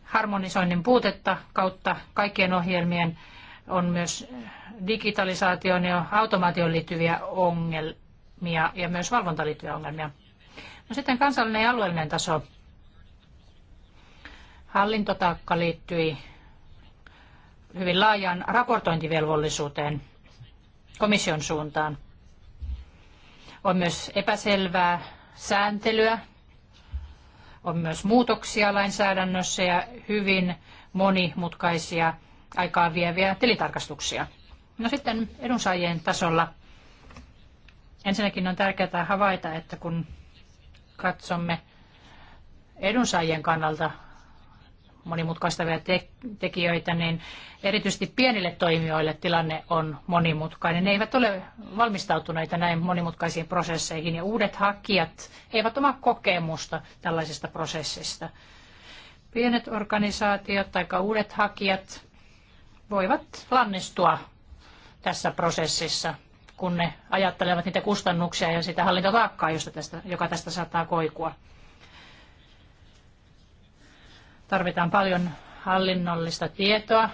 harmonisoinnin puutetta kautta kaikkien ohjelmien on myös digitalisaation ja automaation liittyviä ongelmia ja myös valvontaan liittyviä ongelmia. No sitten kansallinen ja alueellinen taso hallintotaakka liittyi hyvin laajaan raportointivelvollisuuteen komission suuntaan. On myös epäselvää sääntelyä, on myös muutoksia lainsäädännössä ja hyvin monimutkaisia aikaa vieviä tilitarkastuksia. No sitten edunsaajien tasolla ensinnäkin on tärkeää havaita, että kun katsomme edunsaajien kannalta monimutkaistavia tekijöitä, niin erityisesti pienille toimijoille tilanne on monimutkainen. Ne eivät ole valmistautuneita näin monimutkaisiin prosesseihin ja uudet hakijat eivät omaa kokemusta tällaisesta prosessista. Pienet organisaatiot tai uudet hakijat voivat lannistua tässä prosessissa, kun ne ajattelevat niitä kustannuksia ja sitä hallintotaakkaa, josta tästä, joka tästä saattaa koikua. Tarvitaan paljon hallinnollista tietoa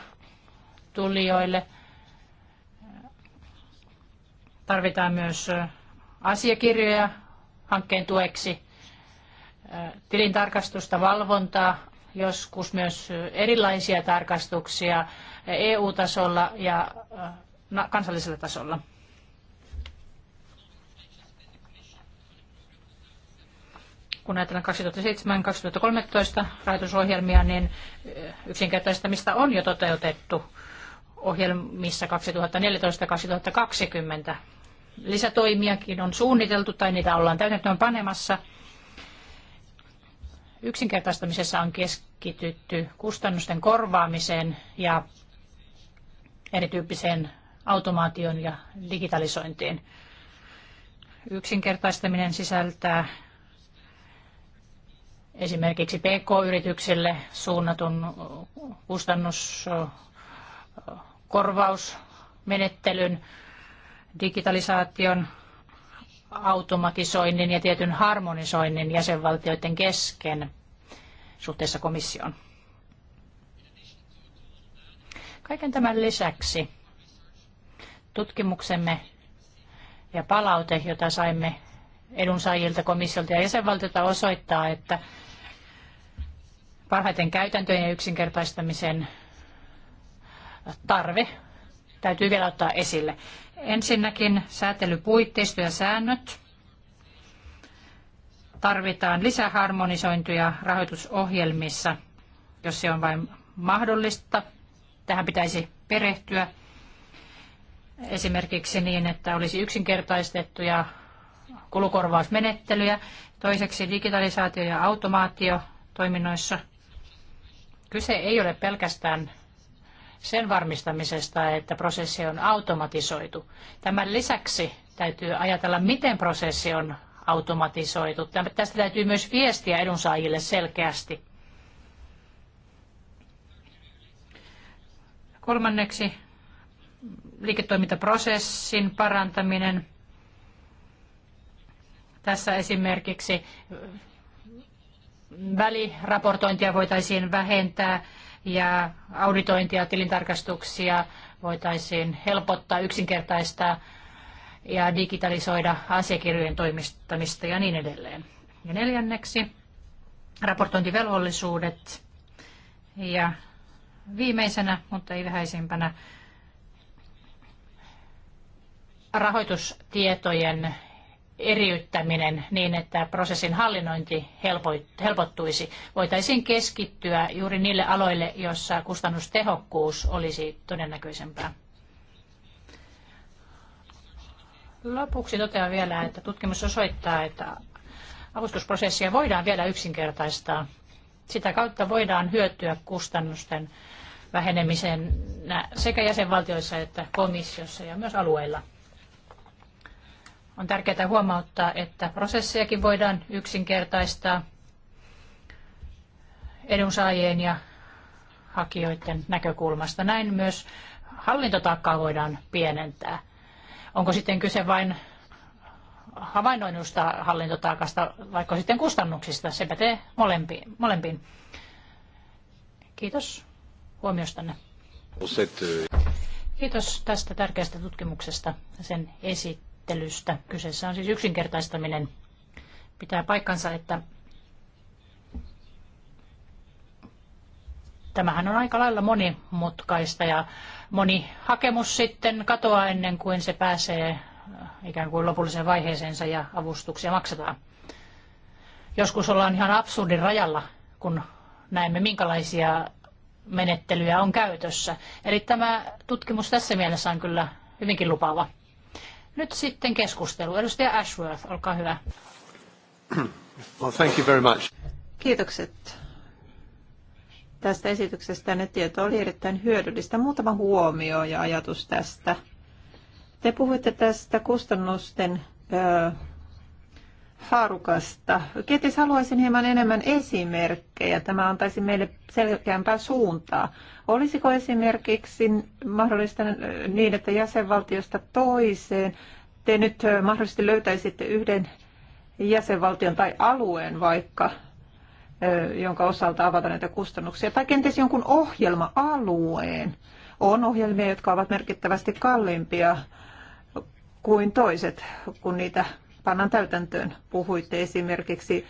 tulijoille. Tarvitaan myös asiakirjoja hankkeen tueksi, tilintarkastusta, valvontaa, joskus myös erilaisia tarkastuksia EU-tasolla ja kansallisella tasolla. kun ajatellaan 2007-2013 rahoitusohjelmia, niin yksinkertaistamista on jo toteutettu ohjelmissa 2014-2020. Lisätoimiakin on suunniteltu tai niitä ollaan täytäntöön panemassa. Yksinkertaistamisessa on keskitytty kustannusten korvaamiseen ja erityyppiseen automaation ja digitalisointiin. Yksinkertaistaminen sisältää esimerkiksi PK-yrityksille suunnatun uh, kustannuskorvausmenettelyn, digitalisaation, automatisoinnin ja tietyn harmonisoinnin jäsenvaltioiden kesken suhteessa komissioon. Kaiken tämän lisäksi tutkimuksemme ja palaute, jota saimme edunsaajilta, komissiolta ja jäsenvaltiolta osoittaa, että parhaiten käytäntöjen yksinkertaistamisen tarve täytyy vielä ottaa esille. Ensinnäkin säätelypuitteisto ja säännöt. Tarvitaan lisäharmonisointuja rahoitusohjelmissa, jos se on vain mahdollista. Tähän pitäisi perehtyä esimerkiksi niin, että olisi yksinkertaistettuja kulukorvausmenettelyjä. Toiseksi digitalisaatio ja automaatio toiminnoissa – Kyse ei ole pelkästään sen varmistamisesta, että prosessi on automatisoitu. Tämän lisäksi täytyy ajatella, miten prosessi on automatisoitu. Tästä täytyy myös viestiä edunsaajille selkeästi. Kolmanneksi liiketoimintaprosessin parantaminen. Tässä esimerkiksi väliraportointia voitaisiin vähentää ja auditointia, tilintarkastuksia voitaisiin helpottaa, yksinkertaistaa ja digitalisoida asiakirjojen toimistamista ja niin edelleen. Ja neljänneksi raportointivelvollisuudet ja viimeisenä, mutta ei vähäisimpänä, rahoitustietojen eriyttäminen niin, että prosessin hallinnointi helpottuisi. Voitaisiin keskittyä juuri niille aloille, joissa kustannustehokkuus olisi todennäköisempää. Lopuksi totean vielä, että tutkimus osoittaa, että avustusprosessia voidaan vielä yksinkertaistaa. Sitä kautta voidaan hyötyä kustannusten vähenemisen sekä jäsenvaltioissa että komissiossa ja myös alueilla. On tärkeää huomauttaa, että prosessiakin voidaan yksinkertaistaa edunsaajien ja hakijoiden näkökulmasta. Näin myös hallintotaakkaa voidaan pienentää. Onko sitten kyse vain havainnoinnusta hallintotaakasta, vaikka sitten kustannuksista. Se pätee molempiin. molempiin. Kiitos huomiostanne. Euh, Kiitos tästä tärkeästä tutkimuksesta ja sen esittelystä käsittelystä. Kyseessä on siis yksinkertaistaminen. Pitää paikkansa, että tämähän on aika lailla monimutkaista ja moni hakemus sitten katoaa ennen kuin se pääsee äh, ikään kuin lopulliseen vaiheeseensa ja avustuksia maksetaan. Joskus ollaan ihan absurdin rajalla, kun näemme minkälaisia menettelyjä on käytössä. Eli tämä tutkimus tässä mielessä on kyllä hyvinkin lupaava. Nyt sitten keskustelu. Edustaja Ashworth, olkaa hyvä. Well, thank you very much. Kiitokset tästä esityksestä. Ne tieto oli erittäin hyödyllistä. Muutama huomio ja ajatus tästä. Te puhuitte tästä kustannusten Faarukasta. Kenties haluaisin hieman enemmän esimerkkejä. Tämä antaisi meille selkeämpää suuntaa. Olisiko esimerkiksi mahdollista äh, niin, että jäsenvaltiosta toiseen te nyt äh, mahdollisesti löytäisitte yhden jäsenvaltion tai alueen vaikka, äh, jonka osalta avata näitä kustannuksia, tai kenties jonkun ohjelma-alueen. On ohjelmia, jotka ovat merkittävästi kalliimpia kuin toiset, kun niitä pannaan täytäntöön. Puhuitte esimerkiksi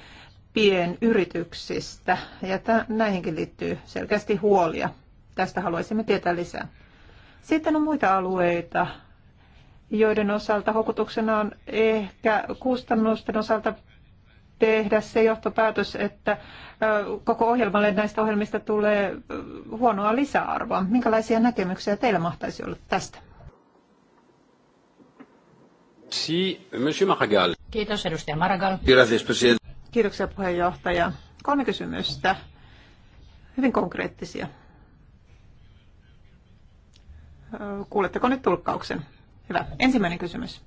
pienyrityksistä ja näihinkin liittyy selkeästi huolia. Tästä haluaisimme tietää lisää. Sitten on muita alueita, joiden osalta houkutuksena on ehkä kustannusten osalta tehdä se johtopäätös, että koko ohjelmalle näistä ohjelmista tulee huonoa lisäarvoa. Minkälaisia näkemyksiä teillä mahtaisi olla tästä? Si, Monsieur Maragall. Kiitos, edustaja Maragall. Gracias, presidente. Kiitoksia, puheenjohtaja. Kolme kysymystä, hyvin konkreettisia. Kuuletteko nyt tulkkauksen? Hyvä. Ensimmäinen kysymys.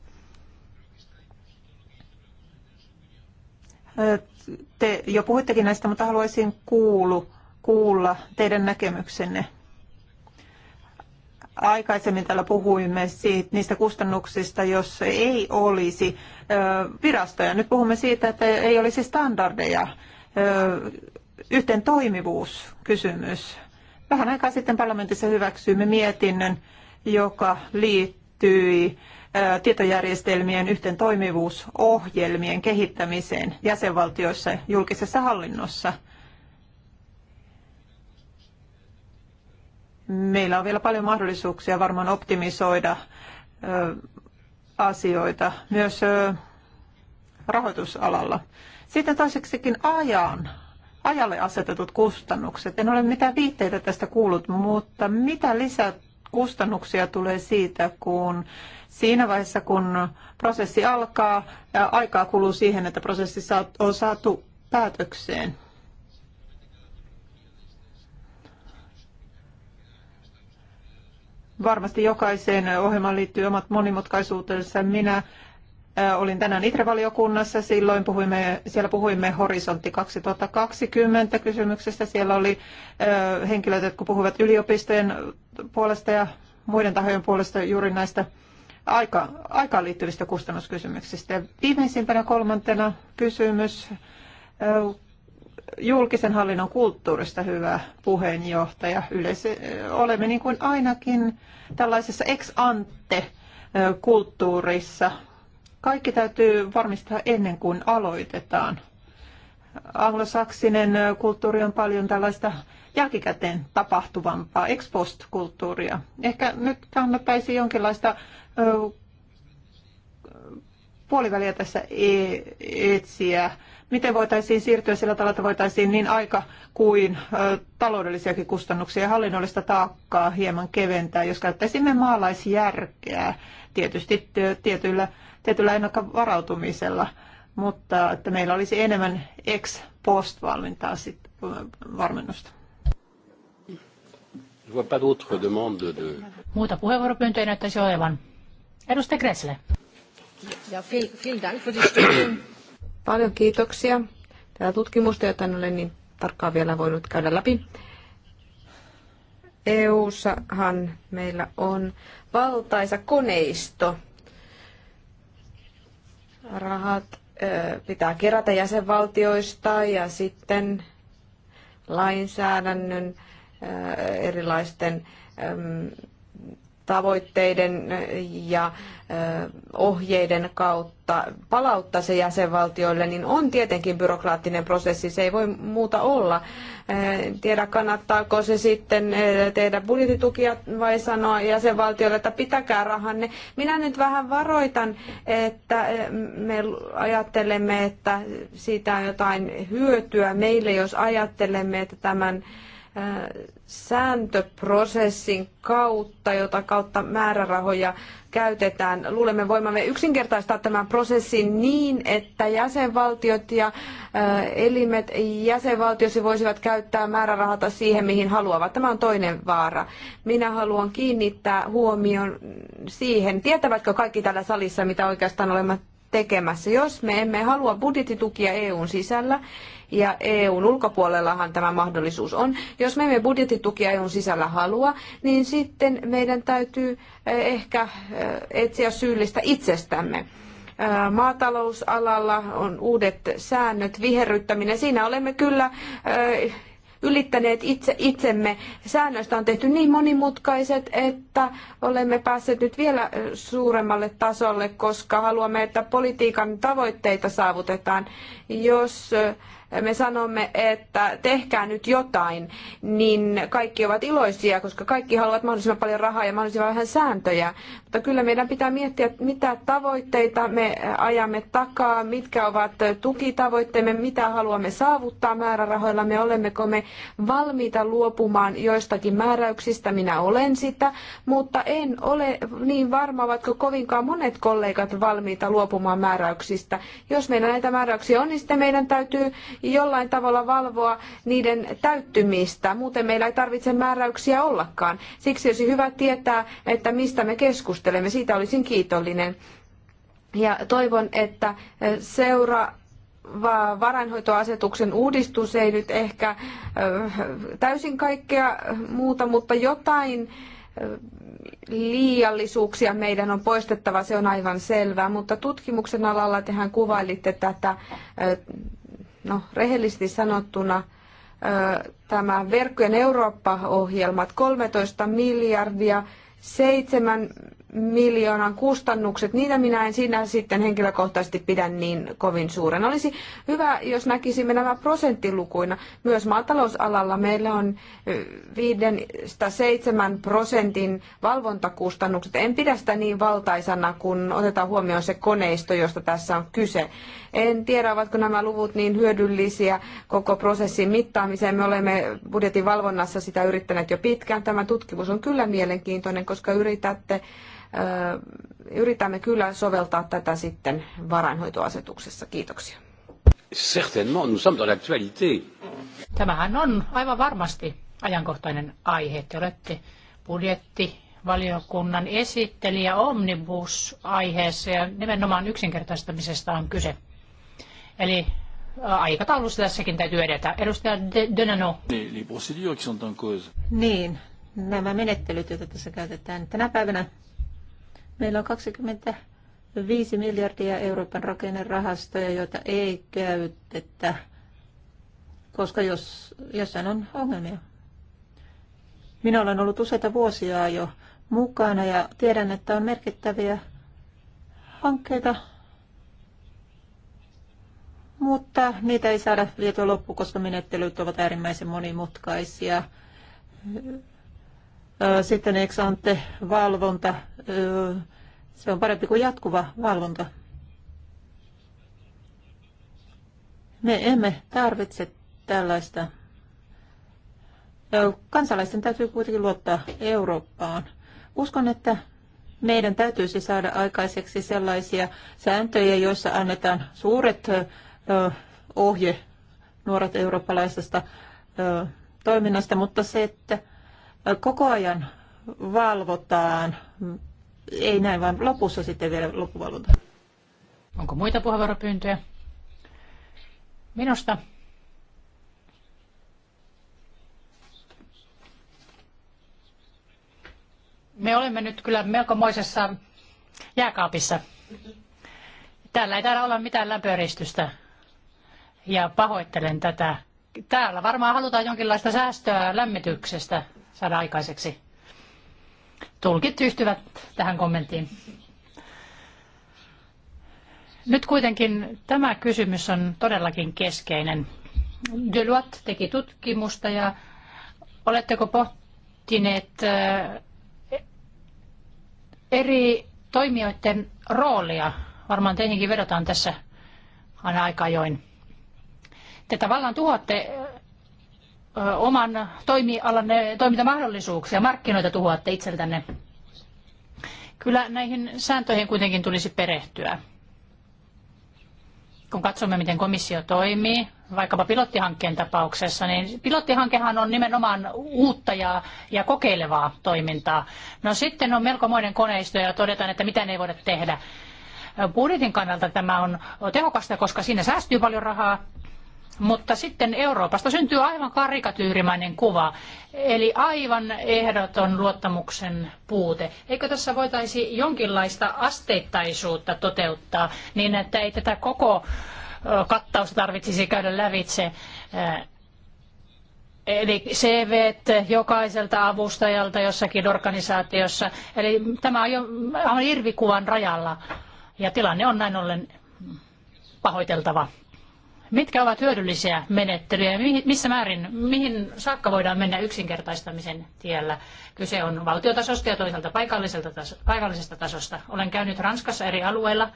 Te jo puhuittekin näistä, mutta haluaisin kuulu, kuulla teidän näkemyksenne Aikaisemmin täällä puhuimme siitä, niistä kustannuksista, jos ei olisi virastoja. Nyt puhumme siitä, että ei olisi standardeja. Yhteen toimivuuskysymys. Vähän aikaa sitten parlamentissa hyväksyimme mietinnön, joka liittyi tietojärjestelmien yhteen toimivuusohjelmien kehittämiseen jäsenvaltioissa julkisessa hallinnossa – meillä on vielä paljon mahdollisuuksia varmaan optimisoida asioita myös rahoitusalalla. Sitten toiseksikin ajan, ajalle asetetut kustannukset. En ole mitään viitteitä tästä kuullut, mutta mitä lisäkustannuksia tulee siitä, kun siinä vaiheessa, kun prosessi alkaa, ja aikaa kuluu siihen, että prosessi on saatu päätökseen? Varmasti jokaiseen ohjelmaan liittyy omat monimutkaisuutensa. Minä äh, olin tänään ITRE-valiokunnassa, silloin puhuimme, siellä puhuimme Horisontti 2020 kysymyksestä. Siellä oli äh, henkilöitä, jotka puhuivat yliopistojen puolesta ja muiden tahojen puolesta juuri näistä aika, aikaan liittyvistä kustannuskysymyksistä. Ja viimeisimpänä kolmantena kysymys äh, julkisen hallinnon kulttuurista hyvä puheenjohtaja. Yleensä olemme niin kuin ainakin tällaisessa ex ante kulttuurissa. Kaikki täytyy varmistaa ennen kuin aloitetaan. Anglosaksinen kulttuuri on paljon tällaista jälkikäteen tapahtuvampaa ex post kulttuuria. Ehkä nyt kannattaisi jonkinlaista puoliväliä tässä e- etsiä miten voitaisiin siirtyä sillä tavalla, että voitaisiin niin aika kuin taloudellisiakin kustannuksia ja hallinnollista taakkaa hieman keventää, jos käyttäisimme maalaisjärkeä tietysti tietyllä, tietyllä ennakkovarautumisella, mutta että meillä olisi enemmän ex post valmentaa sit, varmennusta. Muuta puheenvuoropyyntöjä näyttäisi olevan. Edustaja Gressle. Ja, vielen Dank für Paljon kiitoksia. Tätä tutkimusta, jota en ole niin tarkkaan vielä voinut käydä läpi. EU-sahan meillä on valtaisa koneisto. Rahat pitää kerätä jäsenvaltioista ja sitten lainsäädännön erilaisten tavoitteiden ja ohjeiden kautta palauttaa se jäsenvaltioille, niin on tietenkin byrokraattinen prosessi, se ei voi muuta olla. En tiedä, kannattaako se sitten tehdä budjettitukia vai sanoa jäsenvaltioille, että pitäkää rahanne. Minä nyt vähän varoitan, että me ajattelemme, että siitä on jotain hyötyä meille, jos ajattelemme, että tämän sääntöprosessin kautta, jota kautta määrärahoja käytetään. Luulemme voimamme yksinkertaistaa tämän prosessin niin, että jäsenvaltiot ja äh, elimet jäsenvaltiossa voisivat käyttää määrärahata siihen, mihin haluavat. Tämä on toinen vaara. Minä haluan kiinnittää huomion siihen, tietävätkö kaikki täällä salissa, mitä oikeastaan olemme tekemässä. Jos me emme halua budjettitukia EUn sisällä, ja EUn ulkopuolellahan tämä mahdollisuus on. Jos me emme budjettitukia EUn sisällä halua, niin sitten meidän täytyy eh, ehkä eh, etsiä syyllistä itsestämme eh, maatalousalalla on uudet säännöt, viherryttäminen. Siinä olemme kyllä ylittäneet itse itsemme. Säännöistä on tehty niin monimutkaiset, että olemme päässeet nyt vielä suuremmalle tasolle, koska haluamme, että politiikan tavoitteita saavutetaan. Jos me sanomme, että tehkää nyt jotain, niin kaikki ovat iloisia, koska kaikki haluavat mahdollisimman paljon rahaa ja mahdollisimman vähän sääntöjä. Mutta kyllä meidän pitää miettiä, mitä tavoitteita me ajamme takaa, mitkä ovat tukitavoitteemme, mitä haluamme saavuttaa määrärahoilla, me olemmeko me valmiita luopumaan joistakin määräyksistä, minä olen sitä, mutta en ole niin varma, ovatko kovinkaan monet kollegat valmiita luopumaan määräyksistä. Jos meillä näitä määräyksiä on, niin sitten meidän täytyy jollain tavalla valvoa niiden täyttymistä. Muuten meillä ei tarvitse määräyksiä ollakaan. Siksi olisi hyvä tietää, että mistä me keskustelemme. Siitä olisin kiitollinen. Ja toivon, että e, seura varainhoitoasetuksen uudistus ei nyt ehkä e, täysin kaikkea muuta, mutta jotain e, liiallisuuksia meidän on poistettava, se on aivan selvää, mutta tutkimuksen alalla tehän kuvailitte tätä No, rehellisesti sanottuna tämä Verkkojen Eurooppa-ohjelmat 13 miljardia, 7 miljoonan kustannukset, niitä minä en siinä sitten henkilökohtaisesti pidä niin kovin suuren. Olisi hyvä, jos näkisimme nämä prosenttilukuina. Myös maatalousalalla meillä on 5-7 prosentin valvontakustannukset. En pidä sitä niin valtaisana, kun otetaan huomioon se koneisto, josta tässä on kyse. En tiedä, ovatko nämä luvut niin hyödyllisiä koko prosessin mittaamiseen. Me olemme budjetin valvonnassa sitä yrittäneet jo pitkään. Tämä tutkimus on kyllä mielenkiintoinen, koska yritätte, yritämme kyllä soveltaa tätä sitten varainhoitoasetuksessa. Kiitoksia. Certainement, nous sommes dans l'actualité. Tämähän on aivan varmasti ajankohtainen aihe. Te olette budjettivaliokunnan esittelijä Omnibus-aiheessa ja nimenomaan yksinkertaistamisesta on kyse. Eli äh, aikataulussa tässäkin täytyy edetä. Edustaja Dönano. Niin, nämä menettelyt, joita tässä käytetään tänä päivänä. Meillä on 25 miljardia Euroopan rakennerahastoja, joita ei käytetä, koska jos, jossain on ongelmia. Minä olen ollut useita vuosia jo mukana ja tiedän, että on merkittäviä hankkeita, mutta niitä ei saada vietyä loppuun, koska menettelyt ovat äärimmäisen monimutkaisia. Sitten ex ante valvonta, se on parempi kuin jatkuva valvonta. Me emme tarvitse tällaista. Kansalaisten täytyy kuitenkin luottaa Eurooppaan. Uskon, että meidän täytyisi saada aikaiseksi sellaisia sääntöjä, joissa annetaan suuret ohje nuoret eurooppalaisesta toiminnasta, mutta se, että koko ajan valvotaan, ei näin, vaan lopussa sitten vielä loppuvalvonta. Onko muita puheenvuoropyyntöjä? Minusta me olemme nyt kyllä melkomoisessa jääkaapissa. Täällä ei täällä olla mitään lämpöristystä ja pahoittelen tätä. Täällä varmaan halutaan jonkinlaista säästöä lämmityksestä saada aikaiseksi. Tulkit yhtyvät tähän kommenttiin. Nyt kuitenkin tämä kysymys on todellakin keskeinen. Deloitte teki tutkimusta ja oletteko pohtineet äh, eri toimijoiden roolia? Varmaan teihinkin vedotaan tässä aina aika ajoin. Te tavallaan tuhoatte oman toimialanne toimintamahdollisuuksia, markkinoita tuhoatte itseltänne. Kyllä näihin sääntöihin kuitenkin tulisi perehtyä. Kun katsomme, miten komissio toimii, vaikkapa pilottihankkeen tapauksessa, niin pilottihankehan on nimenomaan uutta ja, ja kokeilevaa toimintaa. No sitten on melkomoinen koneisto ja todetaan, että mitä ne ei voida tehdä. Budjetin kannalta tämä on tehokasta, koska siinä säästyy paljon rahaa, mutta sitten Euroopasta syntyy aivan karikatyyrimäinen kuva, eli aivan ehdoton luottamuksen puute. Eikö tässä voitaisi jonkinlaista asteittaisuutta toteuttaa niin, että ei tätä koko kattausta tarvitsisi käydä lävitse? Eli CV jokaiselta avustajalta jossakin organisaatiossa. Eli tämä on jo aivan irvikuvan rajalla ja tilanne on näin ollen pahoiteltava. Mitkä ovat hyödyllisiä menettelyjä? Missä määrin, mihin saakka voidaan mennä yksinkertaistamisen tiellä? Kyse on valtiotasosta ja toisaalta paikalliselta taso, paikallisesta tasosta. Olen käynyt Ranskassa eri alueilla,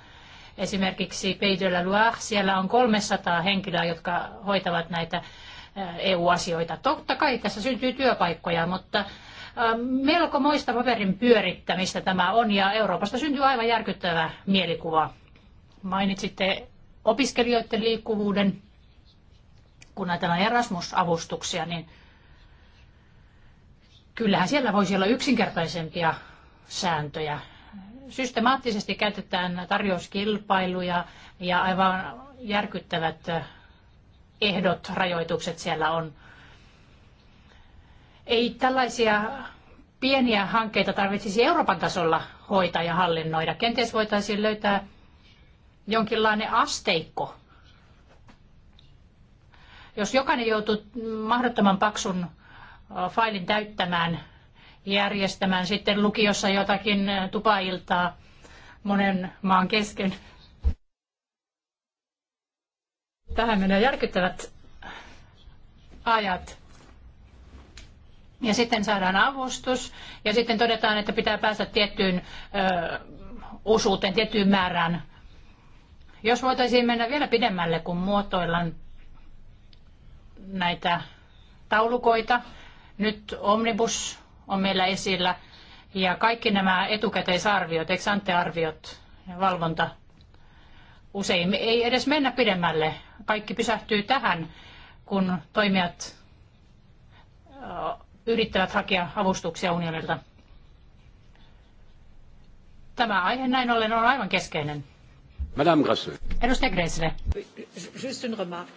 esimerkiksi Pays de la Loire. Siellä on 300 henkilöä, jotka hoitavat näitä EU-asioita. Totta kai tässä syntyy työpaikkoja, mutta melko moista paperin pyörittämistä tämä on ja Euroopasta syntyy aivan järkyttävä mielikuva. Mainitsitte opiskelijoiden liikkuvuuden, kun ajatellaan Erasmus-avustuksia, niin kyllähän siellä voisi olla yksinkertaisempia sääntöjä. Systemaattisesti käytetään tarjouskilpailuja ja aivan järkyttävät ehdot, rajoitukset siellä on. Ei tällaisia pieniä hankkeita tarvitsisi Euroopan tasolla hoitaa ja hallinnoida. Kenties voitaisiin löytää jonkinlainen asteikko. Jos jokainen joutuu mahdottoman paksun failin täyttämään, järjestämään sitten lukiossa jotakin tupailtaa monen maan kesken. Tähän menee järkyttävät ajat. Ja sitten saadaan avustus ja sitten todetaan, että pitää päästä tiettyyn ö, osuuteen, tiettyyn määrään jos voitaisiin mennä vielä pidemmälle, kun muotoillaan näitä taulukoita, nyt Omnibus on meillä esillä, ja kaikki nämä etukäteisarviot, eksantearviot ja valvonta, usein ei edes mennä pidemmälle. Kaikki pysähtyy tähän, kun toimijat yrittävät hakea avustuksia unionilta. Tämä aihe näin ollen on aivan keskeinen. Madame Grasse. Edustaja Gressle. Just une remarque.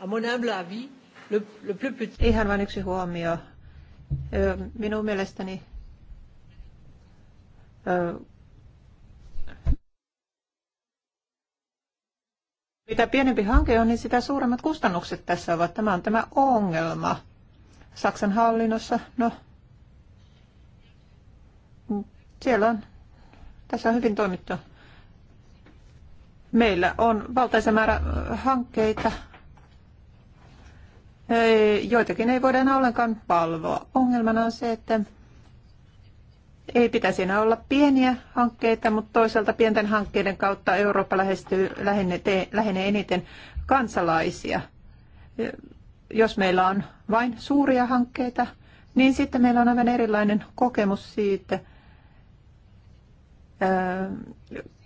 À mon humble avis, le, le plus petit... Ihan vain yksi huomio. Minun mielestäni mitä pienempi hanke on, niin sitä suuremmat kustannukset tässä ovat. Tämä on tämä ongelma. Saksan hallinnossa, no, siellä on, tässä on hyvin toimittu. Meillä on valtaisa määrä hankkeita, joitakin ei voida enää ollenkaan palvoa. Ongelmana on se, että ei pitäisi enää olla pieniä hankkeita, mutta toisaalta pienten hankkeiden kautta Eurooppa lähestyy, lähenee eniten kansalaisia. Jos meillä on vain suuria hankkeita, niin sitten meillä on aivan erilainen kokemus siitä,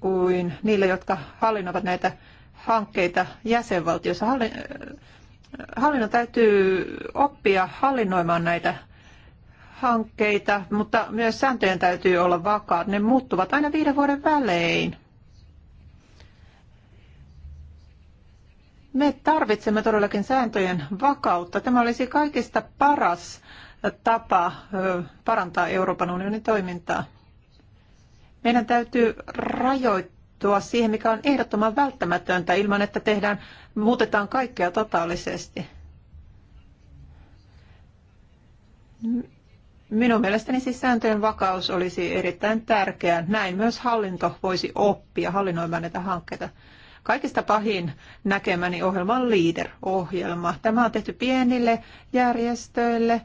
kuin niillä, jotka hallinnoivat näitä hankkeita jäsenvaltiossa. Hallinnon täytyy oppia hallinnoimaan näitä hankkeita, mutta myös sääntöjen täytyy olla vakaat. Ne muuttuvat aina viiden vuoden välein. Me tarvitsemme todellakin sääntöjen vakautta. Tämä olisi kaikista paras tapa parantaa Euroopan unionin toimintaa. Meidän täytyy rajoittua siihen, mikä on ehdottoman välttämätöntä ilman, että tehdään, muutetaan kaikkea totaalisesti. Minun mielestäni siis sääntöjen vakaus olisi erittäin tärkeää. Näin myös hallinto voisi oppia hallinnoimaan näitä hankkeita. Kaikista pahin näkemäni ohjelman Leader-ohjelma. Tämä on tehty pienille järjestöille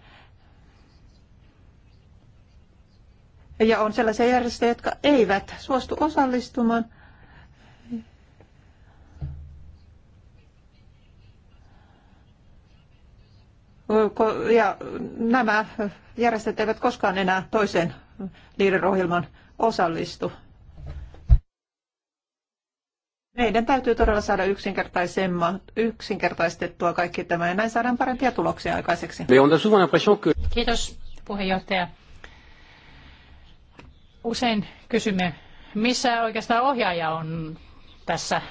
Ja on sellaisia järjestöjä, jotka eivät suostu osallistumaan. Ja nämä järjestöt eivät koskaan enää toisen liiderohjelman osallistu. Meidän täytyy todella saada yksinkertaistettua kaikki tämä ja näin saadaan parempia tuloksia aikaiseksi. Kiitos puheenjohtaja. Usein kysymme, missä oikeastaan ohjaaja on tässä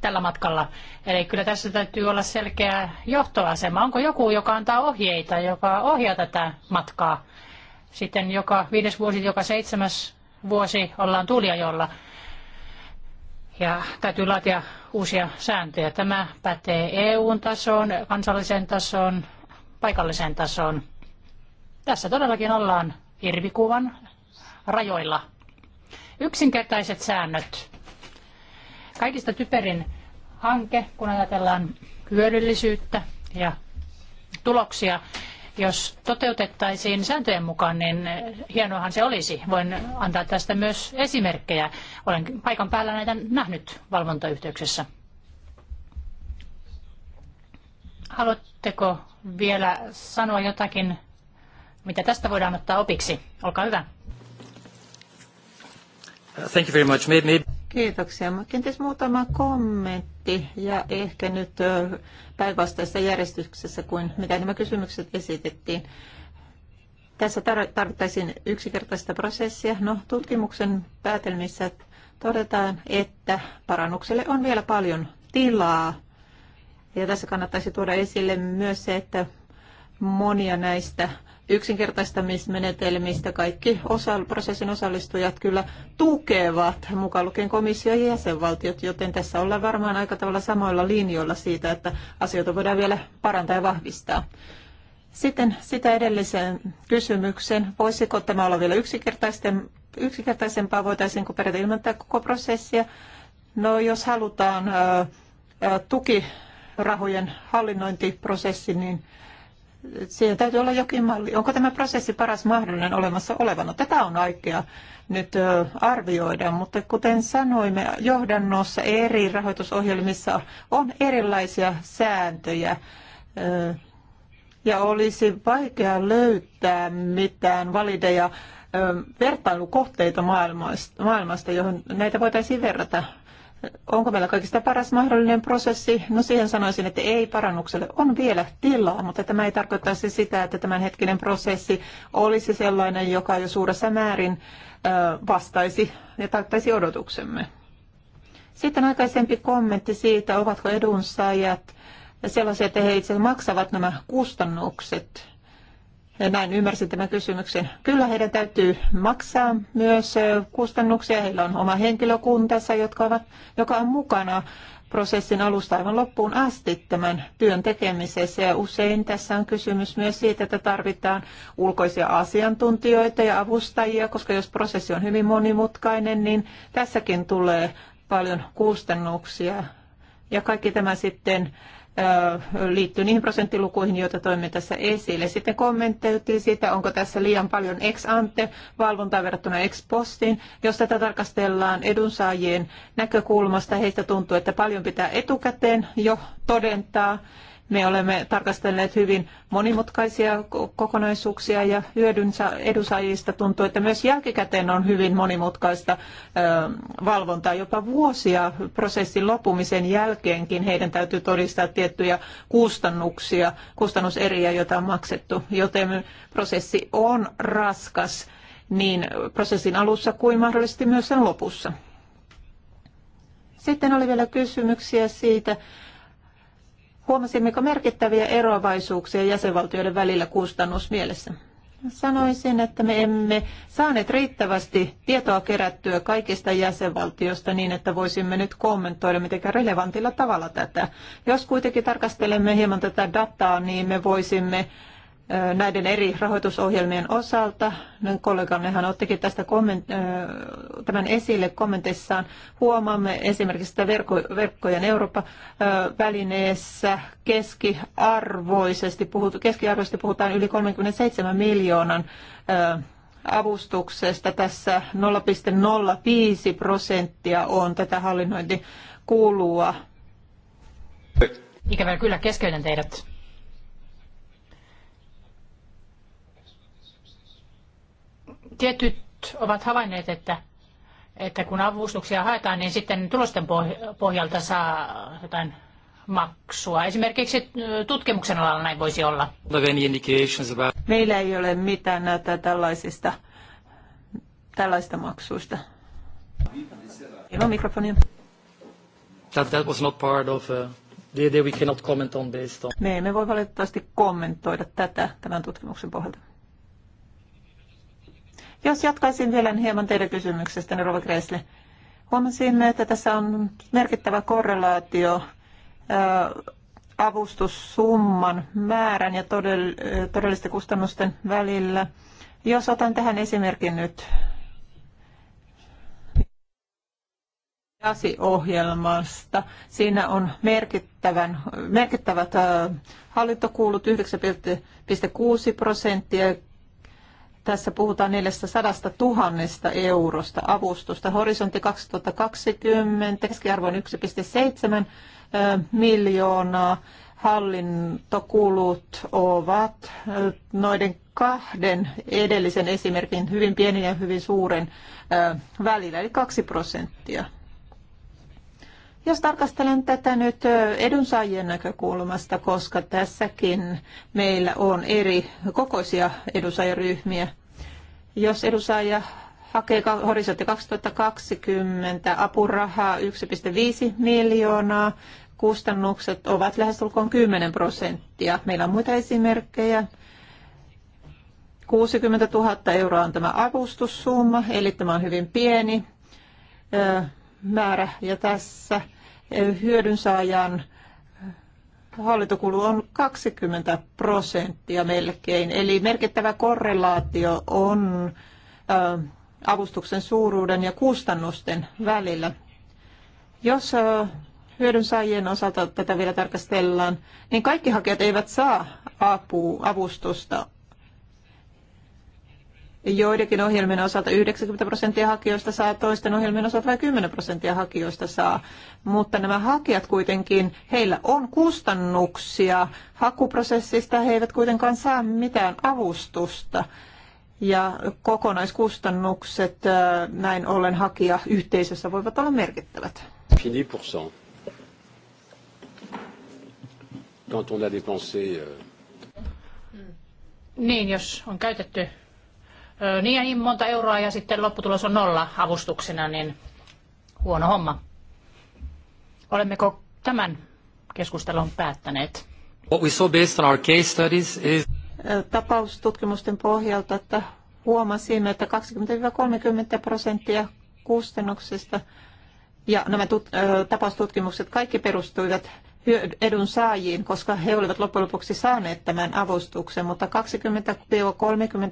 tällä matkalla. Eli kyllä tässä täytyy olla selkeä johtoasema. Onko joku, joka antaa ohjeita, joka ohjaa tätä matkaa? Sitten joka viides vuosi, joka seitsemäs vuosi ollaan tuliajolla. Ja täytyy laatia uusia sääntöjä. Tämä pätee EU-tasoon, kansalliseen tasoon, paikalliseen tasoon. Tässä todellakin ollaan irvikuvan rajoilla. Yksinkertaiset säännöt. Kaikista typerin hanke, kun ajatellaan hyödyllisyyttä ja tuloksia, jos toteutettaisiin sääntöjen mukaan, niin hienoahan se olisi. Voin antaa tästä myös esimerkkejä. Olen paikan päällä näitä nähnyt valvontayhteyksessä. Haluatteko vielä sanoa jotakin, mitä tästä voidaan ottaa opiksi? Olkaa hyvä. Thank you very much. Maybe... Kiitoksia. Kenties muutama kommentti ja ehkä nyt päinvastaisessa järjestyksessä kuin mitä nämä kysymykset esitettiin. Tässä tarvittaisiin yksinkertaista prosessia. No, tutkimuksen päätelmissä todetaan, että parannukselle on vielä paljon tilaa. Ja tässä kannattaisi tuoda esille myös se, että monia näistä yksinkertaistamismenetelmistä kaikki osa, prosessin osallistujat kyllä tukevat, mukaan lukien komissio ja jäsenvaltiot, joten tässä ollaan varmaan aika tavalla samoilla linjoilla siitä, että asioita voidaan vielä parantaa ja vahvistaa. Sitten sitä edelliseen kysymykseen, voisiko tämä olla vielä yksinkertaisempaa, voitaisiinko periaatteessa ilmentää koko prosessia? No jos halutaan tukirahojen hallinnointiprosessi, niin Siihen täytyy olla jokin malli. Onko tämä prosessi paras mahdollinen olemassa olevana? Tätä on vaikea nyt arvioida, mutta kuten sanoimme, johdannossa eri rahoitusohjelmissa on erilaisia sääntöjä ja olisi vaikea löytää mitään valideja vertailukohteita maailmasta, johon näitä voitaisiin verrata. Onko meillä kaikista paras mahdollinen prosessi? No siihen sanoisin, että ei parannukselle. On vielä tilaa, mutta tämä ei tarkoittaisi sitä, että tämänhetkinen prosessi olisi sellainen, joka jo suuressa määrin vastaisi ja täyttäisi odotuksemme. Sitten aikaisempi kommentti siitä, ovatko edunsaajat sellaisia, että he itse maksavat nämä kustannukset näin ymmärsin tämän kysymyksen. Kyllä heidän täytyy maksaa myös kustannuksia. Heillä on oma henkilökuntansa, jotka ovat, joka on mukana prosessin alusta aivan loppuun asti tämän työn tekemisessä. Ja usein tässä on kysymys myös siitä, että tarvitaan ulkoisia asiantuntijoita ja avustajia, koska jos prosessi on hyvin monimutkainen, niin tässäkin tulee paljon kustannuksia. Ja kaikki tämä sitten liittyy niihin prosenttilukuihin, joita toimme tässä esille. Sitten kommentoitiin siitä, onko tässä liian paljon ex ante valvontaa verrattuna ex postiin. Jos tätä tarkastellaan edunsaajien näkökulmasta, heistä tuntuu, että paljon pitää etukäteen jo todentaa me olemme tarkastelleet hyvin monimutkaisia kokonaisuuksia ja hyödyn edunsaajista tuntuu, että myös jälkikäteen on hyvin monimutkaista valvontaa. Jopa vuosia prosessin lopumisen jälkeenkin heidän täytyy todistaa tiettyjä kustannuksia, kustannuseriä, joita on maksettu, joten prosessi on raskas niin prosessin alussa kuin mahdollisesti myös sen lopussa. Sitten oli vielä kysymyksiä siitä, Huomasimmeko merkittäviä eroavaisuuksia jäsenvaltioiden välillä kustannusmielessä? Sanoisin, että me emme saaneet riittävästi tietoa kerättyä kaikista jäsenvaltioista niin, että voisimme nyt kommentoida mitenkään relevantilla tavalla tätä. Jos kuitenkin tarkastelemme hieman tätä dataa, niin me voisimme näiden eri rahoitusohjelmien osalta. hän niin ottikin tästä tämän esille kommenteissaan. Huomaamme esimerkiksi, että verkko- verkkojen Eurooppa-välineessä keskiarvoisesti, puhut- keskiarvoisesti puhutaan yli 37 miljoonan avustuksesta. Tässä 0,05 prosenttia on tätä hallinnointikulua. Ikävä kyllä keskeytän teidät tietyt ovat havainneet, että, että kun avustuksia haetaan, niin sitten tulosten pohjalta saa jotain maksua. Esimerkiksi äh, tutkimuksen alalla näin voisi olla. Meillä ei ole mitään näitä tällaisista, tällaista maksuista. Ilman mikrofonia. That, that was not part of, uh, the, we cannot comment on Me emme voi valitettavasti kommentoida tätä tämän tutkimuksen pohjalta. Jos jatkaisin vielä hieman teidän niin Rova Kresle. Huomasin, että tässä on merkittävä korrelaatio avustussumman määrän ja todellisten kustannusten välillä. Jos otan tähän esimerkin nyt ohjelmasta Siinä on merkittävän, merkittävät hallintokuulut 9,6 prosenttia tässä puhutaan 400 000 eurosta avustusta. Horisontti 2020, keskiarvo on 1,7 miljoonaa. Hallintokulut ovat noiden kahden edellisen esimerkin hyvin pienin ja hyvin suuren välillä, eli 2 prosenttia. Jos tarkastelen tätä nyt edunsaajien näkökulmasta, koska tässäkin meillä on eri kokoisia edunsaajaryhmiä. Jos edunsaaja hakee horisontti 2020 apurahaa 1,5 miljoonaa, kustannukset ovat lähestulkoon 10 prosenttia. Meillä on muita esimerkkejä. 60 000 euroa on tämä avustussumma, eli tämä on hyvin pieni määrä. Ja tässä hyödynsaajan hallintokulu on 20 prosenttia melkein. Eli merkittävä korrelaatio on avustuksen suuruuden ja kustannusten välillä. Jos hyödynsaajien osalta tätä vielä tarkastellaan, niin kaikki hakijat eivät saa apua, avustusta joidenkin ohjelmien osalta 90 prosenttia hakijoista saa, toisten ohjelmien osalta vain 10 prosenttia hakijoista saa. Mutta nämä hakijat kuitenkin, heillä on kustannuksia hakuprosessista, he eivät kuitenkaan saa mitään avustusta. Ja kokonaiskustannukset äh, näin ollen hakija yhteisössä voivat olla merkittävät. Fini pour cent. Quand on a dépensé... Euh, niin, jos on käytetty niin ja niin monta euroa ja sitten lopputulos on nolla avustuksena, niin huono homma. Olemmeko tämän keskustelun päättäneet? What we saw based on our case studies is... Tapaustutkimusten pohjalta, että huomasimme, että 20-30 prosenttia kustannuksista ja nämä tut, tapaustutkimukset kaikki perustuivat edun saajiin, koska he olivat loppujen lopuksi saaneet tämän avustuksen, mutta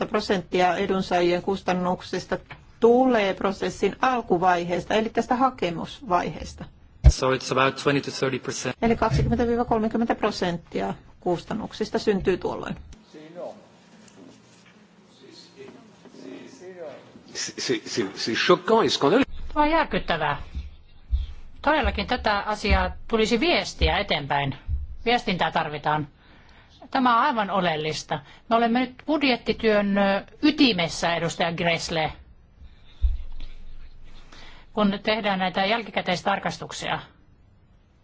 20-30 prosenttia edunsaajien kustannuksista tulee prosessin alkuvaiheesta, eli tästä hakemusvaiheesta. So it's about 20-30%. Eli 20-30 prosenttia kustannuksista syntyy tuolloin. Se on järkyttävää. Todellakin tätä asiaa tulisi viestiä eteenpäin. Viestintää tarvitaan. Tämä on aivan oleellista. Me olemme nyt budjettityön ytimessä, edustaja Gressle, kun tehdään näitä jälkikäteistarkastuksia.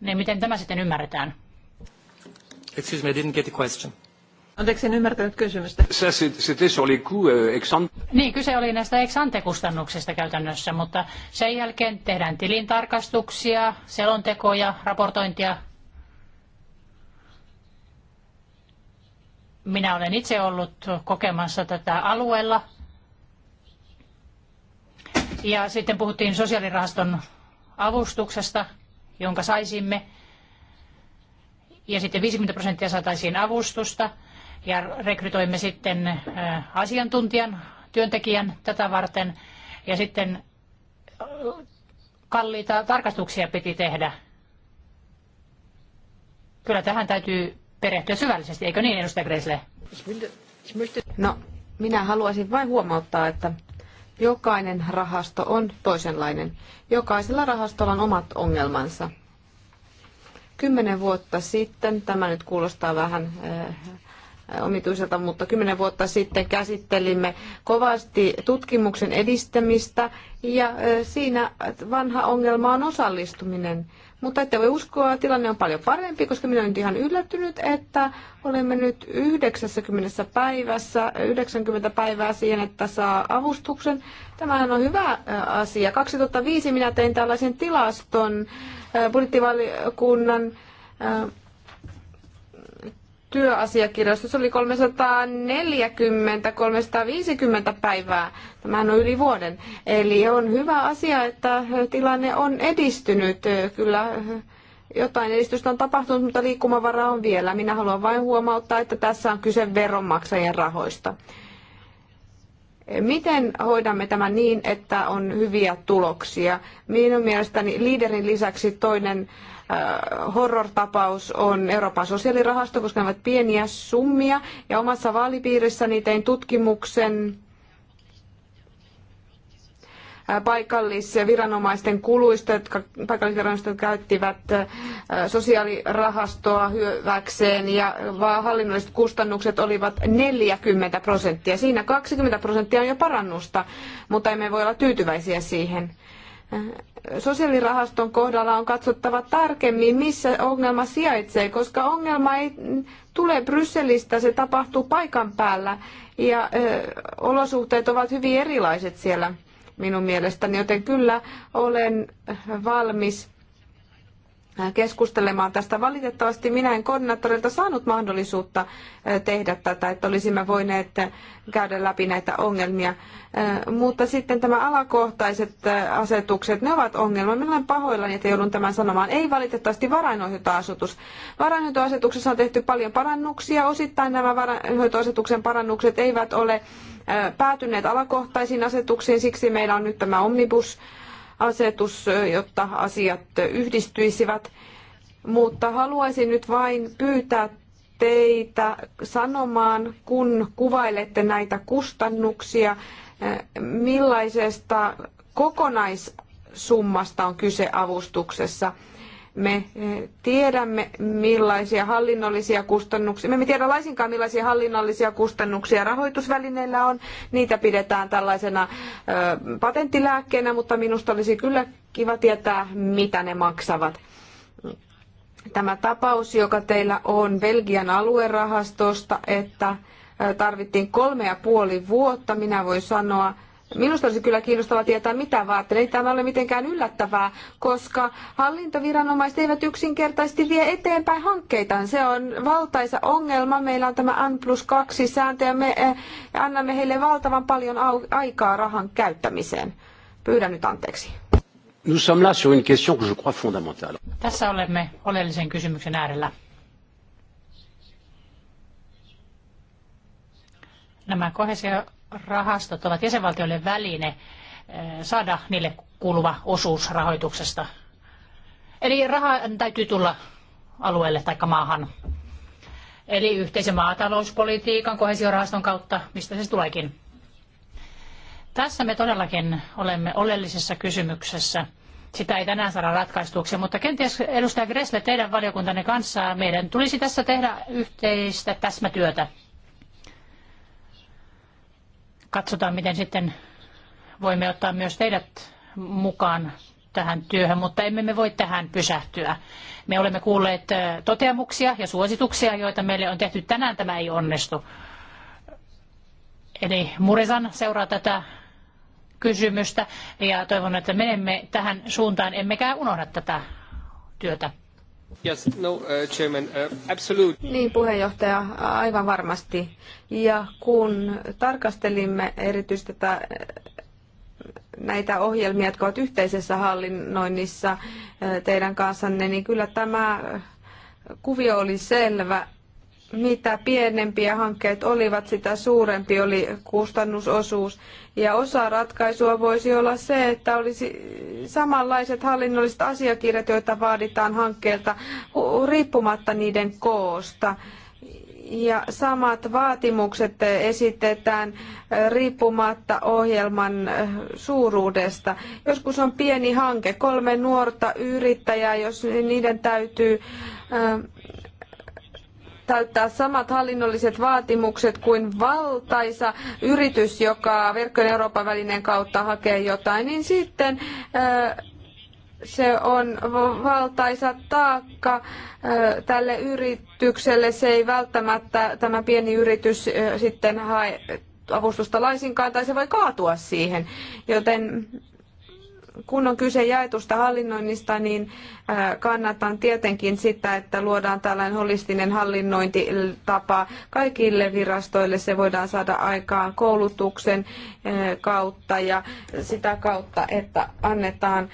Niin miten tämä sitten ymmärretään? Excuse me, I didn't get the question. Anteeksi, en ymmärtänyt kysymystä. Eh, niin, kyse oli näistä ex kustannuksista käytännössä, mutta sen jälkeen tehdään tilintarkastuksia, selontekoja, raportointia. Minä olen itse ollut kokemassa tätä alueella. Ja sitten puhuttiin sosiaalirahaston avustuksesta, jonka saisimme. Ja sitten 50 prosenttia saataisiin avustusta ja rekrytoimme sitten äh, asiantuntijan, työntekijän tätä varten ja sitten äh, kalliita tarkastuksia piti tehdä. Kyllä tähän täytyy perehtyä syvällisesti, eikö niin, edustaja Gresle? No, minä haluaisin vain huomauttaa, että jokainen rahasto on toisenlainen. Jokaisella rahastolla on omat ongelmansa. Kymmenen vuotta sitten, tämä nyt kuulostaa vähän äh, Äh, omituiselta, mutta kymmenen vuotta sitten käsittelimme kovasti tutkimuksen edistämistä ja äh, siinä vanha ongelma on osallistuminen. Mutta ette voi uskoa, tilanne on paljon parempi, koska minä olen ihan yllättynyt, että olemme nyt 90 päivässä, 90 päivää siihen, että saa avustuksen. Tämähän on hyvä äh, asia. 2005 minä tein tällaisen tilaston budjettivaliokunnan työasiakirjoista. Se oli 340-350 päivää. Tämähän on yli vuoden. Eli on hyvä asia, että tilanne on edistynyt. Kyllä jotain edistystä on tapahtunut, mutta liikkumavara on vielä. Minä haluan vain huomauttaa, että tässä on kyse veronmaksajien rahoista. Miten hoidamme tämän niin, että on hyviä tuloksia? Minun mielestäni liiderin lisäksi toinen Äh, horror-tapaus on Euroopan sosiaalirahasto, koska ne ovat pieniä summia. Ja omassa vaalipiirissäni tein tutkimuksen äh, paikallisviranomaisten kuluista, jotka paikallisviranomaiset käyttivät äh, sosiaalirahastoa hyväkseen ja hallinnolliset kustannukset olivat 40 prosenttia. Siinä 20 prosenttia on jo parannusta, mutta emme voi olla tyytyväisiä siihen sosiaalirahaston kohdalla on katsottava tarkemmin, missä ongelma sijaitsee, koska ongelma ei tule Brysselistä, se tapahtuu paikan päällä ja olosuhteet ovat hyvin erilaiset siellä minun mielestäni, joten kyllä olen valmis Äh, keskustelemaan tästä. Valitettavasti minä en koordinaattorilta saanut mahdollisuutta äh, tehdä tätä, että olisimme voineet äh, käydä läpi näitä ongelmia. Mutta sitten tämä alakohtaiset asetukset, ne ovat ongelma. Minä olen pahoillani, että joudun tämän sanomaan. Ei valitettavasti varainhoitoasetus. Varainhoitoasetuksessa on tehty paljon parannuksia. Osittain nämä varainhoitoasetuksen parannukset eivät ole päätyneet alakohtaisiin asetuksiin, siksi meillä on nyt tämä omnibus asetus, jotta asiat yhdistyisivät. Mutta haluaisin nyt vain pyytää teitä sanomaan, kun kuvailette näitä kustannuksia, millaisesta kokonaissummasta on kyse avustuksessa. Me eh, tiedämme millaisia hallinnollisia kustannuksia, me emme tiedä laisinkaan millaisia hallinnollisia kustannuksia rahoitusvälineillä on. Niitä pidetään tällaisena ö, patenttilääkkeenä, mutta minusta olisi kyllä kiva tietää, mitä ne maksavat. Tämä tapaus, joka teillä on Belgian aluerahastosta, että tarvittiin kolme ja puoli vuotta, minä voin sanoa, Minusta olisi kyllä kiinnostavaa tietää, mitä varten. Ei tämä ole mitenkään yllättävää, koska hallintoviranomaiset eivät yksinkertaisesti vie eteenpäin hankkeitaan. Se on valtaisa ongelma. Meillä on tämä N plus 2 sääntö ja me eh, annamme heille valtavan paljon aikaa rahan käyttämiseen. Pyydän nyt anteeksi. Nous sommes là sur une question que je crois fondamentale. Tässä olemme oleellisen kysymyksen äärellä. Nämä kohesio rahastot ovat jäsenvaltioille väline eh, saada niille kuuluva osuus rahoituksesta. Eli raha täytyy tulla alueelle tai maahan. Eli yhteisen maatalouspolitiikan kohesiorahaston kautta, mistä se tuleekin. Tässä me todellakin olemme oleellisessa kysymyksessä. Sitä ei tänään saada ratkaistuksi, mutta kenties edustaja Gressle teidän valiokuntanne kanssa meidän tulisi tässä tehdä yhteistä täsmätyötä Katsotaan, miten sitten voimme ottaa myös teidät mukaan tähän työhön, mutta emme me voi tähän pysähtyä. Me olemme kuulleet toteamuksia ja suosituksia, joita meille on tehty. Tänään tämä ei onnistu. Eli Murisan seuraa tätä kysymystä ja toivon, että menemme tähän suuntaan, emmekä unohda tätä työtä. Yes, no, uh, chairman, uh, absolutely. Niin, puheenjohtaja, aivan varmasti. Ja kun tarkastelimme erityisesti tätä, eh, näitä ohjelmia, jotka ovat yhteisessä hallinnoinnissa eh, teidän kanssanne, niin kyllä tämä eh, kuvio oli selvä mitä pienempiä hankkeet olivat, sitä suurempi oli kustannusosuus. Ja osa ratkaisua voisi olla se, että olisi samanlaiset hallinnolliset asiakirjat, joita vaaditaan hankkeelta riippumatta niiden koosta. Ja samat vaatimukset esitetään riippumatta ohjelman suuruudesta. Joskus on pieni hanke, kolme nuorta yrittäjää, jos niiden täytyy äh, täyttää samat hallinnolliset vaatimukset kuin valtaisa yritys, joka verkkojen Euroopan välineen kautta hakee jotain, niin sitten äh, se on valtaisa taakka äh, tälle yritykselle. Se ei välttämättä tämä pieni yritys äh, sitten hae avustusta laisinkaan tai se voi kaatua siihen. Joten kun on kyse jaetusta hallinnoinnista, niin kannatan tietenkin sitä, että luodaan tällainen holistinen hallinnointitapa kaikille virastoille. Se voidaan saada aikaan koulutuksen kautta ja sitä kautta, että annetaan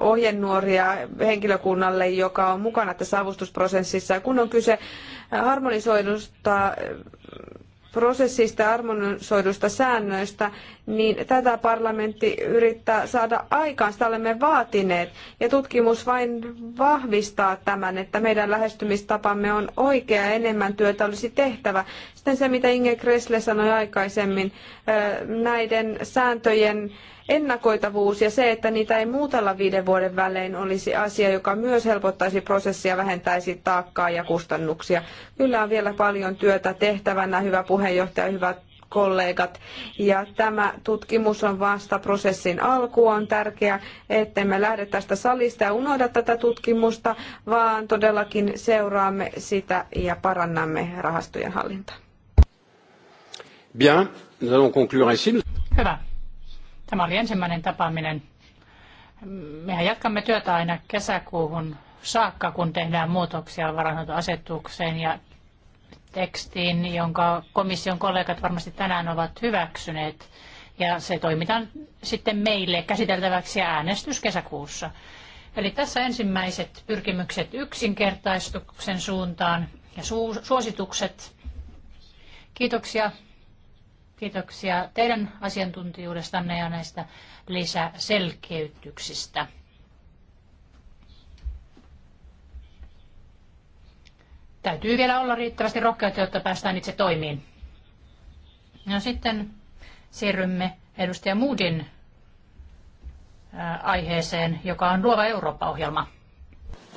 ohjenuoria henkilökunnalle, joka on mukana tässä avustusprosessissa. Kun on kyse harmonisoidusta prosessista ja harmonisoiduista säännöistä, niin tätä parlamentti yrittää saada aikaan, sitä olemme vaatineet. Ja tutkimus vain vahvistaa tämän, että meidän lähestymistapamme on oikea ja enemmän työtä olisi tehtävä. Sitten se, mitä Inge Kressle sanoi aikaisemmin, näiden sääntöjen ennakoitavuus ja se, että niitä ei muutella viiden vuoden välein, olisi asia, joka myös helpottaisi prosessia, vähentäisi taakkaa ja kustannuksia. Kyllä on vielä paljon työtä tehtävänä, hyvä puheenjohtaja, hyvät kollegat. Ja tämä tutkimus on vasta prosessin alku. On tärkeää, ettemme lähde tästä salista ja unohda tätä tutkimusta, vaan todellakin seuraamme sitä ja parannamme rahastojen hallintaa. Bien, nous allons conclure ici. Hyvä. Tämä oli ensimmäinen tapaaminen. Mehän jatkamme työtä aina kesäkuuhun saakka, kun tehdään muutoksia varainhoitoasetukseen ja tekstiin, jonka komission kollegat varmasti tänään ovat hyväksyneet. Ja se toimitaan sitten meille käsiteltäväksi ja äänestys kesäkuussa. Eli tässä ensimmäiset pyrkimykset yksinkertaistuksen suuntaan ja suositukset. Kiitoksia Kiitoksia teidän asiantuntijuudestanne ja näistä lisäselkeytyksistä. Täytyy vielä olla riittävästi rohkeutta, jotta päästään itse toimiin. No sitten siirrymme edustaja Moodin aiheeseen, joka on Luova Eurooppa-ohjelma.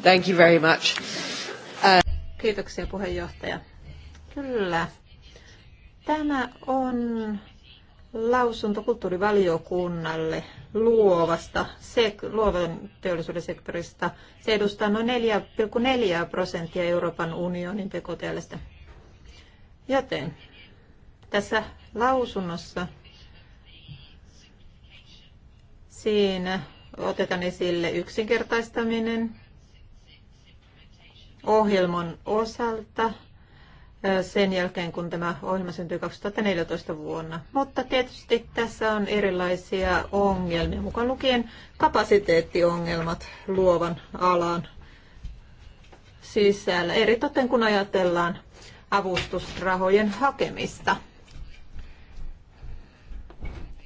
Thank you very much. Uh... Kiitoksia puheenjohtaja. Kyllä, Tämä on lausunto kulttuurivaliokunnalle luovasta, se, luovan teollisuuden sektorista. Se edustaa noin 4,4 prosenttia Euroopan unionin pktlstä. Joten tässä lausunnossa siinä otetaan esille yksinkertaistaminen ohjelman osalta – sen jälkeen, kun tämä ohjelma syntyi 2014 vuonna. Mutta tietysti tässä on erilaisia ongelmia, mukaan lukien kapasiteettiongelmat luovan alan sisällä, eritoten kun ajatellaan avustusrahojen hakemista.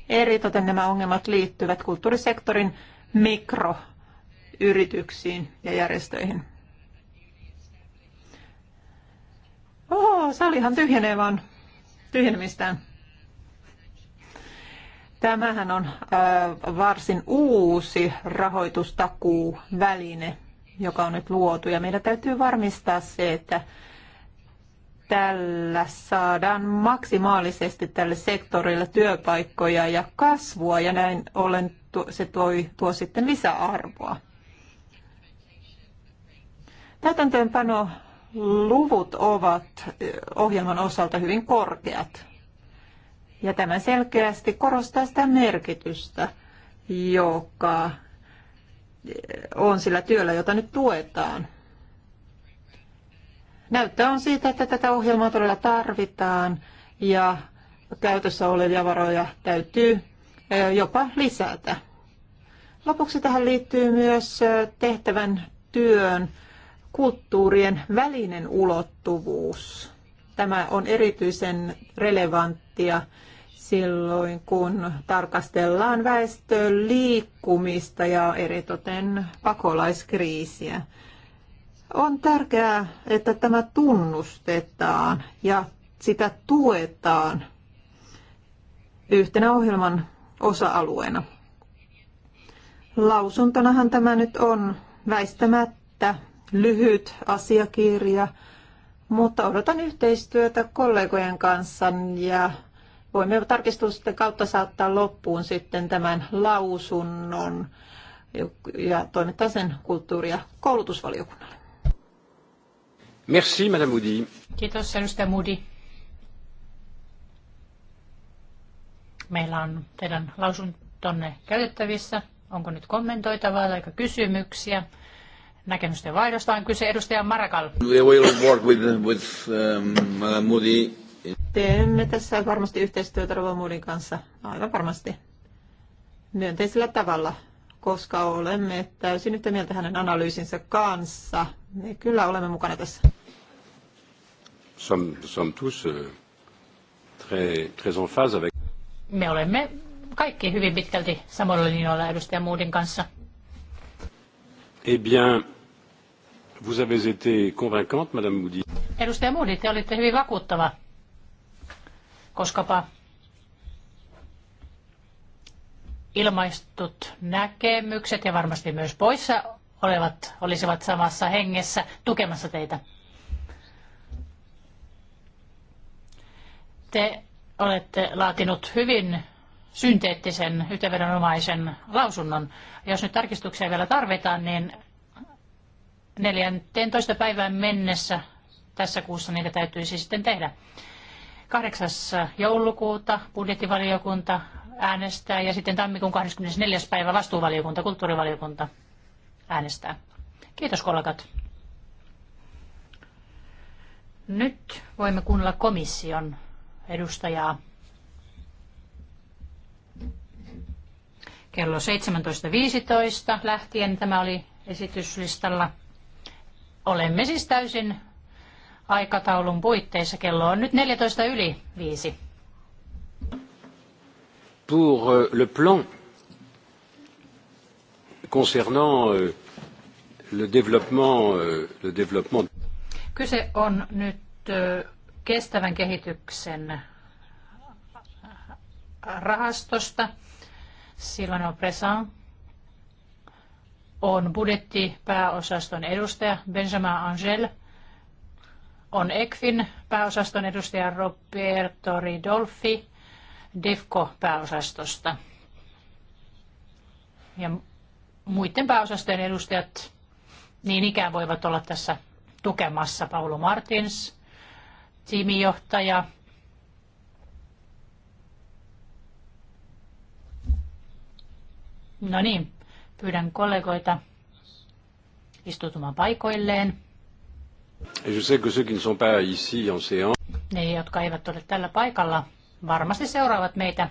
Eritoten nämä ongelmat liittyvät kulttuurisektorin mikroyrityksiin ja järjestöihin. Oho, salihan tyhjenee vaan tyhjenemistään. Tämähän on äh, varsin uusi rahoitustakuuväline, joka on nyt luotu. Ja meidän täytyy varmistaa se, että tällä saadaan maksimaalisesti tälle sektorille työpaikkoja ja kasvua ja näin ollen se toi, tuo sitten lisäarvoa. Täytäntöönpano luvut ovat eh, ohjelman osalta hyvin korkeat. Ja tämä selkeästi korostaa sitä merkitystä, joka eh, on sillä työllä, jota nyt tuetaan. Näyttää on siitä, että tätä ohjelmaa todella tarvitaan ja käytössä olevia varoja täytyy eh, jopa lisätä. Lopuksi tähän liittyy myös tehtävän työn kulttuurien välinen ulottuvuus. Tämä on erityisen relevanttia silloin, kun tarkastellaan väestön liikkumista ja eritoten pakolaiskriisiä. On tärkeää, että tämä tunnustetaan ja sitä tuetaan yhtenä ohjelman osa-alueena. Lausuntonahan tämä nyt on väistämättä lyhyt asiakirja, mutta odotan yhteistyötä kollegojen kanssa ja voimme tarkistusten kautta saattaa loppuun sitten tämän lausunnon ja toimittaa sen kulttuuri- ja koulutusvaliokunnalle. Merci, Madame Moody. Kiitos, edustaja Moody. Meillä on teidän lausuntonne käytettävissä. Onko nyt kommentoitavaa tai kysymyksiä? näkemysten vaihdosta on kyse edustaja Marakal. We will work with, with um, uh, Moody. Teemme tässä varmasti yhteistyötä Rova Moodin kanssa, aivan varmasti myönteisellä tavalla, koska olemme täysin yhtä mieltä hänen analyysinsä kanssa. Me kyllä olemme mukana tässä. Euh, Me olemme kaikki hyvin pitkälti samoilla linjoilla edustaja Moodin kanssa. Eh bien, Vous avez été convaincante, Madame Moody. Edustaja Moody, te olitte hyvin vakuuttava, koskapa ilmaistut näkemykset ja varmasti myös poissa olevat olisivat samassa hengessä tukemassa teitä. Te olette laatinut hyvin synteettisen, yhteenvedonomaisen lausunnon. Jos nyt tarkistuksia vielä tarvitaan, niin 14. päivään mennessä tässä kuussa niitä täytyisi sitten tehdä. 8. joulukuuta budjettivaliokunta äänestää ja sitten tammikuun 24. päivä vastuuvaliokunta, kulttuurivaliokunta äänestää. Kiitos kollegat. Nyt voimme kuunnella komission edustajaa. Kello 17.15 lähtien tämä oli esityslistalla. Olemme siis täysin aikataulun puitteissa. Kello on nyt 14 yli viisi. Pour euh, le plan concernant euh, le développement, euh, le développement. Kyse on nyt kestävän kehityksen äh, rahastosta. Silloin on Presan on budjettipääosaston edustaja Benjamin Angel, on ECFin pääosaston edustaja Roberto Ridolfi DEFCO-pääosastosta. Ja muiden pääosastojen edustajat niin ikään voivat olla tässä tukemassa Paulo Martins, tiimijohtaja, No niin, Pyydän kollegoita istutumaan paikoilleen. Ne, jotka eivät ole tällä paikalla, varmasti seuraavat meitä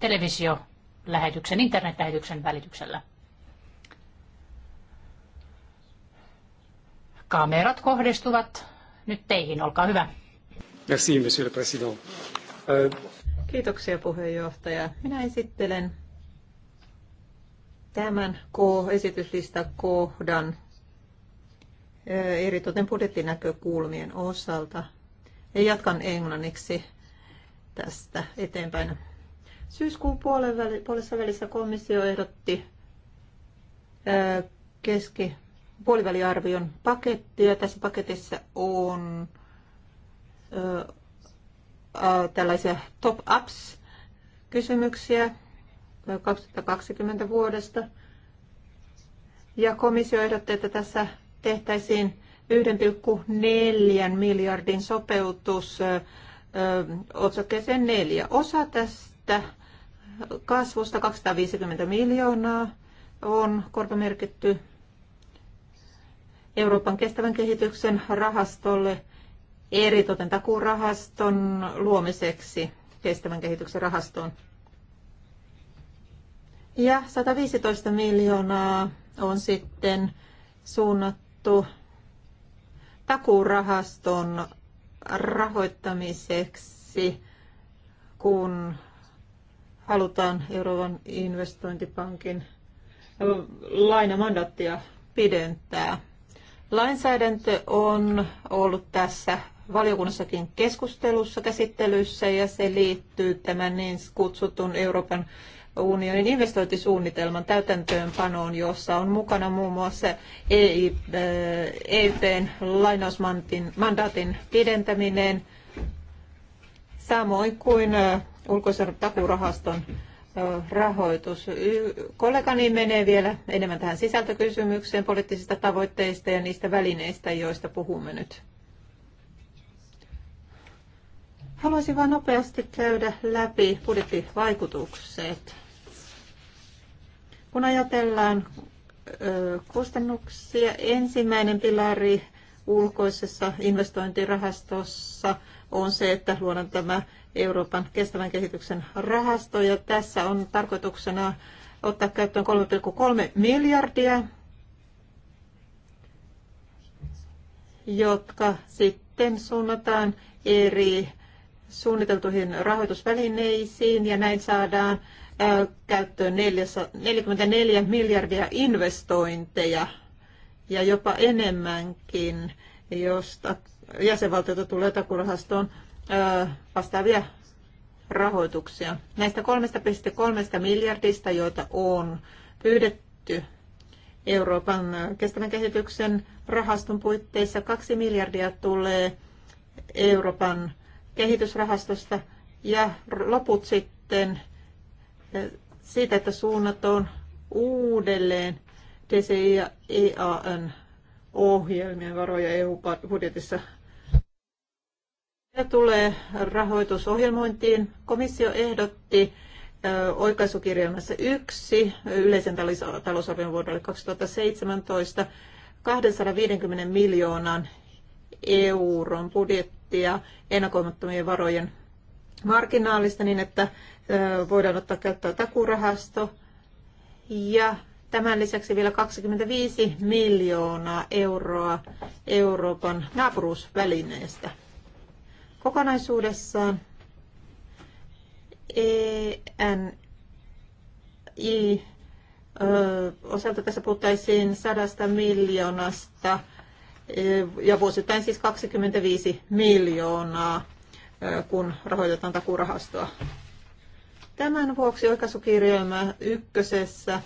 televisiolähetyksen, internetlähetyksen välityksellä. Kamerat kohdistuvat nyt teihin, olkaa hyvä. Merci, monsieur le président. Euh, Kiitoksia puheenjohtaja. Minä esittelen tämän esityslistakohdan eh, eritoten budjettinäkökulmien osalta. Ja jatkan englanniksi tästä eteenpäin. Syyskuun puolen väli, puolessa välissä komissio ehdotti eh, keski puoliväliarvion pakettia. Tässä paketissa on eh, tällaisia top-ups kysymyksiä 2020 vuodesta. Ja komissio ehdotti, että tässä tehtäisiin 1,4 miljardin sopeutus otsakkeeseen neljä. Osa tästä kasvusta 250 miljoonaa on korvamerkitty Euroopan kestävän kehityksen rahastolle eritoten takuurahaston luomiseksi kestävän kehityksen rahastoon. Ja 115 miljoonaa on sitten suunnattu takuurahaston rahoittamiseksi, kun halutaan Euroopan investointipankin lainamandaattia pidentää. Lainsäädäntö on ollut tässä valiokunnassakin keskustelussa, käsittelyssä ja se liittyy tämän niin kutsutun Euroopan unionin investointisuunnitelman täytäntöönpanoon, jossa on mukana muun muassa EIPn eh, e lainausmandaatin pidentäminen, samoin kuin eh, ulkoisen takurahaston eh, rahoitus. Kollegani menee vielä enemmän tähän sisältökysymykseen poliittisista tavoitteista ja niistä välineistä, joista puhumme nyt. Haluaisin vain nopeasti käydä läpi budjettivaikutukset. Kun ajatellaan kustannuksia, ensimmäinen pilari ulkoisessa investointirahastossa on se, että luodaan tämä Euroopan kestävän kehityksen rahasto. Ja tässä on tarkoituksena ottaa käyttöön 3,3 miljardia, jotka sitten suunnataan eri suunniteltuihin rahoitusvälineisiin ja näin saadaan käyttöön 44 miljardia investointeja ja jopa enemmänkin, josta jäsenvaltiota tulee takurahastoon vastaavia rahoituksia. Näistä 3,3 miljardista, joita on pyydetty Euroopan kestävän kehityksen rahaston puitteissa, 2 miljardia tulee Euroopan kehitysrahastosta ja loput sitten eh, siitä, että suunnataan uudelleen DCI ja EAN ohjelmien varoja EU-budjetissa. Ja tulee rahoitusohjelmointiin. Komissio ehdotti eh, oikaisukirjelmässä yksi yleisen talousarvion vuodelle 2017 250 miljoonan euron budjettia ennakoimattomien varojen marginaalista niin, että voidaan ottaa käyttöön takurahasto. Ja tämän lisäksi vielä 25 miljoonaa euroa Euroopan naapuruusvälineestä. Kokonaisuudessaan ENI osalta tässä puhuttaisiin sadasta miljoonasta Eh, ja vuosittain siis 25 miljoonaa, eh, kun rahoitetaan takurahastoa. Tämän vuoksi oikaisukirjelmä ykkösessä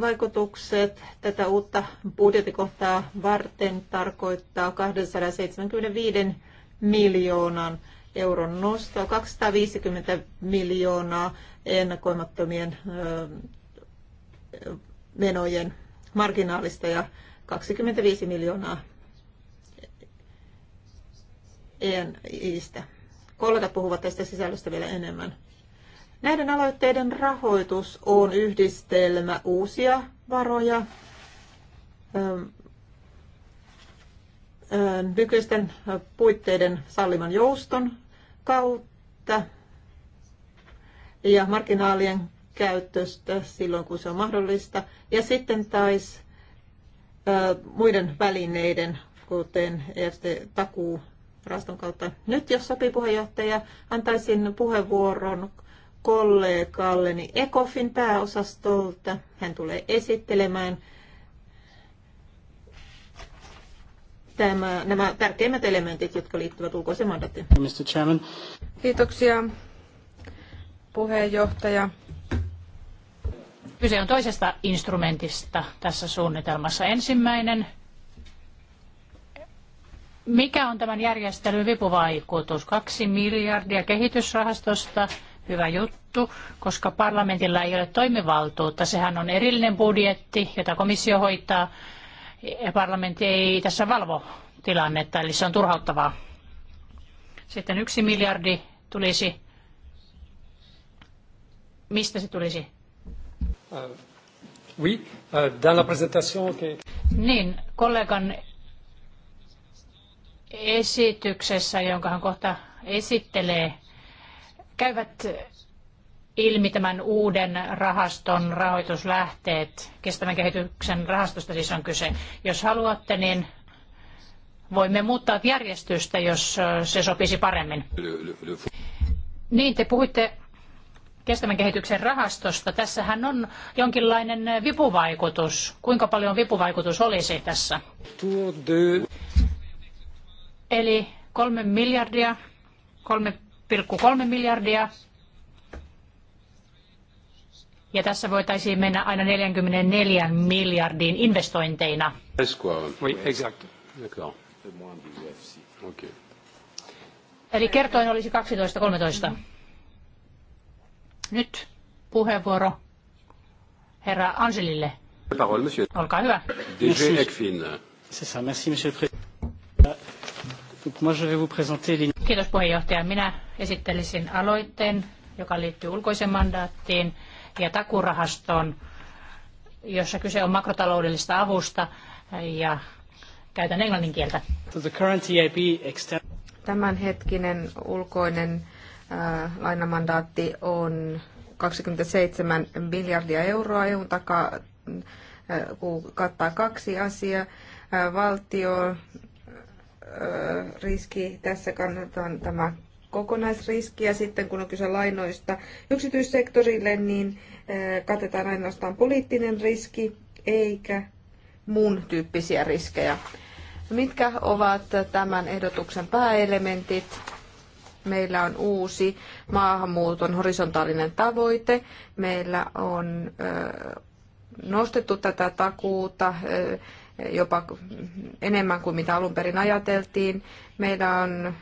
vaikutukset tätä uutta budjetikohtaa varten tarkoittaa 275 miljoonan euron nostoa, 250 miljoonaa ennakoimattomien menojen marginaalista ja 25 miljoonaa ENIstä. Kollegat puhuvat tästä sisällöstä vielä enemmän. Näiden aloitteiden rahoitus on yhdistelmä uusia varoja, ähm, ähm, nykyisten puitteiden salliman jouston kautta ja marginaalien käyttöstä silloin, kun se on mahdollista. Ja sitten taas muiden välineiden, kuten EFT-takuu raston kautta. Nyt jos sopii puheenjohtaja, antaisin puheenvuoron kollegalleni Ekofin pääosastolta. Hän tulee esittelemään tämä, nämä tärkeimmät elementit, jotka liittyvät ulkoiseen mandaattiin. Mr. Chairman. Kiitoksia puheenjohtaja. Kyse on toisesta instrumentista tässä suunnitelmassa. Ensimmäinen, mikä on tämän järjestelyn vipuvaikutus? Kaksi miljardia kehitysrahastosta, hyvä juttu, koska parlamentilla ei ole toimivaltuutta. Sehän on erillinen budjetti, jota komissio hoitaa, ja parlamentti ei tässä valvo tilannetta, eli se on turhauttavaa. Sitten yksi miljardi tulisi, mistä se tulisi? Euh, oui, euh, dans la présentation... Niin, kollegan esityksessä, jonka hän kohta esittelee, käyvät ilmi tämän uuden rahaston rahoituslähteet. Kestävän kehityksen rahastosta siis on kyse. Jos haluatte, niin voimme muuttaa järjestystä, jos se sopisi paremmin. Niin, te puhuitte kestävän kehityksen rahastosta. Tässähän on jonkinlainen vipuvaikutus. Kuinka paljon vipuvaikutus olisi tässä? Eli kolme miljardia, kolme miljardia. Ja tässä voitaisiin mennä aina 44 miljardiin investointeina. Oui, exact. Eli kertoin olisi 12-13. Nyt puheenvuoro herra Angelille. Parole, monsieur. Olkaa hyvä. DG ECFIN. C'est ça, merci monsieur le euh, président. Kiitos puheenjohtaja. Minä esittelisin aloitteen, joka liittyy ulkoisen mandaattiin ja takurahastoon, jossa kyse on makrotaloudellista avusta ja käytän englannin kieltä. E Tämänhetkinen ulkoinen Äh, lainamandaatti on 27 miljardia euroa. EUn takaa, äh, kattaa kaksi asiaa. Äh, valtio riski, tässä kannataan tämä kokonaisriski ja sitten kun on kyse lainoista yksityissektorille, niin katetaan ainoastaan poliittinen riski eikä muun tyyppisiä riskejä. Mitkä ovat tämän ehdotuksen pääelementit? Meillä on uusi maahanmuuton horisontaalinen tavoite. Meillä on nostettu tätä takuuta jopa enemmän kuin mitä alun perin ajateltiin. Meillä on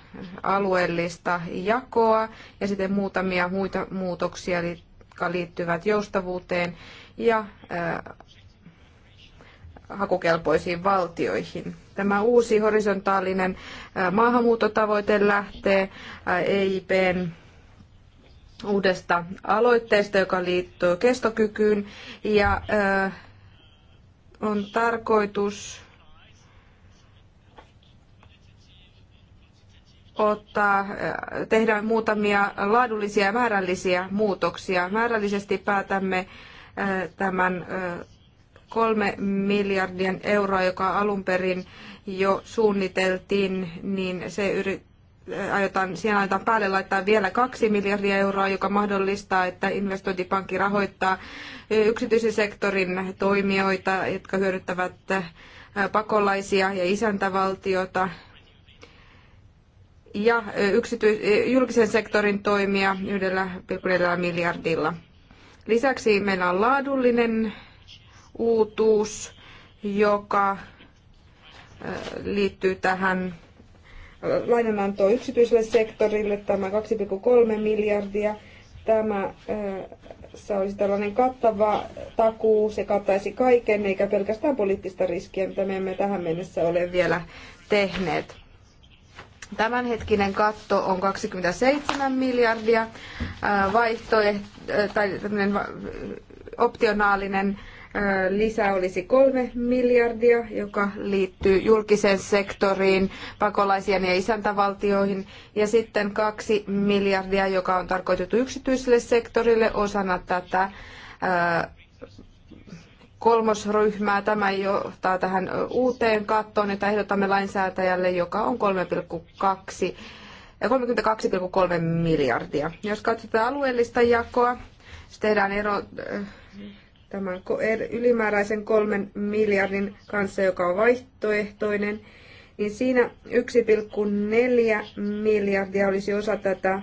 alueellista jakoa ja sitten muutamia muita muutoksia, jotka liittyvät joustavuuteen ja hakukelpoisiin valtioihin. Tämä uusi horisontaalinen maahanmuuttotavoite lähtee EIPn uudesta aloitteesta, joka liittyy kestokykyyn ja on tarkoitus ottaa, muutamia laadullisia ja määrällisiä muutoksia. Määrällisesti päätämme tämän kolme miljardia euroa, joka alun perin jo suunniteltiin, niin se yrit, aiotaan, siihen aiotaan päälle laittaa vielä kaksi miljardia euroa, joka mahdollistaa, että investointipankki rahoittaa yksityisen sektorin toimijoita, jotka hyödyttävät äh, pakolaisia ja isäntävaltiota ja äh, yksity- äh, julkisen sektorin toimia 1,4 miljardilla. Lisäksi meillä on laadullinen uutuus, joka äh, liittyy tähän äh, lainanantoon yksityiselle sektorille, tämä 2,3 miljardia. Tämä äh, se olisi tällainen kattava takuu, se kattaisi kaiken, eikä pelkästään poliittista riskiä, mitä me emme tähän mennessä ole vielä tehneet. Tämänhetkinen katto on 27 miljardia, vaihtoehto tai optionaalinen lisää olisi kolme miljardia, joka liittyy julkiseen sektoriin, pakolaisiin ja isäntävaltioihin, ja sitten kaksi miljardia, joka on tarkoitettu yksityiselle sektorille osana tätä kolmosryhmää. Tämä johtaa tähän uuteen kattoon, jota ehdotamme lainsäätäjälle, joka on 3,2 32,3 miljardia. Jos katsotaan alueellista jakoa, se tehdään ero tämän er- ylimääräisen kolmen miljardin kanssa, joka on vaihtoehtoinen, niin siinä 1,4 miljardia olisi osa tätä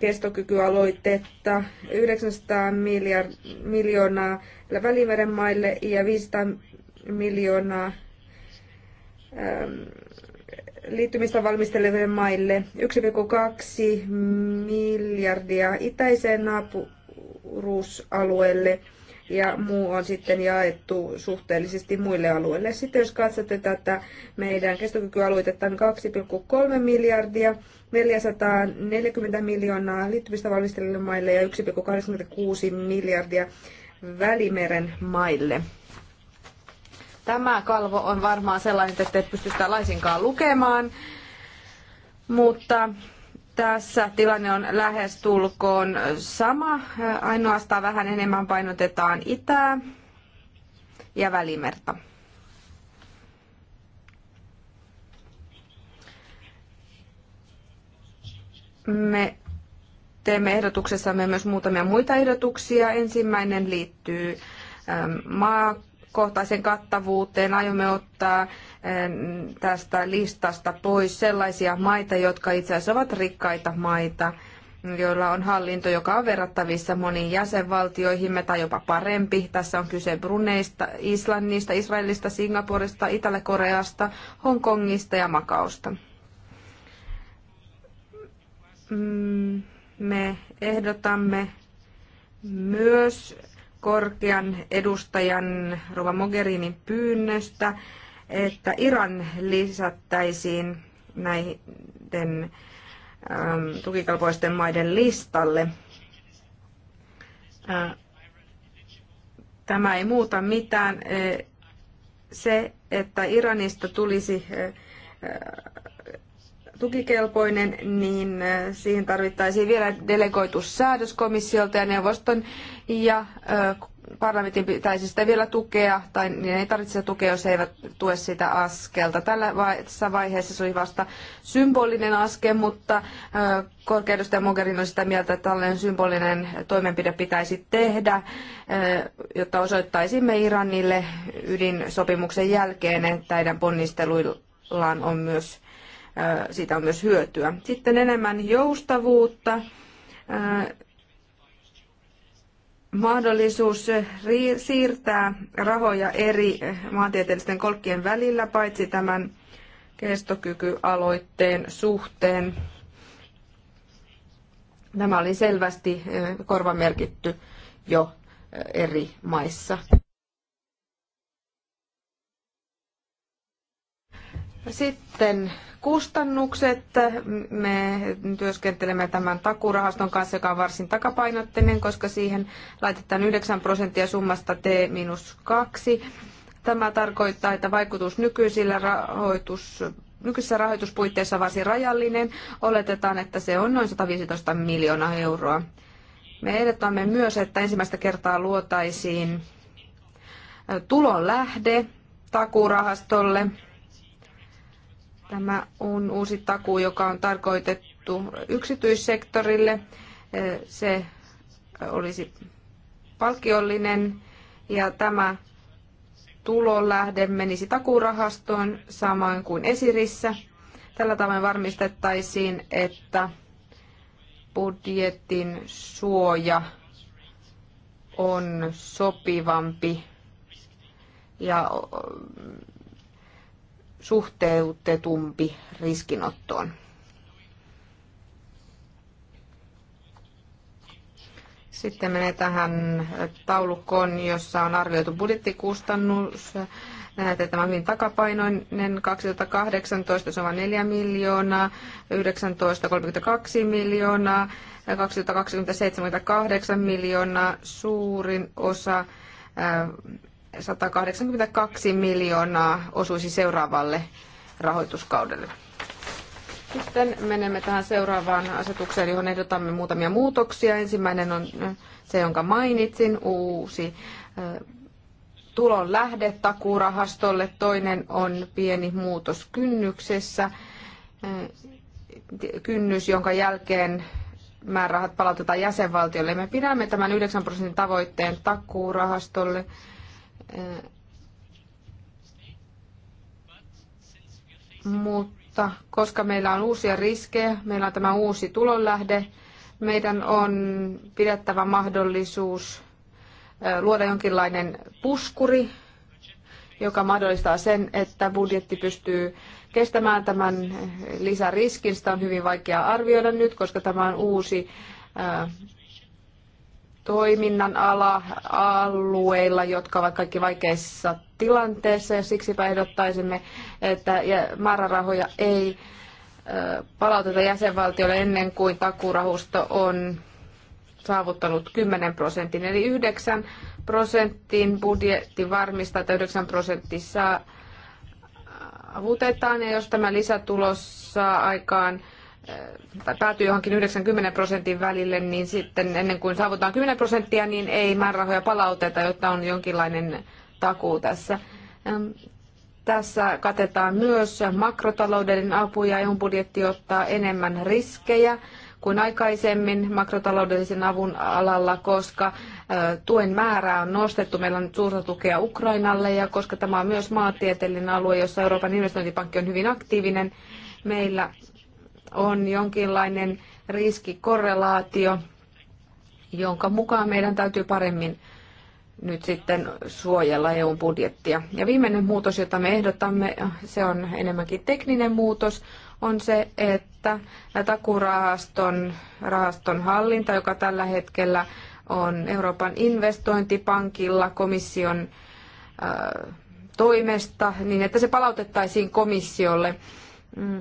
kestokykyaloitetta, 900 miljard, miljoonaa Välimeren maille ja 500 miljoonaa liittymistä valmisteleville maille, 1,2 miljardia itäiseen naapuruusalueelle, ja muu on sitten jaettu suhteellisesti muille alueille. Sitten jos katsotte tätä meidän kestokykyaluitetta, on niin 2,3 miljardia, 440 miljoonaa liittyvistä valmistelijoille maille ja 1,86 miljardia Välimeren maille. Tämä kalvo on varmaan sellainen, että et pysty sitä laisinkaan lukemaan, mutta tässä tilanne on lähestulkoon sama, ainoastaan vähän enemmän painotetaan itää ja välimerta. Me teemme ehdotuksessamme myös muutamia muita ehdotuksia. Ensimmäinen liittyy maa kohtaisen kattavuuteen aiomme ottaa tästä listasta pois sellaisia maita, jotka itse asiassa ovat rikkaita maita, joilla on hallinto, joka on verrattavissa moniin jäsenvaltioihimme tai jopa parempi. Tässä on kyse Bruneista, Islannista, Israelista, Singaporesta, Itä-Koreasta, Hongkongista ja Makausta. Mm, me ehdotamme myös korkean edustajan Rova Mogherinin pyynnöstä, että Iran lisättäisiin näiden ähm, tukikelpoisten maiden listalle. Äh, tämä ei muuta mitään. Äh, se, että Iranista tulisi äh, tukikelpoinen, niin äh, siihen tarvittaisiin vielä delegoitus säädöskomissiolta ja neuvoston ja äh, parlamentin pitäisi sitä vielä tukea, tai niin ei tarvitse tukea, jos he eivät tue sitä askelta. Tällä vaiheessa se oli vasta symbolinen askel, mutta äh, korkeudusta Mogherin on sitä mieltä, että tällainen symbolinen toimenpide pitäisi tehdä, jotta osoittaisimme Iranille ydinsopimuksen jälkeen, että heidän ponnisteluillaan on myös siitä on myös hyötyä. Sitten enemmän joustavuutta, mahdollisuus siirtää rahoja eri maantieteellisten kolkkien välillä, paitsi tämän kestokykyaloitteen suhteen. Tämä oli selvästi korvamerkitty jo eri maissa. Sitten kustannukset. Me työskentelemme tämän takurahaston kanssa, joka on varsin takapainotteinen, koska siihen laitetaan 9 prosenttia summasta T-2. Tämä tarkoittaa, että vaikutus nykyisillä rahoitus nykyisessä rahoituspuitteissa varsin rajallinen. Oletetaan, että se on noin 115 miljoonaa euroa. Me ehdotamme myös, että ensimmäistä kertaa luotaisiin tulonlähde takurahastolle. Tämä on uusi takuu, joka on tarkoitettu yksityissektorille. Se olisi palkkiollinen ja tämä tulonlähde menisi takuurahastoon samoin kuin esirissä. Tällä tavoin varmistettaisiin, että budjetin suoja on sopivampi ja suhteutetumpi riskinottoon. Sitten menee tähän taulukkoon, jossa on arvioitu budjettikustannus. Näette tämä hyvin takapainoinen. 2018 se on vain 4 miljoonaa, 19 32 miljoonaa, 2020 78 miljoonaa. Suurin osa 182 miljoonaa osuisi seuraavalle rahoituskaudelle. Sitten menemme tähän seuraavaan asetukseen, johon ehdotamme muutamia muutoksia. Ensimmäinen on se, jonka mainitsin, uusi tulon lähde takuurahastolle. Toinen on pieni muutos kynnyksessä, kynnys, jonka jälkeen määrärahat palautetaan jäsenvaltiolle. Me pidämme tämän 9 prosentin tavoitteen takuurahastolle. rahastolle mutta koska meillä on uusia riskejä, meillä on tämä uusi tulonlähde, meidän on pidettävä mahdollisuus luoda jonkinlainen puskuri, joka mahdollistaa sen, että budjetti pystyy kestämään tämän lisäriskin. Sitä on hyvin vaikea arvioida nyt, koska tämä on uusi toiminnan ala alueilla, jotka ovat kaikki vaikeissa tilanteissa, ja siksi ehdottaisimme, että määrärahoja ei palauteta jäsenvaltiolle ennen kuin takurahusto on saavuttanut 10 prosentin, eli 9 prosentin budjetti varmistaa, että 9 prosentti saavutetaan, ja jos tämä lisätulos saa aikaan päätyy johonkin 90 prosentin välille, niin sitten ennen kuin saavutaan 10 prosenttia, niin ei määrärahoja palauteta, jotta on jonkinlainen takuu tässä. Tässä katetaan myös makrotalouden apu ja EUn budjetti ottaa enemmän riskejä kuin aikaisemmin makrotaloudellisen avun alalla, koska tuen määrää on nostettu. Meillä on nyt suurta tukea Ukrainalle ja koska tämä on myös maantieteellinen alue, jossa Euroopan investointipankki on hyvin aktiivinen, meillä on jonkinlainen riskikorrelaatio, jonka mukaan meidän täytyy paremmin nyt sitten suojella EUn budjettia. Ja viimeinen muutos, jota me ehdotamme, se on enemmänkin tekninen muutos, on se, että takurahaston rahaston hallinta, joka tällä hetkellä on Euroopan investointipankilla komission äh, toimesta, niin että se palautettaisiin komissiolle. Mm,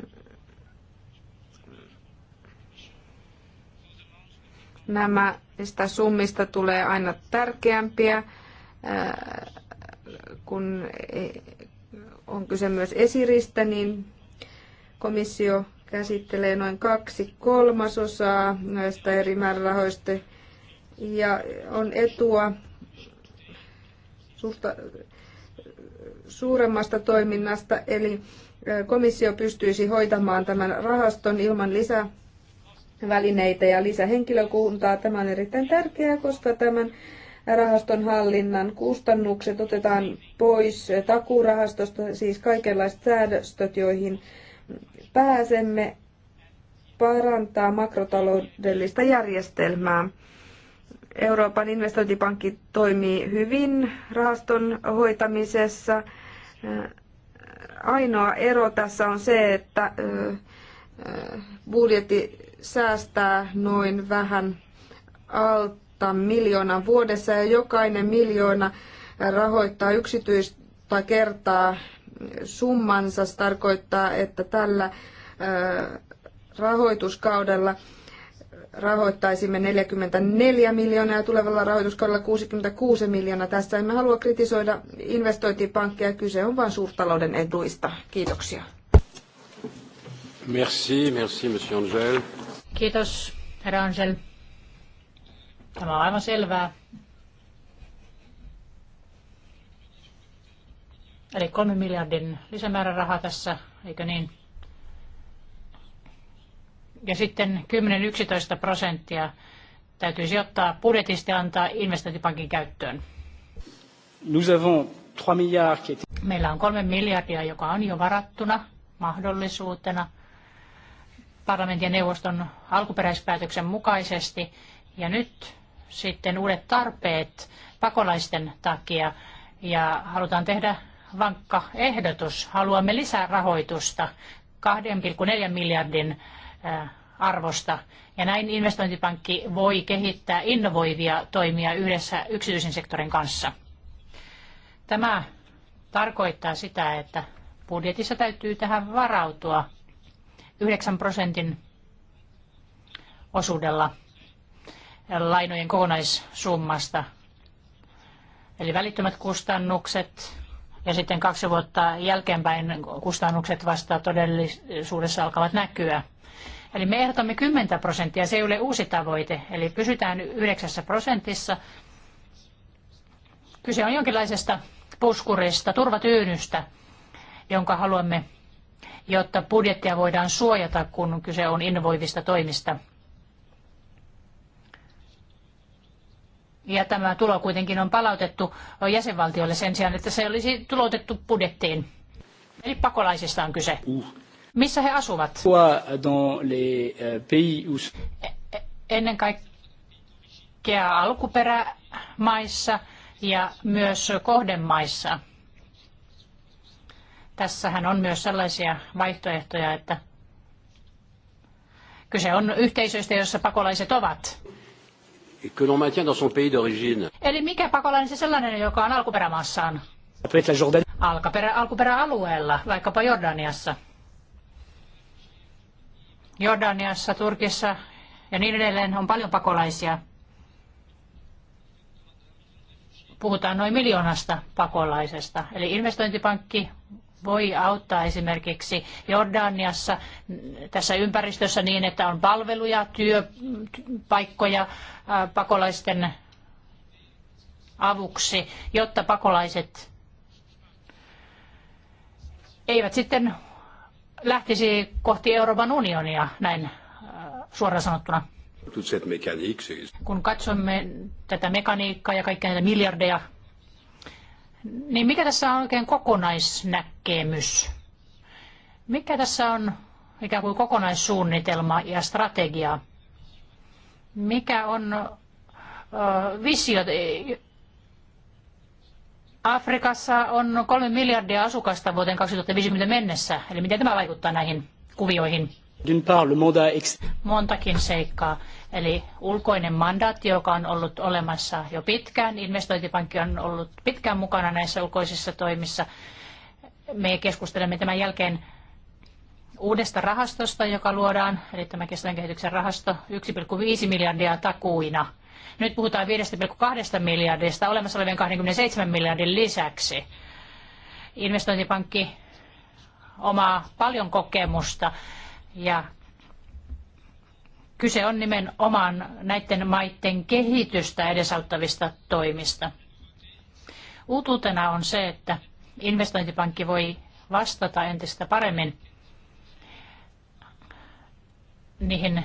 nämä summista tulee aina tärkeämpiä, äh, kun e- on kyse myös esiristä, niin komissio käsittelee noin kaksi kolmasosaa näistä eri määrärahoista ja on etua suhta, suuremmasta toiminnasta, eli äh, komissio pystyisi hoitamaan tämän rahaston ilman lisää välineitä ja lisähenkilökuntaa. Tämä on erittäin tärkeää, koska tämän rahaston hallinnan kustannukset otetaan pois takuurahastosta, siis kaikenlaiset säädöstöt, joihin pääsemme parantaa makrotaloudellista järjestelmää. Euroopan investointipankki toimii hyvin rahaston hoitamisessa. Ainoa ero tässä on se, että budjetti säästää noin vähän alta miljoona vuodessa ja jokainen miljoona rahoittaa yksityistä kertaa summansa. Se tarkoittaa, että tällä rahoituskaudella rahoittaisimme 44 miljoonaa ja tulevalla rahoituskaudella 66 miljoonaa. Tässä emme halua kritisoida investointipankkeja, kyse on vain suurtalouden eduista. Kiitoksia. Merci, merci, monsieur Angel. Kiitos, herra Ansel. Tämä on aivan selvää. Eli kolme miljardin lisämääräraha tässä, eikö niin? Ja sitten 10-11 prosenttia täytyisi ottaa budjetista ja antaa investointipankin käyttöön. Nous avons 3 milliards... Meillä on kolme miljardia, joka on jo varattuna mahdollisuutena – parlamentin ja neuvoston alkuperäispäätöksen mukaisesti. Ja nyt sitten uudet tarpeet pakolaisten takia ja halutaan tehdä vankka ehdotus. Haluamme lisää rahoitusta 2,4 miljardin äh, arvosta. Ja näin investointipankki voi kehittää innovoivia toimia yhdessä yksityisen sektorin kanssa. Tämä tarkoittaa sitä, että budjetissa täytyy tähän varautua 9 prosentin osuudella lainojen kokonaissummasta. Eli välittömät kustannukset ja sitten kaksi vuotta jälkeenpäin kustannukset vasta todellisuudessa alkavat näkyä. Eli me ehdotamme 10 prosenttia, se ei ole uusi tavoite, eli pysytään 9 prosentissa. Kyse on jonkinlaisesta puskurista, turvatyynystä, jonka haluamme jotta budjettia voidaan suojata, kun kyse on innovoivista toimista. Ja tämä tulo kuitenkin on palautettu jäsenvaltiolle sen sijaan, että se olisi tulotettu budjettiin. Eli pakolaisista on kyse. Uh. Missä he asuvat? Euh, e, e, ennen kaikkea alkuperämaissa ja myös kohdemaissa. Tässähän on myös sellaisia vaihtoehtoja, että kyse on yhteisöistä, joissa pakolaiset ovat. Que l'on maintient dans son pays d'origine. Eli mikä pakolainen se sellainen, joka on alkuperämaassaan? Alkuperä, alkuperäalueella, vaikkapa Jordaniassa. Jordaniassa, Turkissa ja niin edelleen on paljon pakolaisia. Puhutaan noin miljoonasta pakolaisesta. Eli investointipankki voi auttaa esimerkiksi Jordaniassa tässä ympäristössä niin, että on palveluja, työpaikkoja pakolaisten avuksi, jotta pakolaiset eivät sitten lähtisi kohti Euroopan unionia näin suoraan sanottuna. Kun katsomme tätä mekaniikkaa ja kaikkia näitä miljardeja niin mikä tässä on oikein kokonaisnäkemys? Mikä tässä on ikään kuin kokonaissuunnitelma ja strategia? Mikä on uh, visio? Afrikassa on kolme miljardia asukasta vuoteen 2050 mennessä. Eli miten tämä vaikuttaa näihin kuvioihin? Montakin seikkaa. Eli ulkoinen mandaatti, joka on ollut olemassa jo pitkään, investointipankki on ollut pitkään mukana näissä ulkoisissa toimissa. Me keskustelemme tämän jälkeen uudesta rahastosta, joka luodaan, eli tämä kestävän kehityksen rahasto, 1,5 miljardia takuina. Nyt puhutaan 5,2 miljardista olemassa olevien 27 miljardin lisäksi. Investointipankki omaa paljon kokemusta ja Kyse on nimenomaan näiden maiden kehitystä edesauttavista toimista. Uutuutena on se, että investointipankki voi vastata entistä paremmin niihin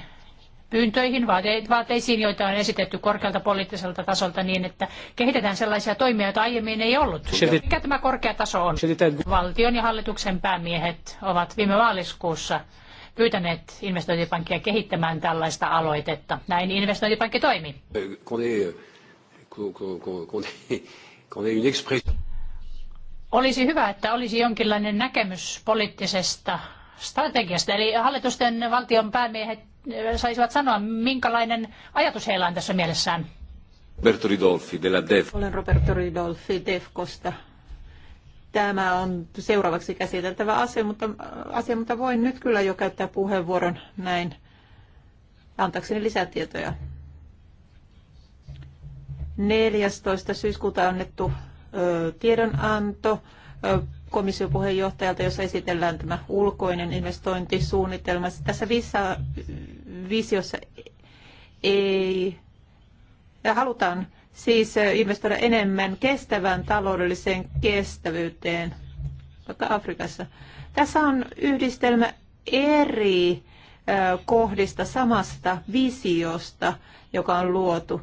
pyyntöihin, vaateisiin, joita on esitetty korkealta poliittiselta tasolta niin, että kehitetään sellaisia toimia, joita aiemmin ei ollut. Mikä tämä korkea taso on? Valtion ja hallituksen päämiehet ovat viime maaliskuussa pyytäneet investointipankkia kehittämään tällaista aloitetta. Näin investointipankki toimi. Olisi hyvä, että olisi jonkinlainen näkemys poliittisesta strategiasta. Eli hallitusten valtion päämiehet äh, saisivat sanoa, minkälainen ajatus heillä on tässä mielessään. Roberto Ridolfi della DEF. Olen Roberto Ridolfi DEFKosta. Tämä on seuraavaksi käsiteltävä asia mutta, asia, mutta voin nyt kyllä jo käyttää puheenvuoron näin antaakseni lisätietoja. 14. syyskuuta annettu ö, tiedonanto ö, komission puheenjohtajalta, jossa esitellään tämä ulkoinen investointisuunnitelma. Tässä visa, visiossa ei ja halutaan siis investoida enemmän kestävään taloudelliseen kestävyyteen, vaikka Afrikassa. Tässä on yhdistelmä eri kohdista samasta visiosta, joka on luotu,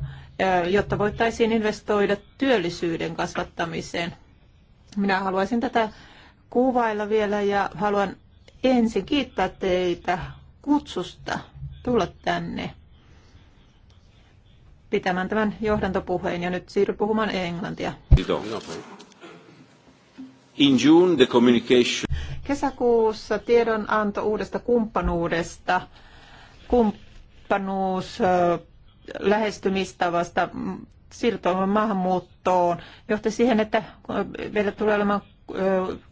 jotta voitaisiin investoida työllisyyden kasvattamiseen. Minä haluaisin tätä kuvailla vielä ja haluan ensin kiittää teitä kutsusta tulla tänne pitämään tämän johdantopuheen ja nyt siirry puhumaan englantia. In June the communication. Kesäkuussa tiedonanto uudesta kumppanuudesta, kumppanuus lähestymistavasta mm, siirtoon maahanmuuttoon johti siihen, että meillä tulee olemaan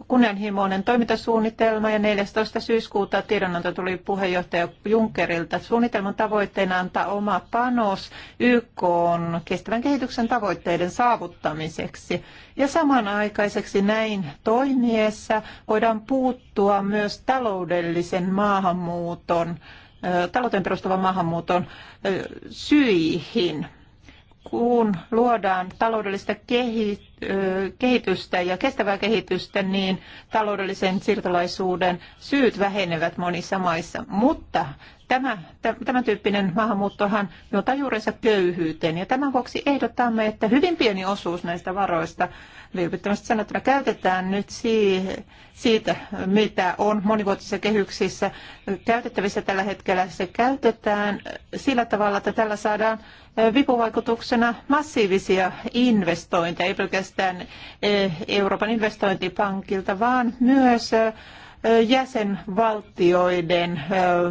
kunnianhimoinen toimintasuunnitelma ja 14. syyskuuta tiedonanto tuli puheenjohtaja Junckerilta. Suunnitelman tavoitteena antaa oma panos YK on kestävän kehityksen tavoitteiden saavuttamiseksi. Ja samanaikaiseksi näin toimiessa voidaan puuttua myös taloudellisen maahanmuuton, talouteen perustuvan maahanmuuton syihin kun luodaan taloudellista kehitystä ja kestävää kehitystä, niin taloudellisen siirtolaisuuden syyt vähenevät monissa maissa. Mutta tämä, tämän tyyppinen maahanmuuttohan juontaa juurensa köyhyyteen. Ja tämän vuoksi ehdotamme, että hyvin pieni osuus näistä varoista vilpittömästi sanottuna käytetään nyt siitä, mitä on monivuotisissa kehyksissä käytettävissä tällä hetkellä. Se käytetään sillä tavalla, että tällä saadaan vipuvaikutuksena massiivisia investointeja, ei pelkästään Euroopan investointipankilta, vaan myös jäsenvaltioiden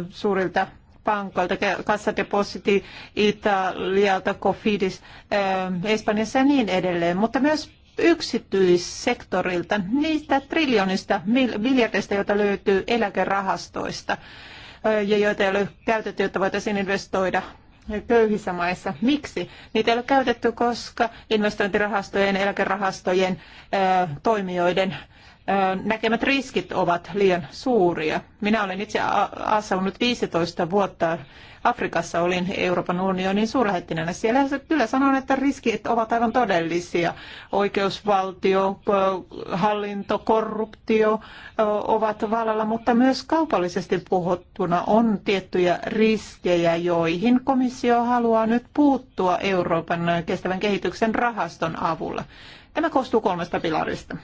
suurilta pankoilta, kassadepositi Italialta, Cofidis, Espanjassa ja niin edelleen, mutta myös yksityissektorilta, niistä triljonista miljardista, joita löytyy eläkerahastoista ja joita ei ole käytetty, jotta voitaisiin investoida köyhissä maissa. Miksi? Niitä ei ole käytetty, koska investointirahastojen, eläkerahastojen, toimijoiden näkemät riskit ovat liian suuria. Minä olen itse asunut 15 vuotta Afrikassa, olin Euroopan unionin suurlähettinänä. Siellä kyllä sanon, että riskit ovat aivan todellisia. Oikeusvaltio, hallinto, korruptio ovat vallalla, mutta myös kaupallisesti puhuttuna on tiettyjä riskejä, joihin komissio haluaa nyt puuttua Euroopan kestävän kehityksen rahaston avulla. Tämä koostuu kolmesta pilarista.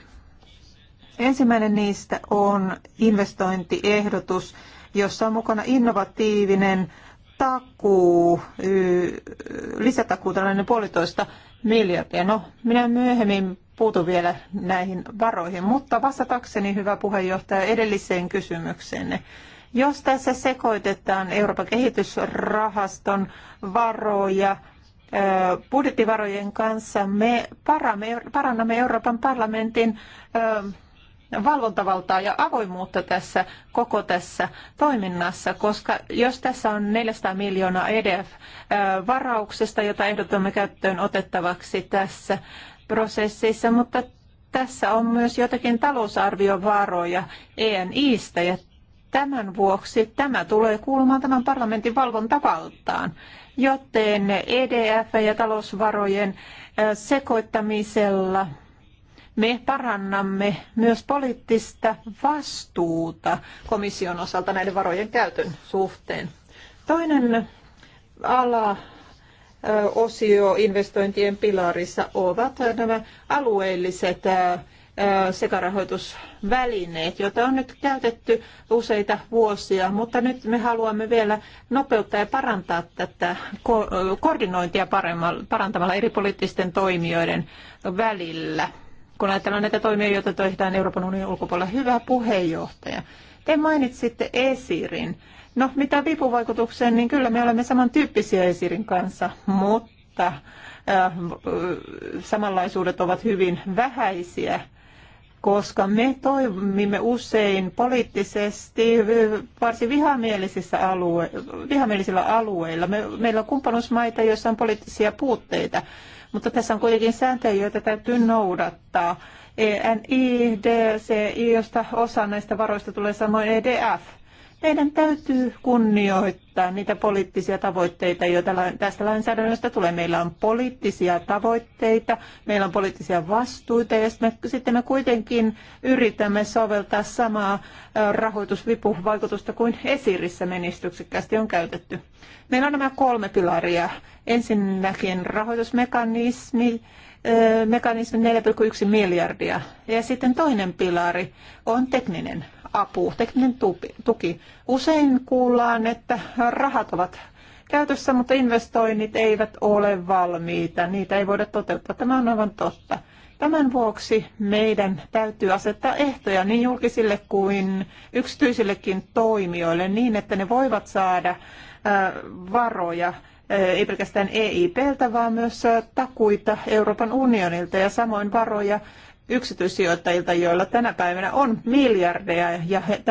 Ensimmäinen niistä on investointiehdotus, jossa on mukana innovatiivinen takuu, lisätakuu tällainen puolitoista miljardia. No, minä myöhemmin puutun vielä näihin varoihin, mutta vastatakseni, hyvä puheenjohtaja, edelliseen kysymykseenne. Jos tässä sekoitetaan Euroopan kehitysrahaston varoja budjettivarojen kanssa, me parannamme Euroopan parlamentin valvontavaltaa ja avoimuutta tässä koko tässä toiminnassa, koska jos tässä on 400 miljoonaa EDF-varauksesta, jota ehdotamme käyttöön otettavaksi tässä prosessissa, mutta tässä on myös jotakin talousarviovaroja ENIstä ja tämän vuoksi tämä tulee kuulumaan tämän parlamentin valvontavaltaan, joten EDF ja talousvarojen sekoittamisella – me parannamme myös poliittista vastuuta komission osalta näiden varojen käytön suhteen. Toinen ala osio investointien pilarissa ovat nämä alueelliset sekarahoitusvälineet, joita on nyt käytetty useita vuosia, mutta nyt me haluamme vielä nopeuttaa ja parantaa tätä koordinointia parantamalla eri poliittisten toimijoiden välillä kun ajatellaan näitä toimia, joita tehdään Euroopan unionin ulkopuolella. Hyvä puheenjohtaja. Te mainitsitte Esirin. No, mitä vipuvaikutukseen, niin kyllä me olemme samantyyppisiä Esirin kanssa, mutta äh, samanlaisuudet ovat hyvin vähäisiä koska me toimimme usein poliittisesti äh, varsin vihamielisillä, alue, vihamielisillä alueilla. Me, meillä on kumppanuusmaita, joissa on poliittisia puutteita. Mutta tässä on kuitenkin sääntöjä, joita täytyy noudattaa. ENI, DLC, josta osa näistä varoista tulee samoin EDF. Meidän täytyy kunnioittaa niitä poliittisia tavoitteita, joita tästä lainsäädännöstä tulee. Meillä on poliittisia tavoitteita, meillä on poliittisia vastuita ja sitten me, sitten me kuitenkin yritämme soveltaa samaa rahoitusvipuvaikutusta kuin esirissä menestyksekkäästi on käytetty. Meillä on nämä kolme pilaria. Ensinnäkin rahoitusmekanismi, mekanismi 4,1 miljardia. Ja sitten toinen pilari on tekninen apu, tekninen tuki. Usein kuullaan, että rahat ovat käytössä, mutta investoinnit eivät ole valmiita. Niitä ei voida toteuttaa. Tämä on aivan totta. Tämän vuoksi meidän täytyy asettaa ehtoja niin julkisille kuin yksityisillekin toimijoille niin, että ne voivat saada varoja ei pelkästään EIPltä, vaan myös takuita Euroopan unionilta ja samoin varoja yksityissijoittajilta, joilla tänä päivänä on miljardeja ja he,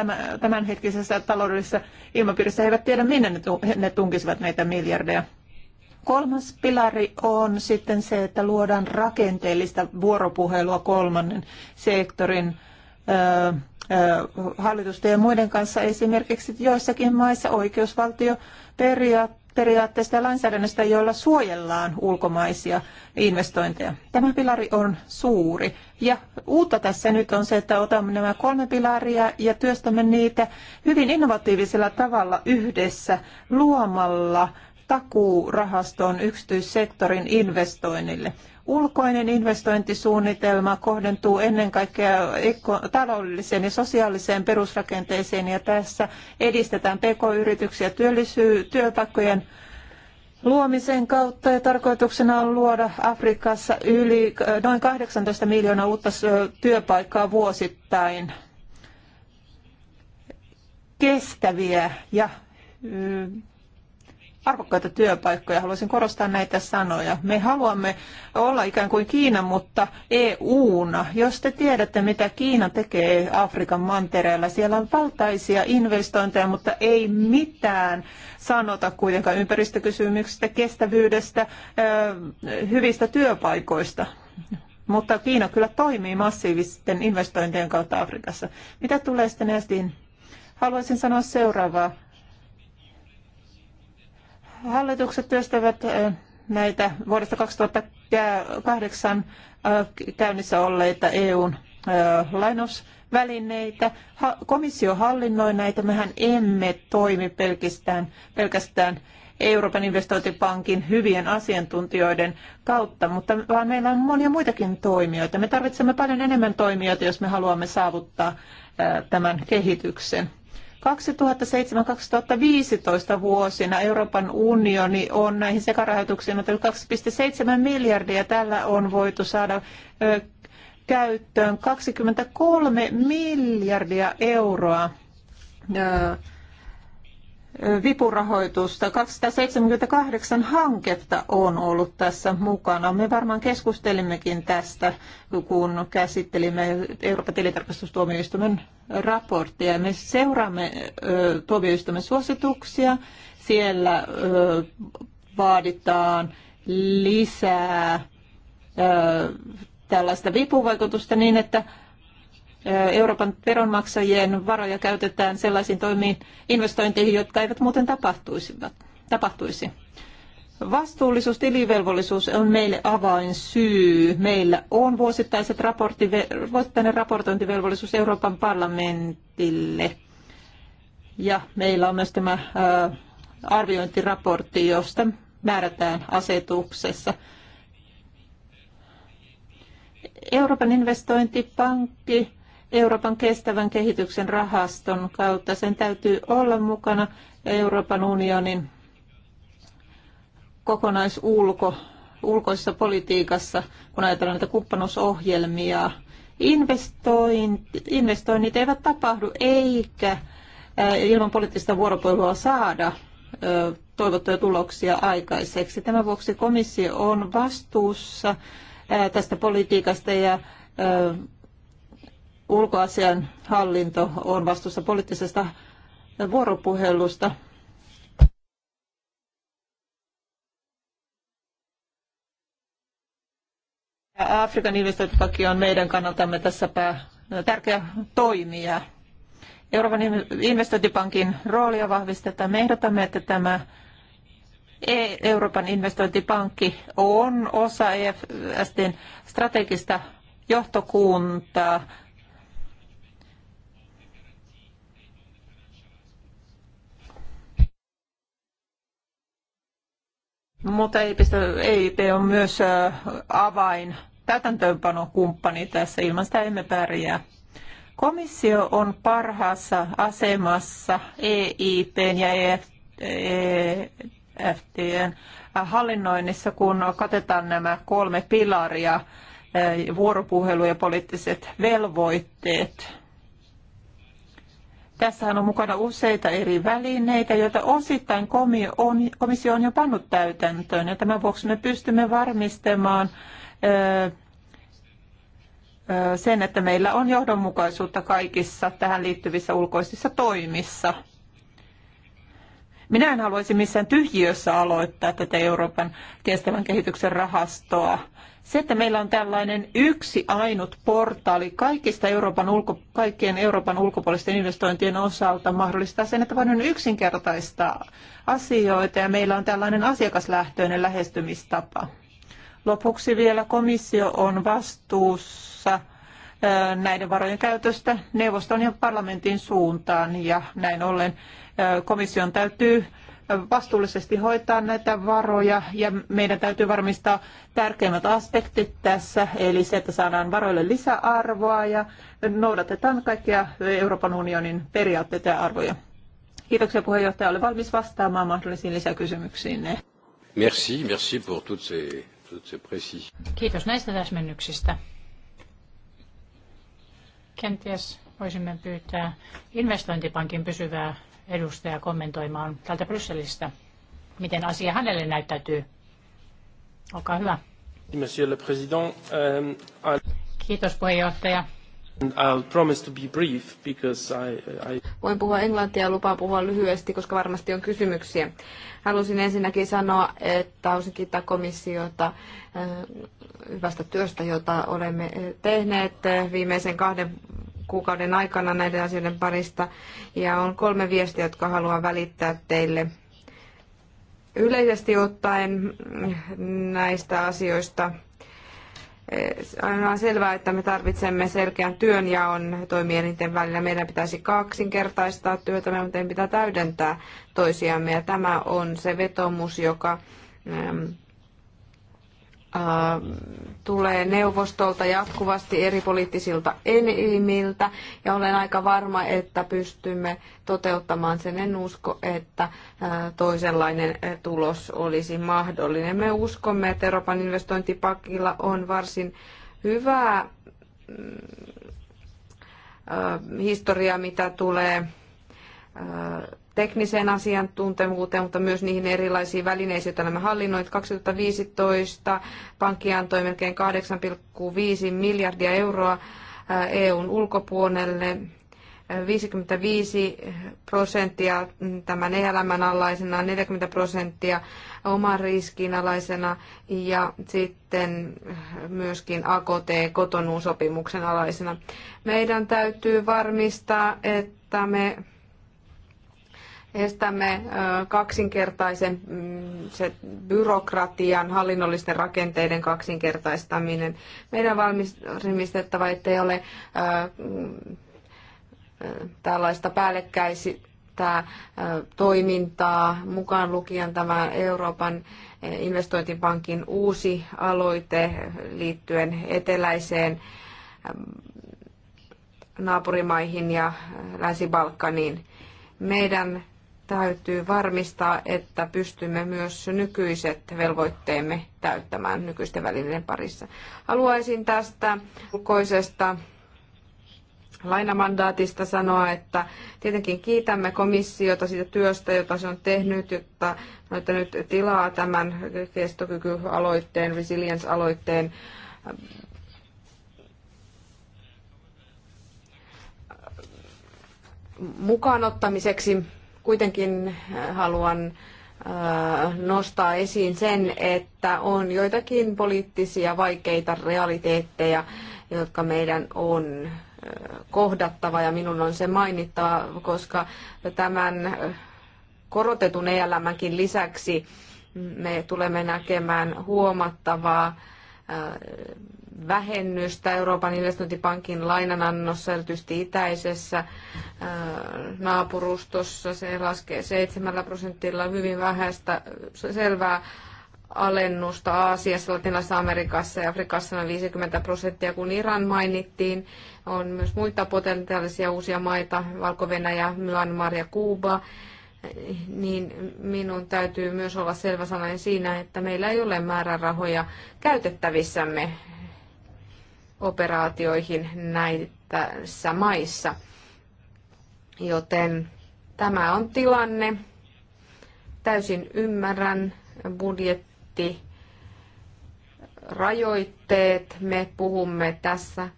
tämänhetkisessä taloudellisessa ilmapiirissä he eivät tiedä, minne ne tunkisivat näitä miljardeja. Kolmas pilari on sitten se, että luodaan rakenteellista vuoropuhelua kolmannen sektorin ö, hallitusten ja muiden kanssa esimerkiksi joissakin maissa oikeusvaltioperiaatteessa periaatteesta ja lainsäädännöstä, joilla suojellaan ulkomaisia investointeja. Tämä pilari on suuri. Ja uutta tässä nyt on se, että otamme nämä kolme pilaria ja työstämme niitä hyvin innovatiivisella tavalla yhdessä luomalla takuurahaston yksityissektorin investoinnille. Ulkoinen investointisuunnitelma kohdentuu ennen kaikkea taloudelliseen ja sosiaaliseen perusrakenteeseen ja tässä edistetään pk-yrityksiä työpaikkojen luomisen kautta ja tarkoituksena on luoda Afrikassa yli äh, noin 18 miljoonaa uutta äh, työpaikkaa vuosittain kestäviä ja äh, arvokkaita työpaikkoja. Haluaisin korostaa näitä sanoja. Me haluamme olla ikään kuin Kiina, mutta EU-na. Jos te tiedätte, mitä Kiina tekee Afrikan mantereella, siellä on valtaisia investointeja, mutta ei mitään sanota kuitenkaan ympäristökysymyksistä, kestävyydestä, hyvistä työpaikoista. Mutta Kiina kyllä toimii massiivisten investointien kautta Afrikassa. Mitä tulee sitten Estiin? Haluaisin sanoa seuraavaa Hallitukset työstävät näitä vuodesta 2008 käynnissä olleita EUn lainausvälineitä. Komissio hallinnoi näitä. Mehän emme toimi pelkästään, pelkästään Euroopan investointipankin hyvien asiantuntijoiden kautta, mutta vaan meillä on monia muitakin toimijoita. Me tarvitsemme paljon enemmän toimijoita, jos me haluamme saavuttaa tämän kehityksen. 2007-2015 vuosina Euroopan unioni on näihin sekarahoituksiin ottanut 2,7 miljardia. Tällä on voitu saada käyttöön 23 miljardia euroa vipurahoitusta. 278 hanketta on ollut tässä mukana. Me varmaan keskustelimmekin tästä, kun käsittelimme Euroopan tilintarkastustuomioistuimen raporttia. Me seuraamme tuomioistuimen suosituksia. Siellä vaaditaan lisää tällaista vipuvaikutusta niin, että Euroopan veronmaksajien varoja käytetään sellaisiin toimiin investointeihin, jotka eivät muuten tapahtuisivat, tapahtuisi. Vastuullisuus, tilivelvollisuus on meille avainsyy. Meillä on vuosittaiset raportti, vuosittainen raportointivelvollisuus Euroopan parlamentille. Ja meillä on myös tämä arviointiraportti, josta määrätään asetuksessa. Euroopan investointipankki Euroopan kestävän kehityksen rahaston kautta. Sen täytyy olla mukana Euroopan unionin kokonaisulko, ulkoisessa politiikassa, kun ajatellaan näitä kumppanuusohjelmia. Investoinnit eivät tapahdu eikä äh, ilman poliittista vuoropuhelua saada äh, toivottuja tuloksia aikaiseksi. Tämän vuoksi komissio on vastuussa äh, tästä politiikasta ja ulkoasian hallinto on vastuussa poliittisesta vuoropuhelusta. Ja Afrikan investointipankki on meidän kannaltamme tässä pää, tärkeä toimija. Euroopan investointipankin roolia vahvistetaan. Me ehdotamme, että tämä e- Euroopan investointipankki on osa EFSTn strategista johtokuntaa Mutta EIP on myös avain täytäntöönpanokumppani tässä. Ilman sitä emme pärjää. Komissio on parhaassa asemassa EIPn ja EFTn hallinnoinnissa, kun katetaan nämä kolme pilaria, vuoropuhelu ja poliittiset velvoitteet. Tässähän on mukana useita eri välineitä, joita osittain komissio on jo pannut täytäntöön. Ja tämän vuoksi me pystymme varmistamaan sen, että meillä on johdonmukaisuutta kaikissa tähän liittyvissä ulkoisissa toimissa. Minä en haluaisi missään tyhjiössä aloittaa tätä Euroopan kestävän kehityksen rahastoa. Se, että meillä on tällainen yksi ainut portaali kaikista Euroopan ulko, kaikkien Euroopan ulkopuolisten investointien osalta mahdollistaa sen, että voidaan yksinkertaistaa asioita ja meillä on tällainen asiakaslähtöinen lähestymistapa. Lopuksi vielä komissio on vastuussa näiden varojen käytöstä neuvoston ja parlamentin suuntaan ja näin ollen komission täytyy vastuullisesti hoitaa näitä varoja ja meidän täytyy varmistaa tärkeimmät aspektit tässä, eli se, että saadaan varoille lisäarvoa ja noudatetaan kaikkia Euroopan unionin periaatteita ja arvoja. Kiitoksia puheenjohtaja. Olen valmis vastaamaan mahdollisiin lisäkysymyksiin. Merci, merci pour toutes ces, toutes ces précisions. Kiitos näistä täsmennyksistä. Kenties voisimme pyytää investointipankin pysyvää edustaja kommentoimaan täältä Brysselistä, miten asia hänelle näyttäytyy. Olkaa hyvä. Monsieur le Président, um, Kiitos puheenjohtaja. I'll promise to be brief because I, I... Voin puhua englantia ja lupaan puhua lyhyesti, koska varmasti on kysymyksiä. Halusin ensinnäkin sanoa, että haluaisin kiittää komissiota eh, hyvästä työstä, jota olemme eh, tehneet eh, viimeisen kahden kuukauden aikana näiden asioiden parista. Ja on kolme viestiä, jotka haluan välittää teille. Yleisesti ottaen näistä asioista eh, on selvää, että me tarvitsemme selkeän työnjaon toimielinten välillä. Meidän pitäisi kaksinkertaistaa työtä, meidän pitää täydentää toisiamme ja tämä on se vetomus, joka tulee neuvostolta jatkuvasti eri poliittisilta enimiltä ja olen aika varma, että pystymme toteuttamaan sen. En usko, että toisenlainen tulos olisi mahdollinen. Me uskomme, että Euroopan investointipakilla on varsin hyvää mm, historiaa, mitä tulee tekniseen asiantuntemuuteen, mutta myös niihin erilaisiin välineisiin, joita olemme hallinnoineet. 2015 pankki antoi melkein 8,5 miljardia euroa EUn ulkopuolelle. 55 prosenttia tämän elämän alaisena, 40 prosenttia oman riskin alaisena ja sitten myöskin AKT kotonuusopimuksen alaisena. Meidän täytyy varmistaa, että me Estämme kaksinkertaisen mm, se byrokratian, hallinnollisten rakenteiden kaksinkertaistaminen. Meidän valmistettava, ettei ole mm, tällaista päällekkäistä toimintaa, mukaan lukien tämä Euroopan e, investointipankin uusi aloite liittyen eteläiseen mm, naapurimaihin ja Länsi-Balkaniin. Meidän täytyy varmistaa, että pystymme myös nykyiset velvoitteemme täyttämään nykyisten välineiden parissa. Haluaisin tästä ulkoisesta lainamandaatista sanoa, että tietenkin kiitämme komissiota siitä työstä, jota se on tehnyt, jotta noita nyt tilaa tämän kestokykyaloitteen, resilience-aloitteen mukaanottamiseksi Kuitenkin äh, haluan äh, nostaa esiin sen, että on joitakin poliittisia vaikeita realiteetteja, jotka meidän on äh, kohdattava ja minun on se mainittava, koska tämän korotetun elämänkin lisäksi me tulemme näkemään huomattavaa vähennystä Euroopan investointipankin lainanannossa, erityisesti itäisessä äh, naapurustossa. Se laskee 7 prosentilla hyvin vähäistä selvää alennusta Aasiassa, Latinalaisessa Amerikassa ja Afrikassa noin 50 prosenttia, kun Iran mainittiin. On myös muita potentiaalisia uusia maita, Valko-Venäjä, Myanmar ja Kuuba niin minun täytyy myös olla selvä sanoen siinä, että meillä ei ole määrärahoja käytettävissämme operaatioihin näissä maissa. Joten tämä on tilanne. Täysin ymmärrän budjetti rajoitteet. Me puhumme tässä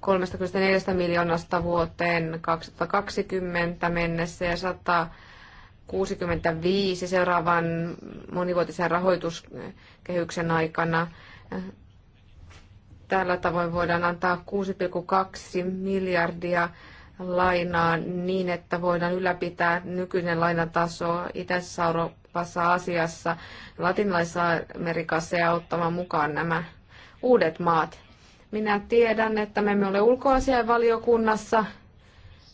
34 miljoonasta vuoteen 2020 mennessä ja 165 seuraavan monivuotisen rahoituskehyksen aikana. Tällä tavoin voidaan antaa 6,2 miljardia lainaa niin, että voidaan ylläpitää nykyinen lainataso itäisessä Euroopassa, asiassa Latinalaisessa Amerikassa ja ottamaan mukaan nämä uudet maat. Minä tiedän, että me emme ole ulkoasiainvaliokunnassa,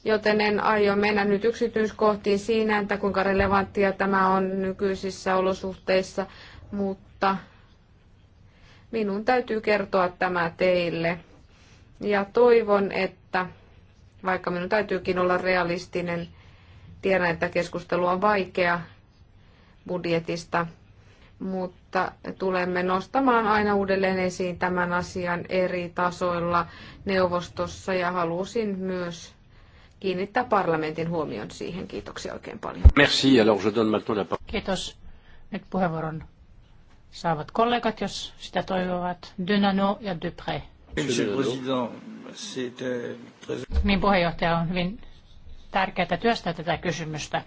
joten en aio mennä nyt yksityiskohtiin siinä, että kuinka relevanttia tämä on nykyisissä olosuhteissa, mutta minun täytyy kertoa tämä teille. Ja toivon, että vaikka minun täytyykin olla realistinen, tiedän, että keskustelu on vaikea budjetista, mutta tulemme nostamaan aina uudelleen esiin tämän asian eri tasoilla neuvostossa ja halusin myös kiinnittää parlamentin huomion siihen. Kiitoksia oikein paljon. Merci. Alors je donne maintenant la Kiitos. Nyt puheenvuoron saavat kollegat, jos sitä toivovat, Nano ja Dupré. Euh, niin puheenjohtaja on hyvin tärkeää työstää tätä kysymystä.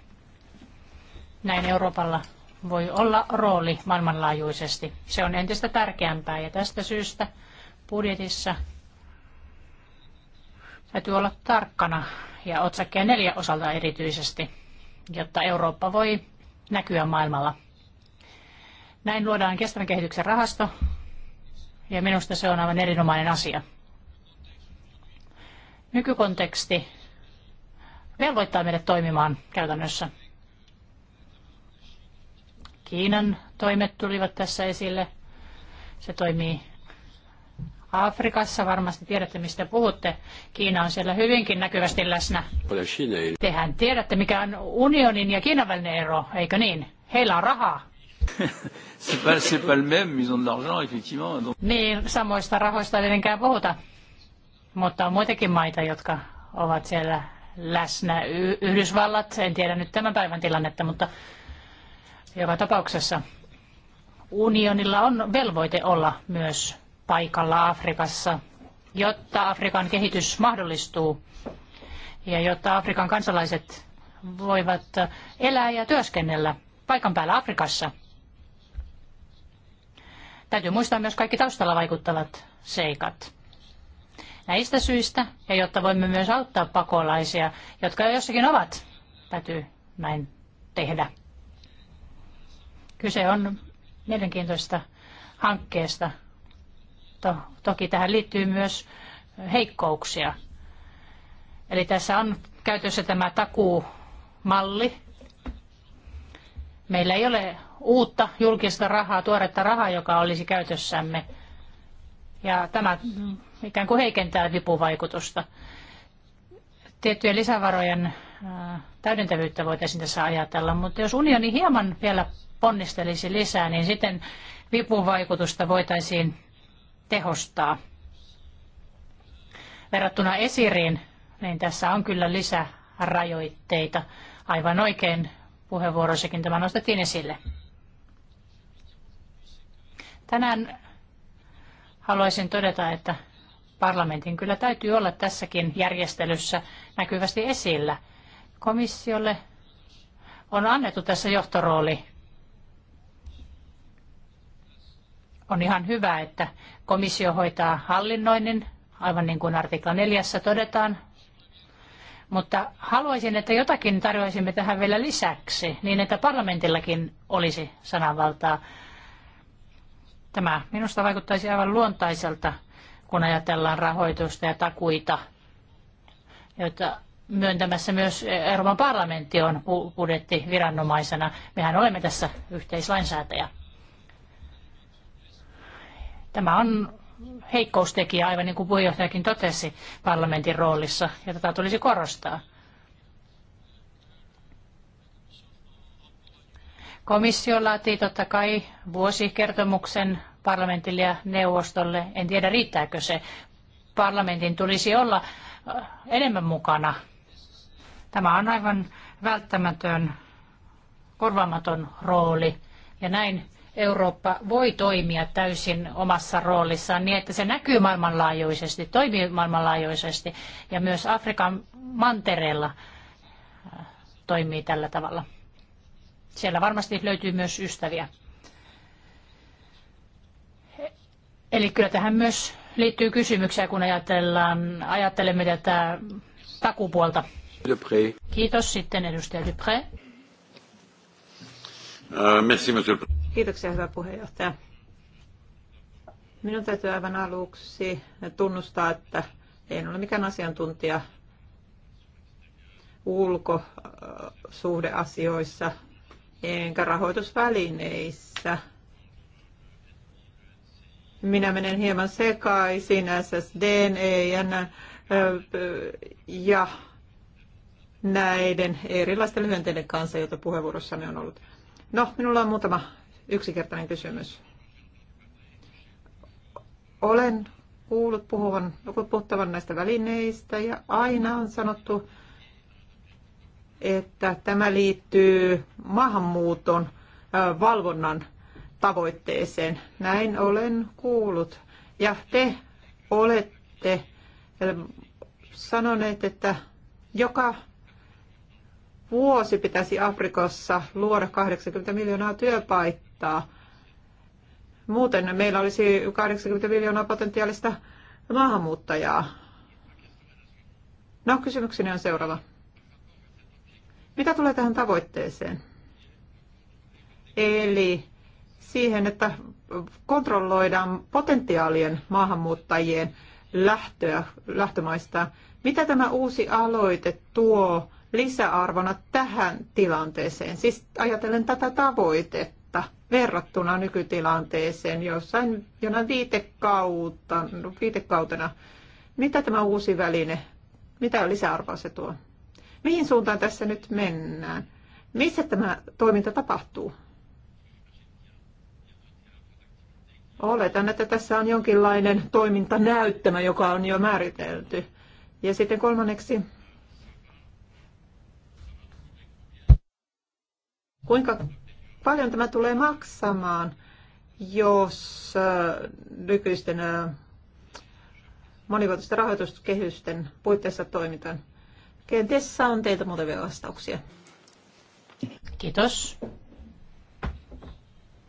Näin Euroopalla voi olla rooli maailmanlaajuisesti. Se on entistä tärkeämpää ja tästä syystä budjetissa täytyy olla tarkkana ja otsakkeen neljä osalta erityisesti, jotta Eurooppa voi näkyä maailmalla. Näin luodaan kestävän kehityksen rahasto, ja minusta se on aivan erinomainen asia. Nykykonteksti velvoittaa meidät toimimaan käytännössä. Kiinan toimet tulivat tässä esille. Se toimii Afrikassa, varmasti tiedätte mistä puhutte. Kiina on siellä hyvinkin näkyvästi läsnä. Tehän tiedätte mikä on unionin ja Kiinan välinen ero, eikö niin? Heillä on rahaa. Niin, samoista rahoista tietenkään puhuta, mutta on muitakin maita, jotka ovat siellä läsnä. Y- Yhdysvallat, en tiedä nyt tämän päivän tilannetta, mutta joka tapauksessa unionilla on velvoite olla myös paikalla Afrikassa, jotta Afrikan kehitys mahdollistuu ja jotta Afrikan kansalaiset voivat elää ja työskennellä paikan päällä Afrikassa – Täytyy muistaa myös kaikki taustalla vaikuttavat seikat. Näistä syistä, ja jotta voimme myös auttaa pakolaisia, jotka jo jossakin ovat, täytyy näin tehdä. Kyse on mielenkiintoista hankkeesta. To, toki tähän liittyy myös heikkouksia. Eli tässä on käytössä tämä takuumalli. Meillä ei ole uutta julkista rahaa, tuoretta rahaa, joka olisi käytössämme. Ja tämä ikään kuin heikentää vipuvaikutusta. Tiettyjen lisävarojen täydentävyyttä voitaisiin tässä ajatella, mutta jos unioni hieman vielä ponnistelisi lisää, niin sitten vipuvaikutusta voitaisiin tehostaa. Verrattuna esiriin, niin tässä on kyllä lisärajoitteita. Aivan oikein puheenvuorossakin tämä nostettiin esille. Tänään haluaisin todeta, että parlamentin kyllä täytyy olla tässäkin järjestelyssä näkyvästi esillä. Komissiolle on annettu tässä johtorooli. On ihan hyvä, että komissio hoitaa hallinnoinnin, aivan niin kuin artikla 4 todetaan. Mutta haluaisin, että jotakin tarjoaisimme tähän vielä lisäksi, niin että parlamentillakin olisi sananvaltaa Tämä minusta vaikuttaisi aivan luontaiselta, kun ajatellaan rahoitusta ja takuita, joita myöntämässä myös Euroopan parlamentti on budjettiviranomaisena. Mehän olemme tässä yhteislainsäätäjä. Tämä on heikkoustekijä, aivan niin kuin puheenjohtajakin totesi parlamentin roolissa, ja tätä tulisi korostaa. Komissio laatii totta kai vuosikertomuksen parlamentille ja neuvostolle. En tiedä, riittääkö se. Parlamentin tulisi olla äh, enemmän mukana. Tämä on aivan välttämätön, korvaamaton rooli. Ja näin Eurooppa voi toimia täysin omassa roolissaan niin, että se näkyy maailmanlaajuisesti, toimii maailmanlaajuisesti ja myös Afrikan mantereella äh, toimii tällä tavalla. Siellä varmasti löytyy myös ystäviä. Eli kyllä tähän myös liittyy kysymyksiä, kun ajatellaan, ajattelemme tätä takupuolta. Dupré. Kiitos sitten edustaja Dupré. Uh, merci, monsieur. Kiitoksia, hyvä puheenjohtaja. Minun täytyy aivan aluksi tunnustaa, että en ole mikään asiantuntija ulkosuhdeasioissa, enkä rahoitusvälineissä. Minä menen hieman sekaisin SSDn, e EIN ja näiden erilaisten lyhenteiden kanssa, joita puheenvuorossani on ollut. No, minulla on muutama yksinkertainen kysymys. Olen kuullut puhuvan, puhuttavan näistä välineistä ja aina on sanottu, että tämä liittyy maahanmuuton valvonnan tavoitteeseen. Näin olen kuullut. Ja te olette sanoneet, että joka vuosi pitäisi Afrikassa luoda 80 miljoonaa työpaikkaa. Muuten meillä olisi 80 miljoonaa potentiaalista maahanmuuttajaa. No, kysymykseni on seuraava. Mitä tulee tähän tavoitteeseen? Eli siihen, että kontrolloidaan potentiaalien maahanmuuttajien lähtöä, lähtömaista. Mitä tämä uusi aloite tuo lisäarvona tähän tilanteeseen? Siis ajatellen tätä tavoitetta verrattuna nykytilanteeseen jossain jona viitekautta, viitekautena. Mitä tämä uusi väline, mitä lisäarvoa se tuo? Mihin suuntaan tässä nyt mennään? Missä tämä toiminta tapahtuu? Oletan, että tässä on jonkinlainen toimintanäyttämä, joka on jo määritelty. Ja sitten kolmanneksi, kuinka paljon tämä tulee maksamaan, jos äh, nykyisten äh, monivuotisten rahoituskehysten puitteissa toimitaan? Kentessä on teitä muutamia vastauksia. Kiitos.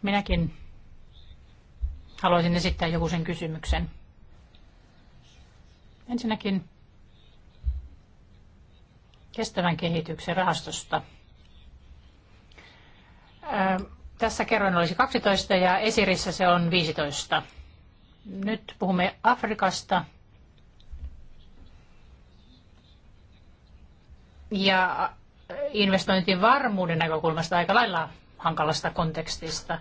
Minäkin haluaisin esittää joku sen kysymyksen. Ensinnäkin kestävän kehityksen rahastosta. Tässä kerroin olisi 12 ja esirissä se on 15. Nyt puhumme Afrikasta ja investointin varmuuden näkökulmasta aika lailla hankalasta kontekstista.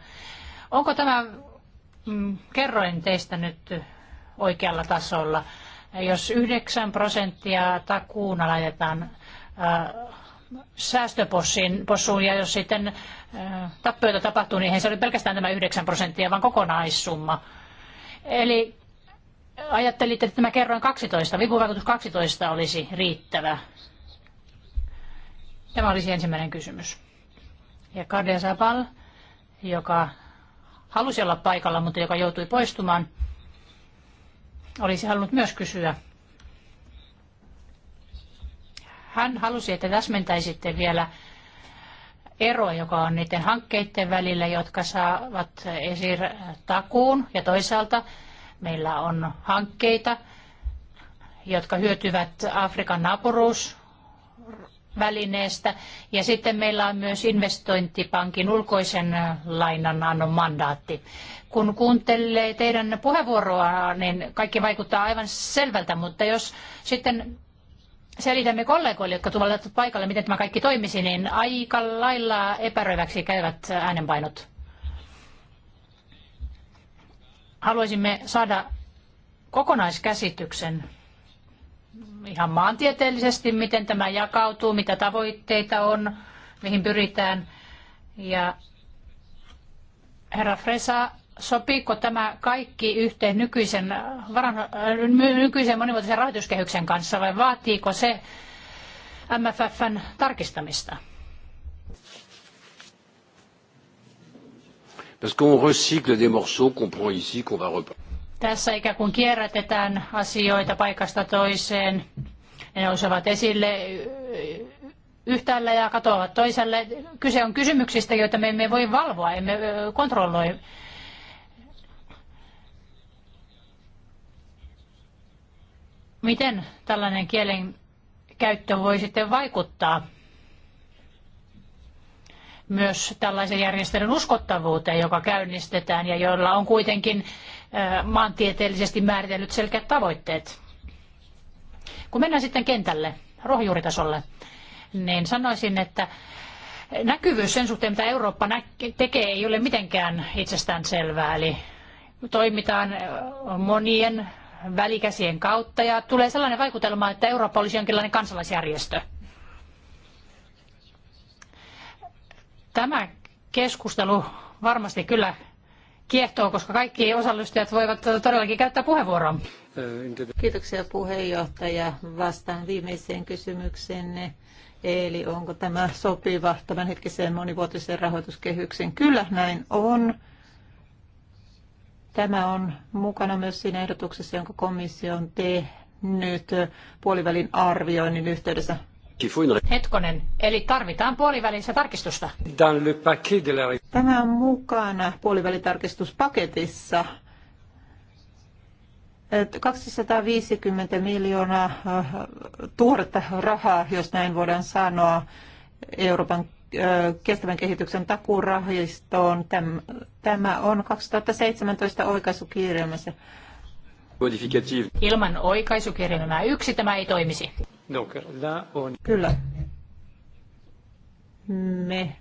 Onko tämä mm, kerroin teistä nyt oikealla tasolla? Jos 9 prosenttia takuuna laitetaan äh, säästöpossuun ja jos sitten äh, tappioita tapahtuu, niin se oli pelkästään tämä 9 prosenttia, vaan kokonaissumma. Eli ajattelitte, että tämä kerroin 12, vipuvaikutus 12 olisi riittävä. Tämä olisi ensimmäinen kysymys. Ja Kadia Sabal, joka halusi olla paikalla, mutta joka joutui poistumaan, olisi halunnut myös kysyä. Hän halusi, että täsmentäisitte vielä ero, joka on niiden hankkeiden välillä, jotka saavat esir takuun ja toisaalta meillä on hankkeita, jotka hyötyvät Afrikan naapuruus välineestä. Ja sitten meillä on myös investointipankin ulkoisen lainanannon mandaatti. Kun kuuntelee teidän puheenvuoroa, niin kaikki vaikuttaa aivan selvältä, mutta jos sitten selitämme kollegoille, jotka tulevat paikalle, miten tämä kaikki toimisi, niin aika lailla epäröiväksi käyvät äänenpainot. Haluaisimme saada kokonaiskäsityksen ihan maantieteellisesti, miten tämä jakautuu, mitä tavoitteita on, mihin pyritään. Ja herra Fresa, sopiiko tämä kaikki yhteen nykyisen, varan, nykyisen monivuotisen rahoituskehyksen kanssa vai vaatiiko se MFFn tarkistamista? Parce qu'on recycle des morceaux qu'on prend ici, qu'on va reprendre. Tässä ikään kuin kierrätetään asioita paikasta toiseen. Ne nousevat esille yhtäällä ja katoavat toiselle. Kyse on kysymyksistä, joita me emme voi valvoa, emme kontrolloi. Miten tällainen kielen käyttö voi sitten vaikuttaa myös tällaisen järjestelyn uskottavuuteen, joka käynnistetään ja jolla on kuitenkin Äh, maantieteellisesti määritellyt selkeät tavoitteet. Kun mennään sitten kentälle, rohjuuritasolle, niin sanoisin, että näkyvyys sen suhteen, mitä Eurooppa tekee, ei ole mitenkään itsestään selvää. Eli toimitaan äh, monien välikäsien kautta ja tulee sellainen vaikutelma, että Eurooppa olisi jonkinlainen kansalaisjärjestö. Tämä keskustelu varmasti kyllä kiehtoo, koska kaikki osallistujat voivat todellakin käyttää puheenvuoroa. Kiitoksia puheenjohtaja. Vastaan viimeiseen kysymykseenne. Eli onko tämä sopiva tämänhetkiseen monivuotiseen rahoituskehykseen? Kyllä näin on. Tämä on mukana myös siinä ehdotuksessa, jonka komissio on tehnyt puolivälin arvioinnin yhteydessä Hetkonen, eli tarvitaan puolivälinsä tarkistusta. Tämä on mukana puolivälitarkistuspaketissa. 250 miljoonaa äh, tuoretta rahaa, jos näin voidaan sanoa, Euroopan äh, kestävän kehityksen takuurahistoon. Tämä on 2017 oikaisukirjelmässä. Ilman oikaisukirjelmää yksi tämä ei toimisi. Kyllä. Me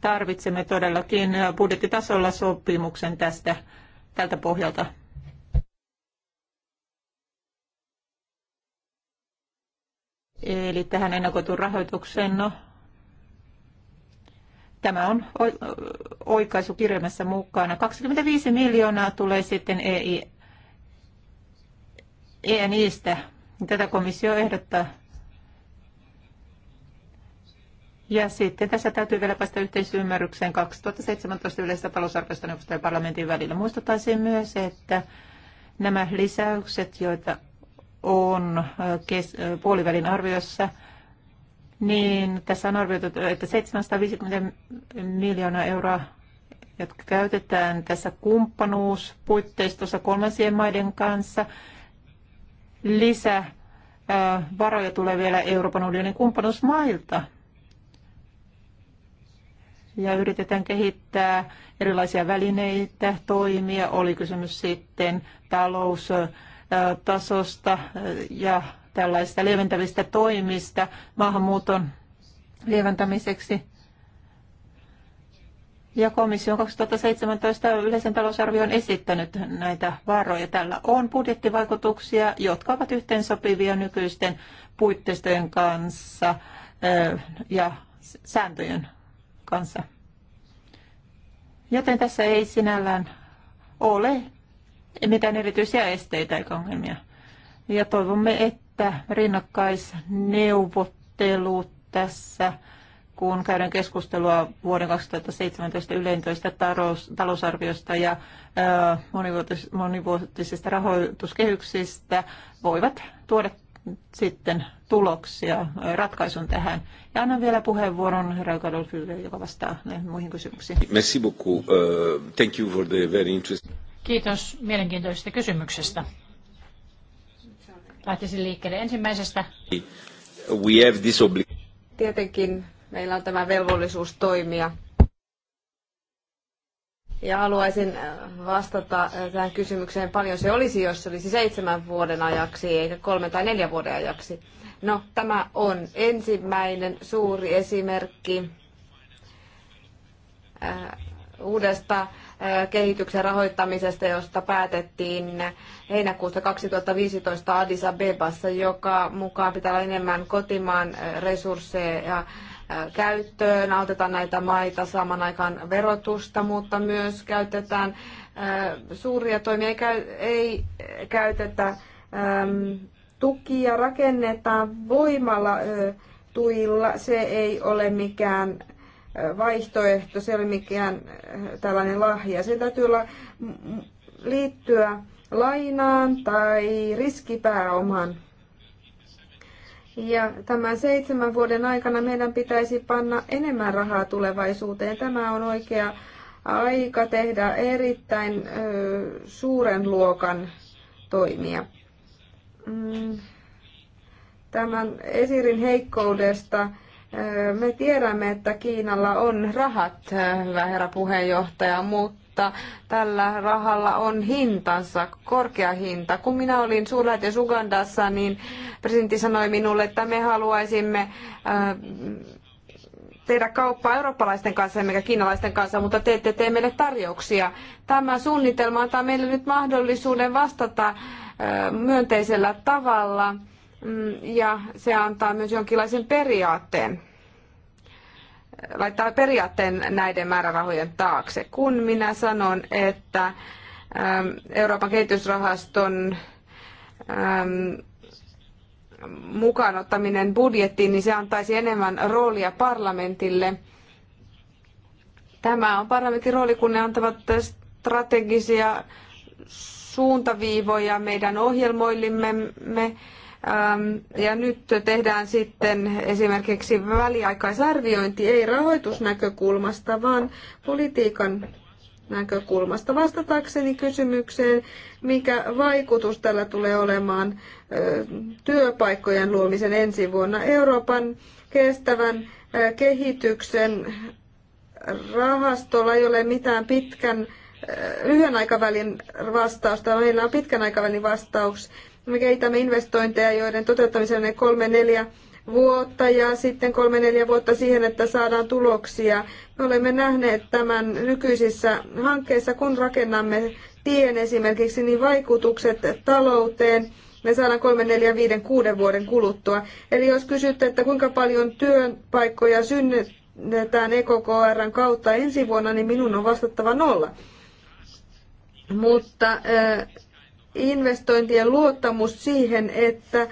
tarvitsemme todellakin budjettitasolla sopimuksen tästä tältä pohjalta. Eli tähän ennakoituun rahoitukseen, no, tämä on oikaisukirjelmässä mukana. 25 miljoonaa tulee sitten EI, ENIstä. Tätä komissio ehdottaa Ja sitten tässä täytyy vielä päästä yhteisymmärrykseen 2017 yleisestä talousarviosta neuvoston ja parlamentin välillä. Muistuttaisin myös, että nämä lisäykset, joita on kes- puolivälin arviossa, niin tässä on arvioitu, että 750 miljoonaa euroa, jotka käytetään tässä kumppanuuspuitteistossa kolmansien maiden kanssa. Lisä varoja tulee vielä Euroopan unionin kumppanuusmailta ja yritetään kehittää erilaisia välineitä, toimia, oli kysymys sitten taloustasosta äh, ja tällaista lieventävistä toimista maahanmuuton lieventämiseksi. Ja komissio on 2017 yleisen talousarvion esittänyt näitä varoja. Tällä on budjettivaikutuksia, jotka ovat yhteensopivia nykyisten puitteistojen kanssa äh, ja sääntöjen paikkansa. Joten tässä ei sinällään ole mitään erityisiä esteitä eikä ongelmia. Ja toivomme, että rinnakkaisneuvottelut tässä, kun käydään keskustelua vuoden 2017 yleintöistä talousarviosta ja monivuotisista rahoituskehyksistä, voivat tuoda sitten tuloksia, ratkaisun tähän. Ja annan vielä puheenvuoron herra Gadolfille, joka vastaa näihin muihin kysymyksiin. Merci beaucoup. Uh, thank you for the very interesting... Kiitos mielenkiintoisesta kysymyksestä. Lähtisin liikkeelle ensimmäisestä. We have this oblig- Tietenkin meillä on tämä velvollisuus toimia ja haluaisin äh, vastata äh, tähän kysymykseen, paljon se olisi, jos se olisi seitsemän vuoden ajaksi eikä kolme tai neljä vuoden ajaksi. No, tämä on ensimmäinen suuri esimerkki äh, uudesta kehityksen rahoittamisesta, josta päätettiin heinäkuusta 2015 Addis Abebassa, joka mukaan pitää olla enemmän kotimaan resursseja käyttöön, autetaan näitä maita saman aikaan verotusta, mutta myös käytetään suuria toimia, ei, käy, ei käytetä tukia, rakennetaan voimalla tuilla. Se ei ole mikään vaihtoehto, se ei ole mikään tällainen lahja. Sen täytyy olla liittyä lainaan tai riskipääoman ja tämän seitsemän vuoden aikana meidän pitäisi panna enemmän rahaa tulevaisuuteen. Tämä on oikea aika tehdä erittäin ö, suuren luokan toimia. Mm. tämän esirin heikkoudesta me tiedämme, että Kiinalla on rahat, hyvä herra puheenjohtaja, mutta mutta tällä rahalla on hintansa, korkea hinta. Kun minä olin suurlähetys Ugandassa, niin presidentti sanoi minulle, että me haluaisimme äh, tehdä kauppaa eurooppalaisten kanssa emmekä kiinalaisten kanssa, mutta te ette tee meille tarjouksia. Tämä suunnitelma antaa meille nyt mahdollisuuden vastata äh, myönteisellä tavalla mm, ja se antaa myös jonkinlaisen periaatteen laittaa periaatteen näiden määrärahojen taakse. Kun minä sanon, että ähm, Euroopan kehitysrahaston ähm, mukaan ottaminen budjettiin, niin se antaisi enemmän roolia parlamentille. Tämä on parlamentin rooli, kun ne antavat strategisia suuntaviivoja meidän ohjelmoillimme. Me Ähm, ja nyt tehdään sitten esimerkiksi väliaikaisarviointi ei rahoitusnäkökulmasta, vaan politiikan näkökulmasta. Vastatakseni kysymykseen, mikä vaikutus tällä tulee olemaan työpaikkojen luomisen ensi vuonna Euroopan kestävän kehityksen rahastolla ei ole mitään pitkän lyhyen aikavälin vastausta, meillä on pitkän aikavälin vastaus me kehitämme investointeja, joiden toteuttamiseen on kolme neljä vuotta ja sitten kolme neljä vuotta siihen, että saadaan tuloksia. Me olemme nähneet tämän nykyisissä hankkeissa, kun rakennamme tien esimerkiksi, niin vaikutukset talouteen me saadaan kolme, neljä, viiden, kuuden vuoden kuluttua. Eli jos kysytte, että kuinka paljon työpaikkoja synnytetään EKKRn kautta ensi vuonna, niin minun on vastattava nolla. Mutta äh, investointien luottamus siihen, että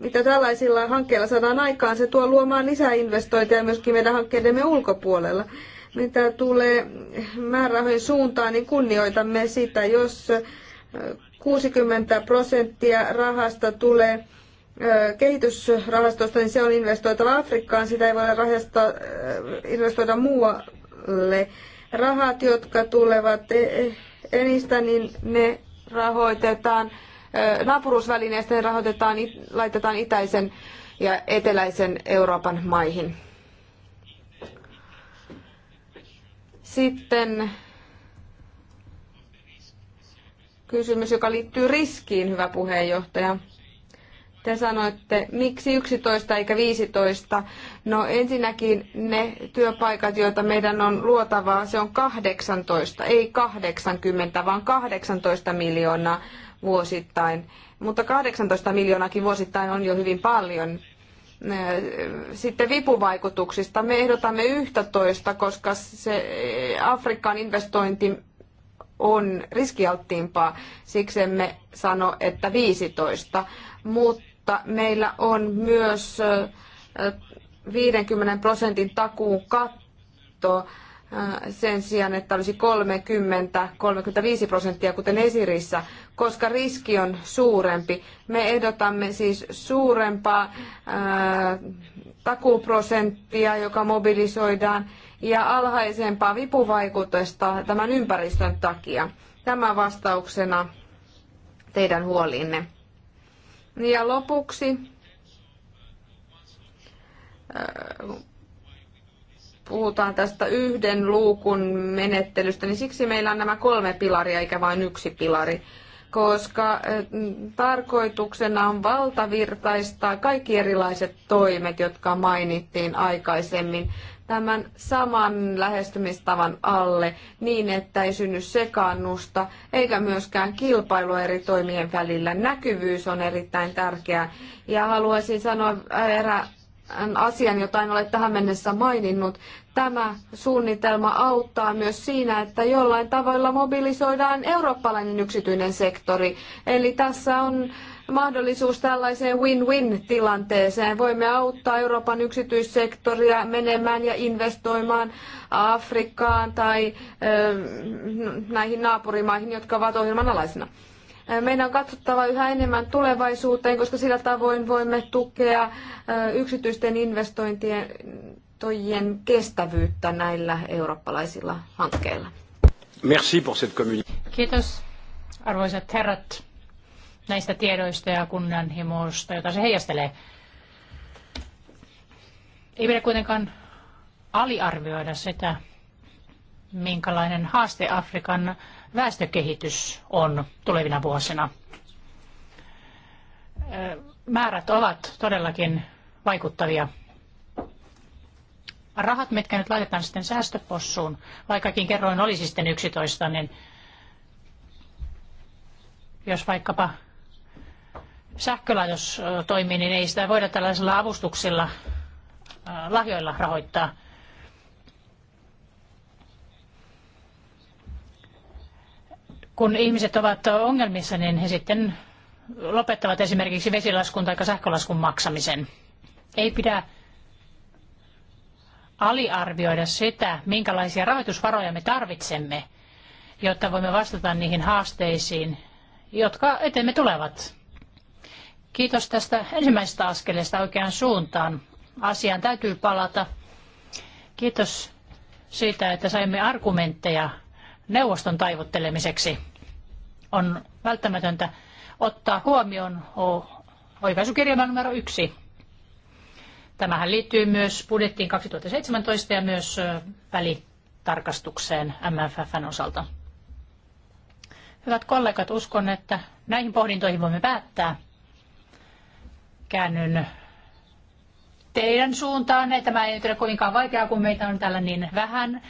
mitä tällaisilla hankkeilla saadaan aikaan, se tuo luomaan lisää investointeja myöskin meidän hankkeidemme ulkopuolella. Mitä tulee määrärahojen suuntaan, niin kunnioitamme sitä, jos 60 prosenttia rahasta tulee kehitysrahastosta, niin se on investoitava Afrikkaan, sitä ei voida rahasta, investoida muualle Ukrainalle. Rahat, jotka tulevat e- e- enistä, niin ne rahoitetaan, naapuruusvälineistä ne rahoitetaan, laitetaan itäisen ja eteläisen Euroopan maihin. Sitten kysymys, joka liittyy riskiin, hyvä puheenjohtaja. Te sanoitte, miksi 11 eikä 15? No ensinnäkin ne työpaikat, joita meidän on luotavaa, se on 18, ei 80, vaan 18 miljoonaa vuosittain. Mutta 18 miljoonakin vuosittain on jo hyvin paljon. Sitten vipuvaikutuksista me ehdotamme 11, koska se Afrikan investointi on riskialttiimpaa, siksi emme sano, että 15. Mutta mutta meillä on myös 50 prosentin takuun katto sen sijaan, että olisi 30-35 prosenttia, kuten esirissä, koska riski on suurempi. Me ehdotamme siis suurempaa ää, takuuprosenttia, joka mobilisoidaan, ja alhaisempaa vipuvaikutusta tämän ympäristön takia. Tämä vastauksena teidän huoliinne. Ja lopuksi äh, puhutaan tästä yhden luukun menettelystä, niin siksi meillä on nämä kolme pilaria eikä vain yksi pilari, koska äh, tarkoituksena on valtavirtaistaa kaikki erilaiset toimet, jotka mainittiin aikaisemmin tämän saman lähestymistavan alle niin, että ei synny sekaannusta eikä myöskään kilpailu eri toimien välillä. Näkyvyys on erittäin tärkeää ja haluaisin sanoa erään asian, jota en ole tähän mennessä maininnut. Tämä suunnitelma auttaa myös siinä, että jollain tavalla mobilisoidaan eurooppalainen yksityinen sektori. Eli tässä on mahdollisuus tällaiseen win-win-tilanteeseen. Voimme auttaa Euroopan yksityissektoria menemään ja investoimaan Afrikkaan tai ähm, näihin naapurimaihin, jotka ovat ohjelman alaisena. Äh, meidän on katsottava yhä enemmän tulevaisuuteen, koska sillä tavoin voimme tukea äh, yksityisten investointien kestävyyttä näillä eurooppalaisilla hankkeilla. Merci pour cette Kiitos, arvoisat herrat näistä tiedoista ja kunnianhimosta, jota se heijastelee. Ei pidä kuitenkaan aliarvioida sitä, minkälainen haaste Afrikan väestökehitys on tulevina vuosina. Määrät ovat todellakin vaikuttavia. Rahat, mitkä nyt laitetaan sitten säästöpossuun, vaikkakin kerroin olisi sitten 11, niin jos vaikkapa sähkölaitos toimii, niin ei sitä voida tällaisilla avustuksilla, lahjoilla rahoittaa. Kun ihmiset ovat ongelmissa, niin he sitten lopettavat esimerkiksi vesilaskun tai sähkölaskun maksamisen. Ei pidä aliarvioida sitä, minkälaisia rahoitusvaroja me tarvitsemme, jotta voimme vastata niihin haasteisiin, jotka eteemme tulevat. Kiitos tästä ensimmäisestä askeleesta oikeaan suuntaan. Asiaan täytyy palata. Kiitos siitä, että saimme argumentteja neuvoston taivuttelemiseksi. On välttämätöntä ottaa huomioon oikaisukirjelmä numero yksi. Tämähän liittyy myös budjettiin 2017 ja myös välitarkastukseen MFFn osalta. Hyvät kollegat, uskon, että näihin pohdintoihin voimme päättää käännyn teidän suuntaanne. Tämä ei nyt ole kovinkaan vaikeaa, kun meitä on täällä niin vähän.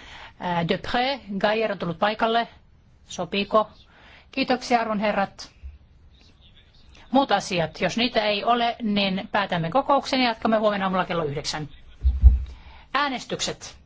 Pré, Gaier on tullut paikalle. Sopiiko? Kiitoksia arvon herrat. Muut asiat, jos niitä ei ole, niin päätämme kokouksen ja jatkamme huomenna aamulla kello yhdeksän. Äänestykset.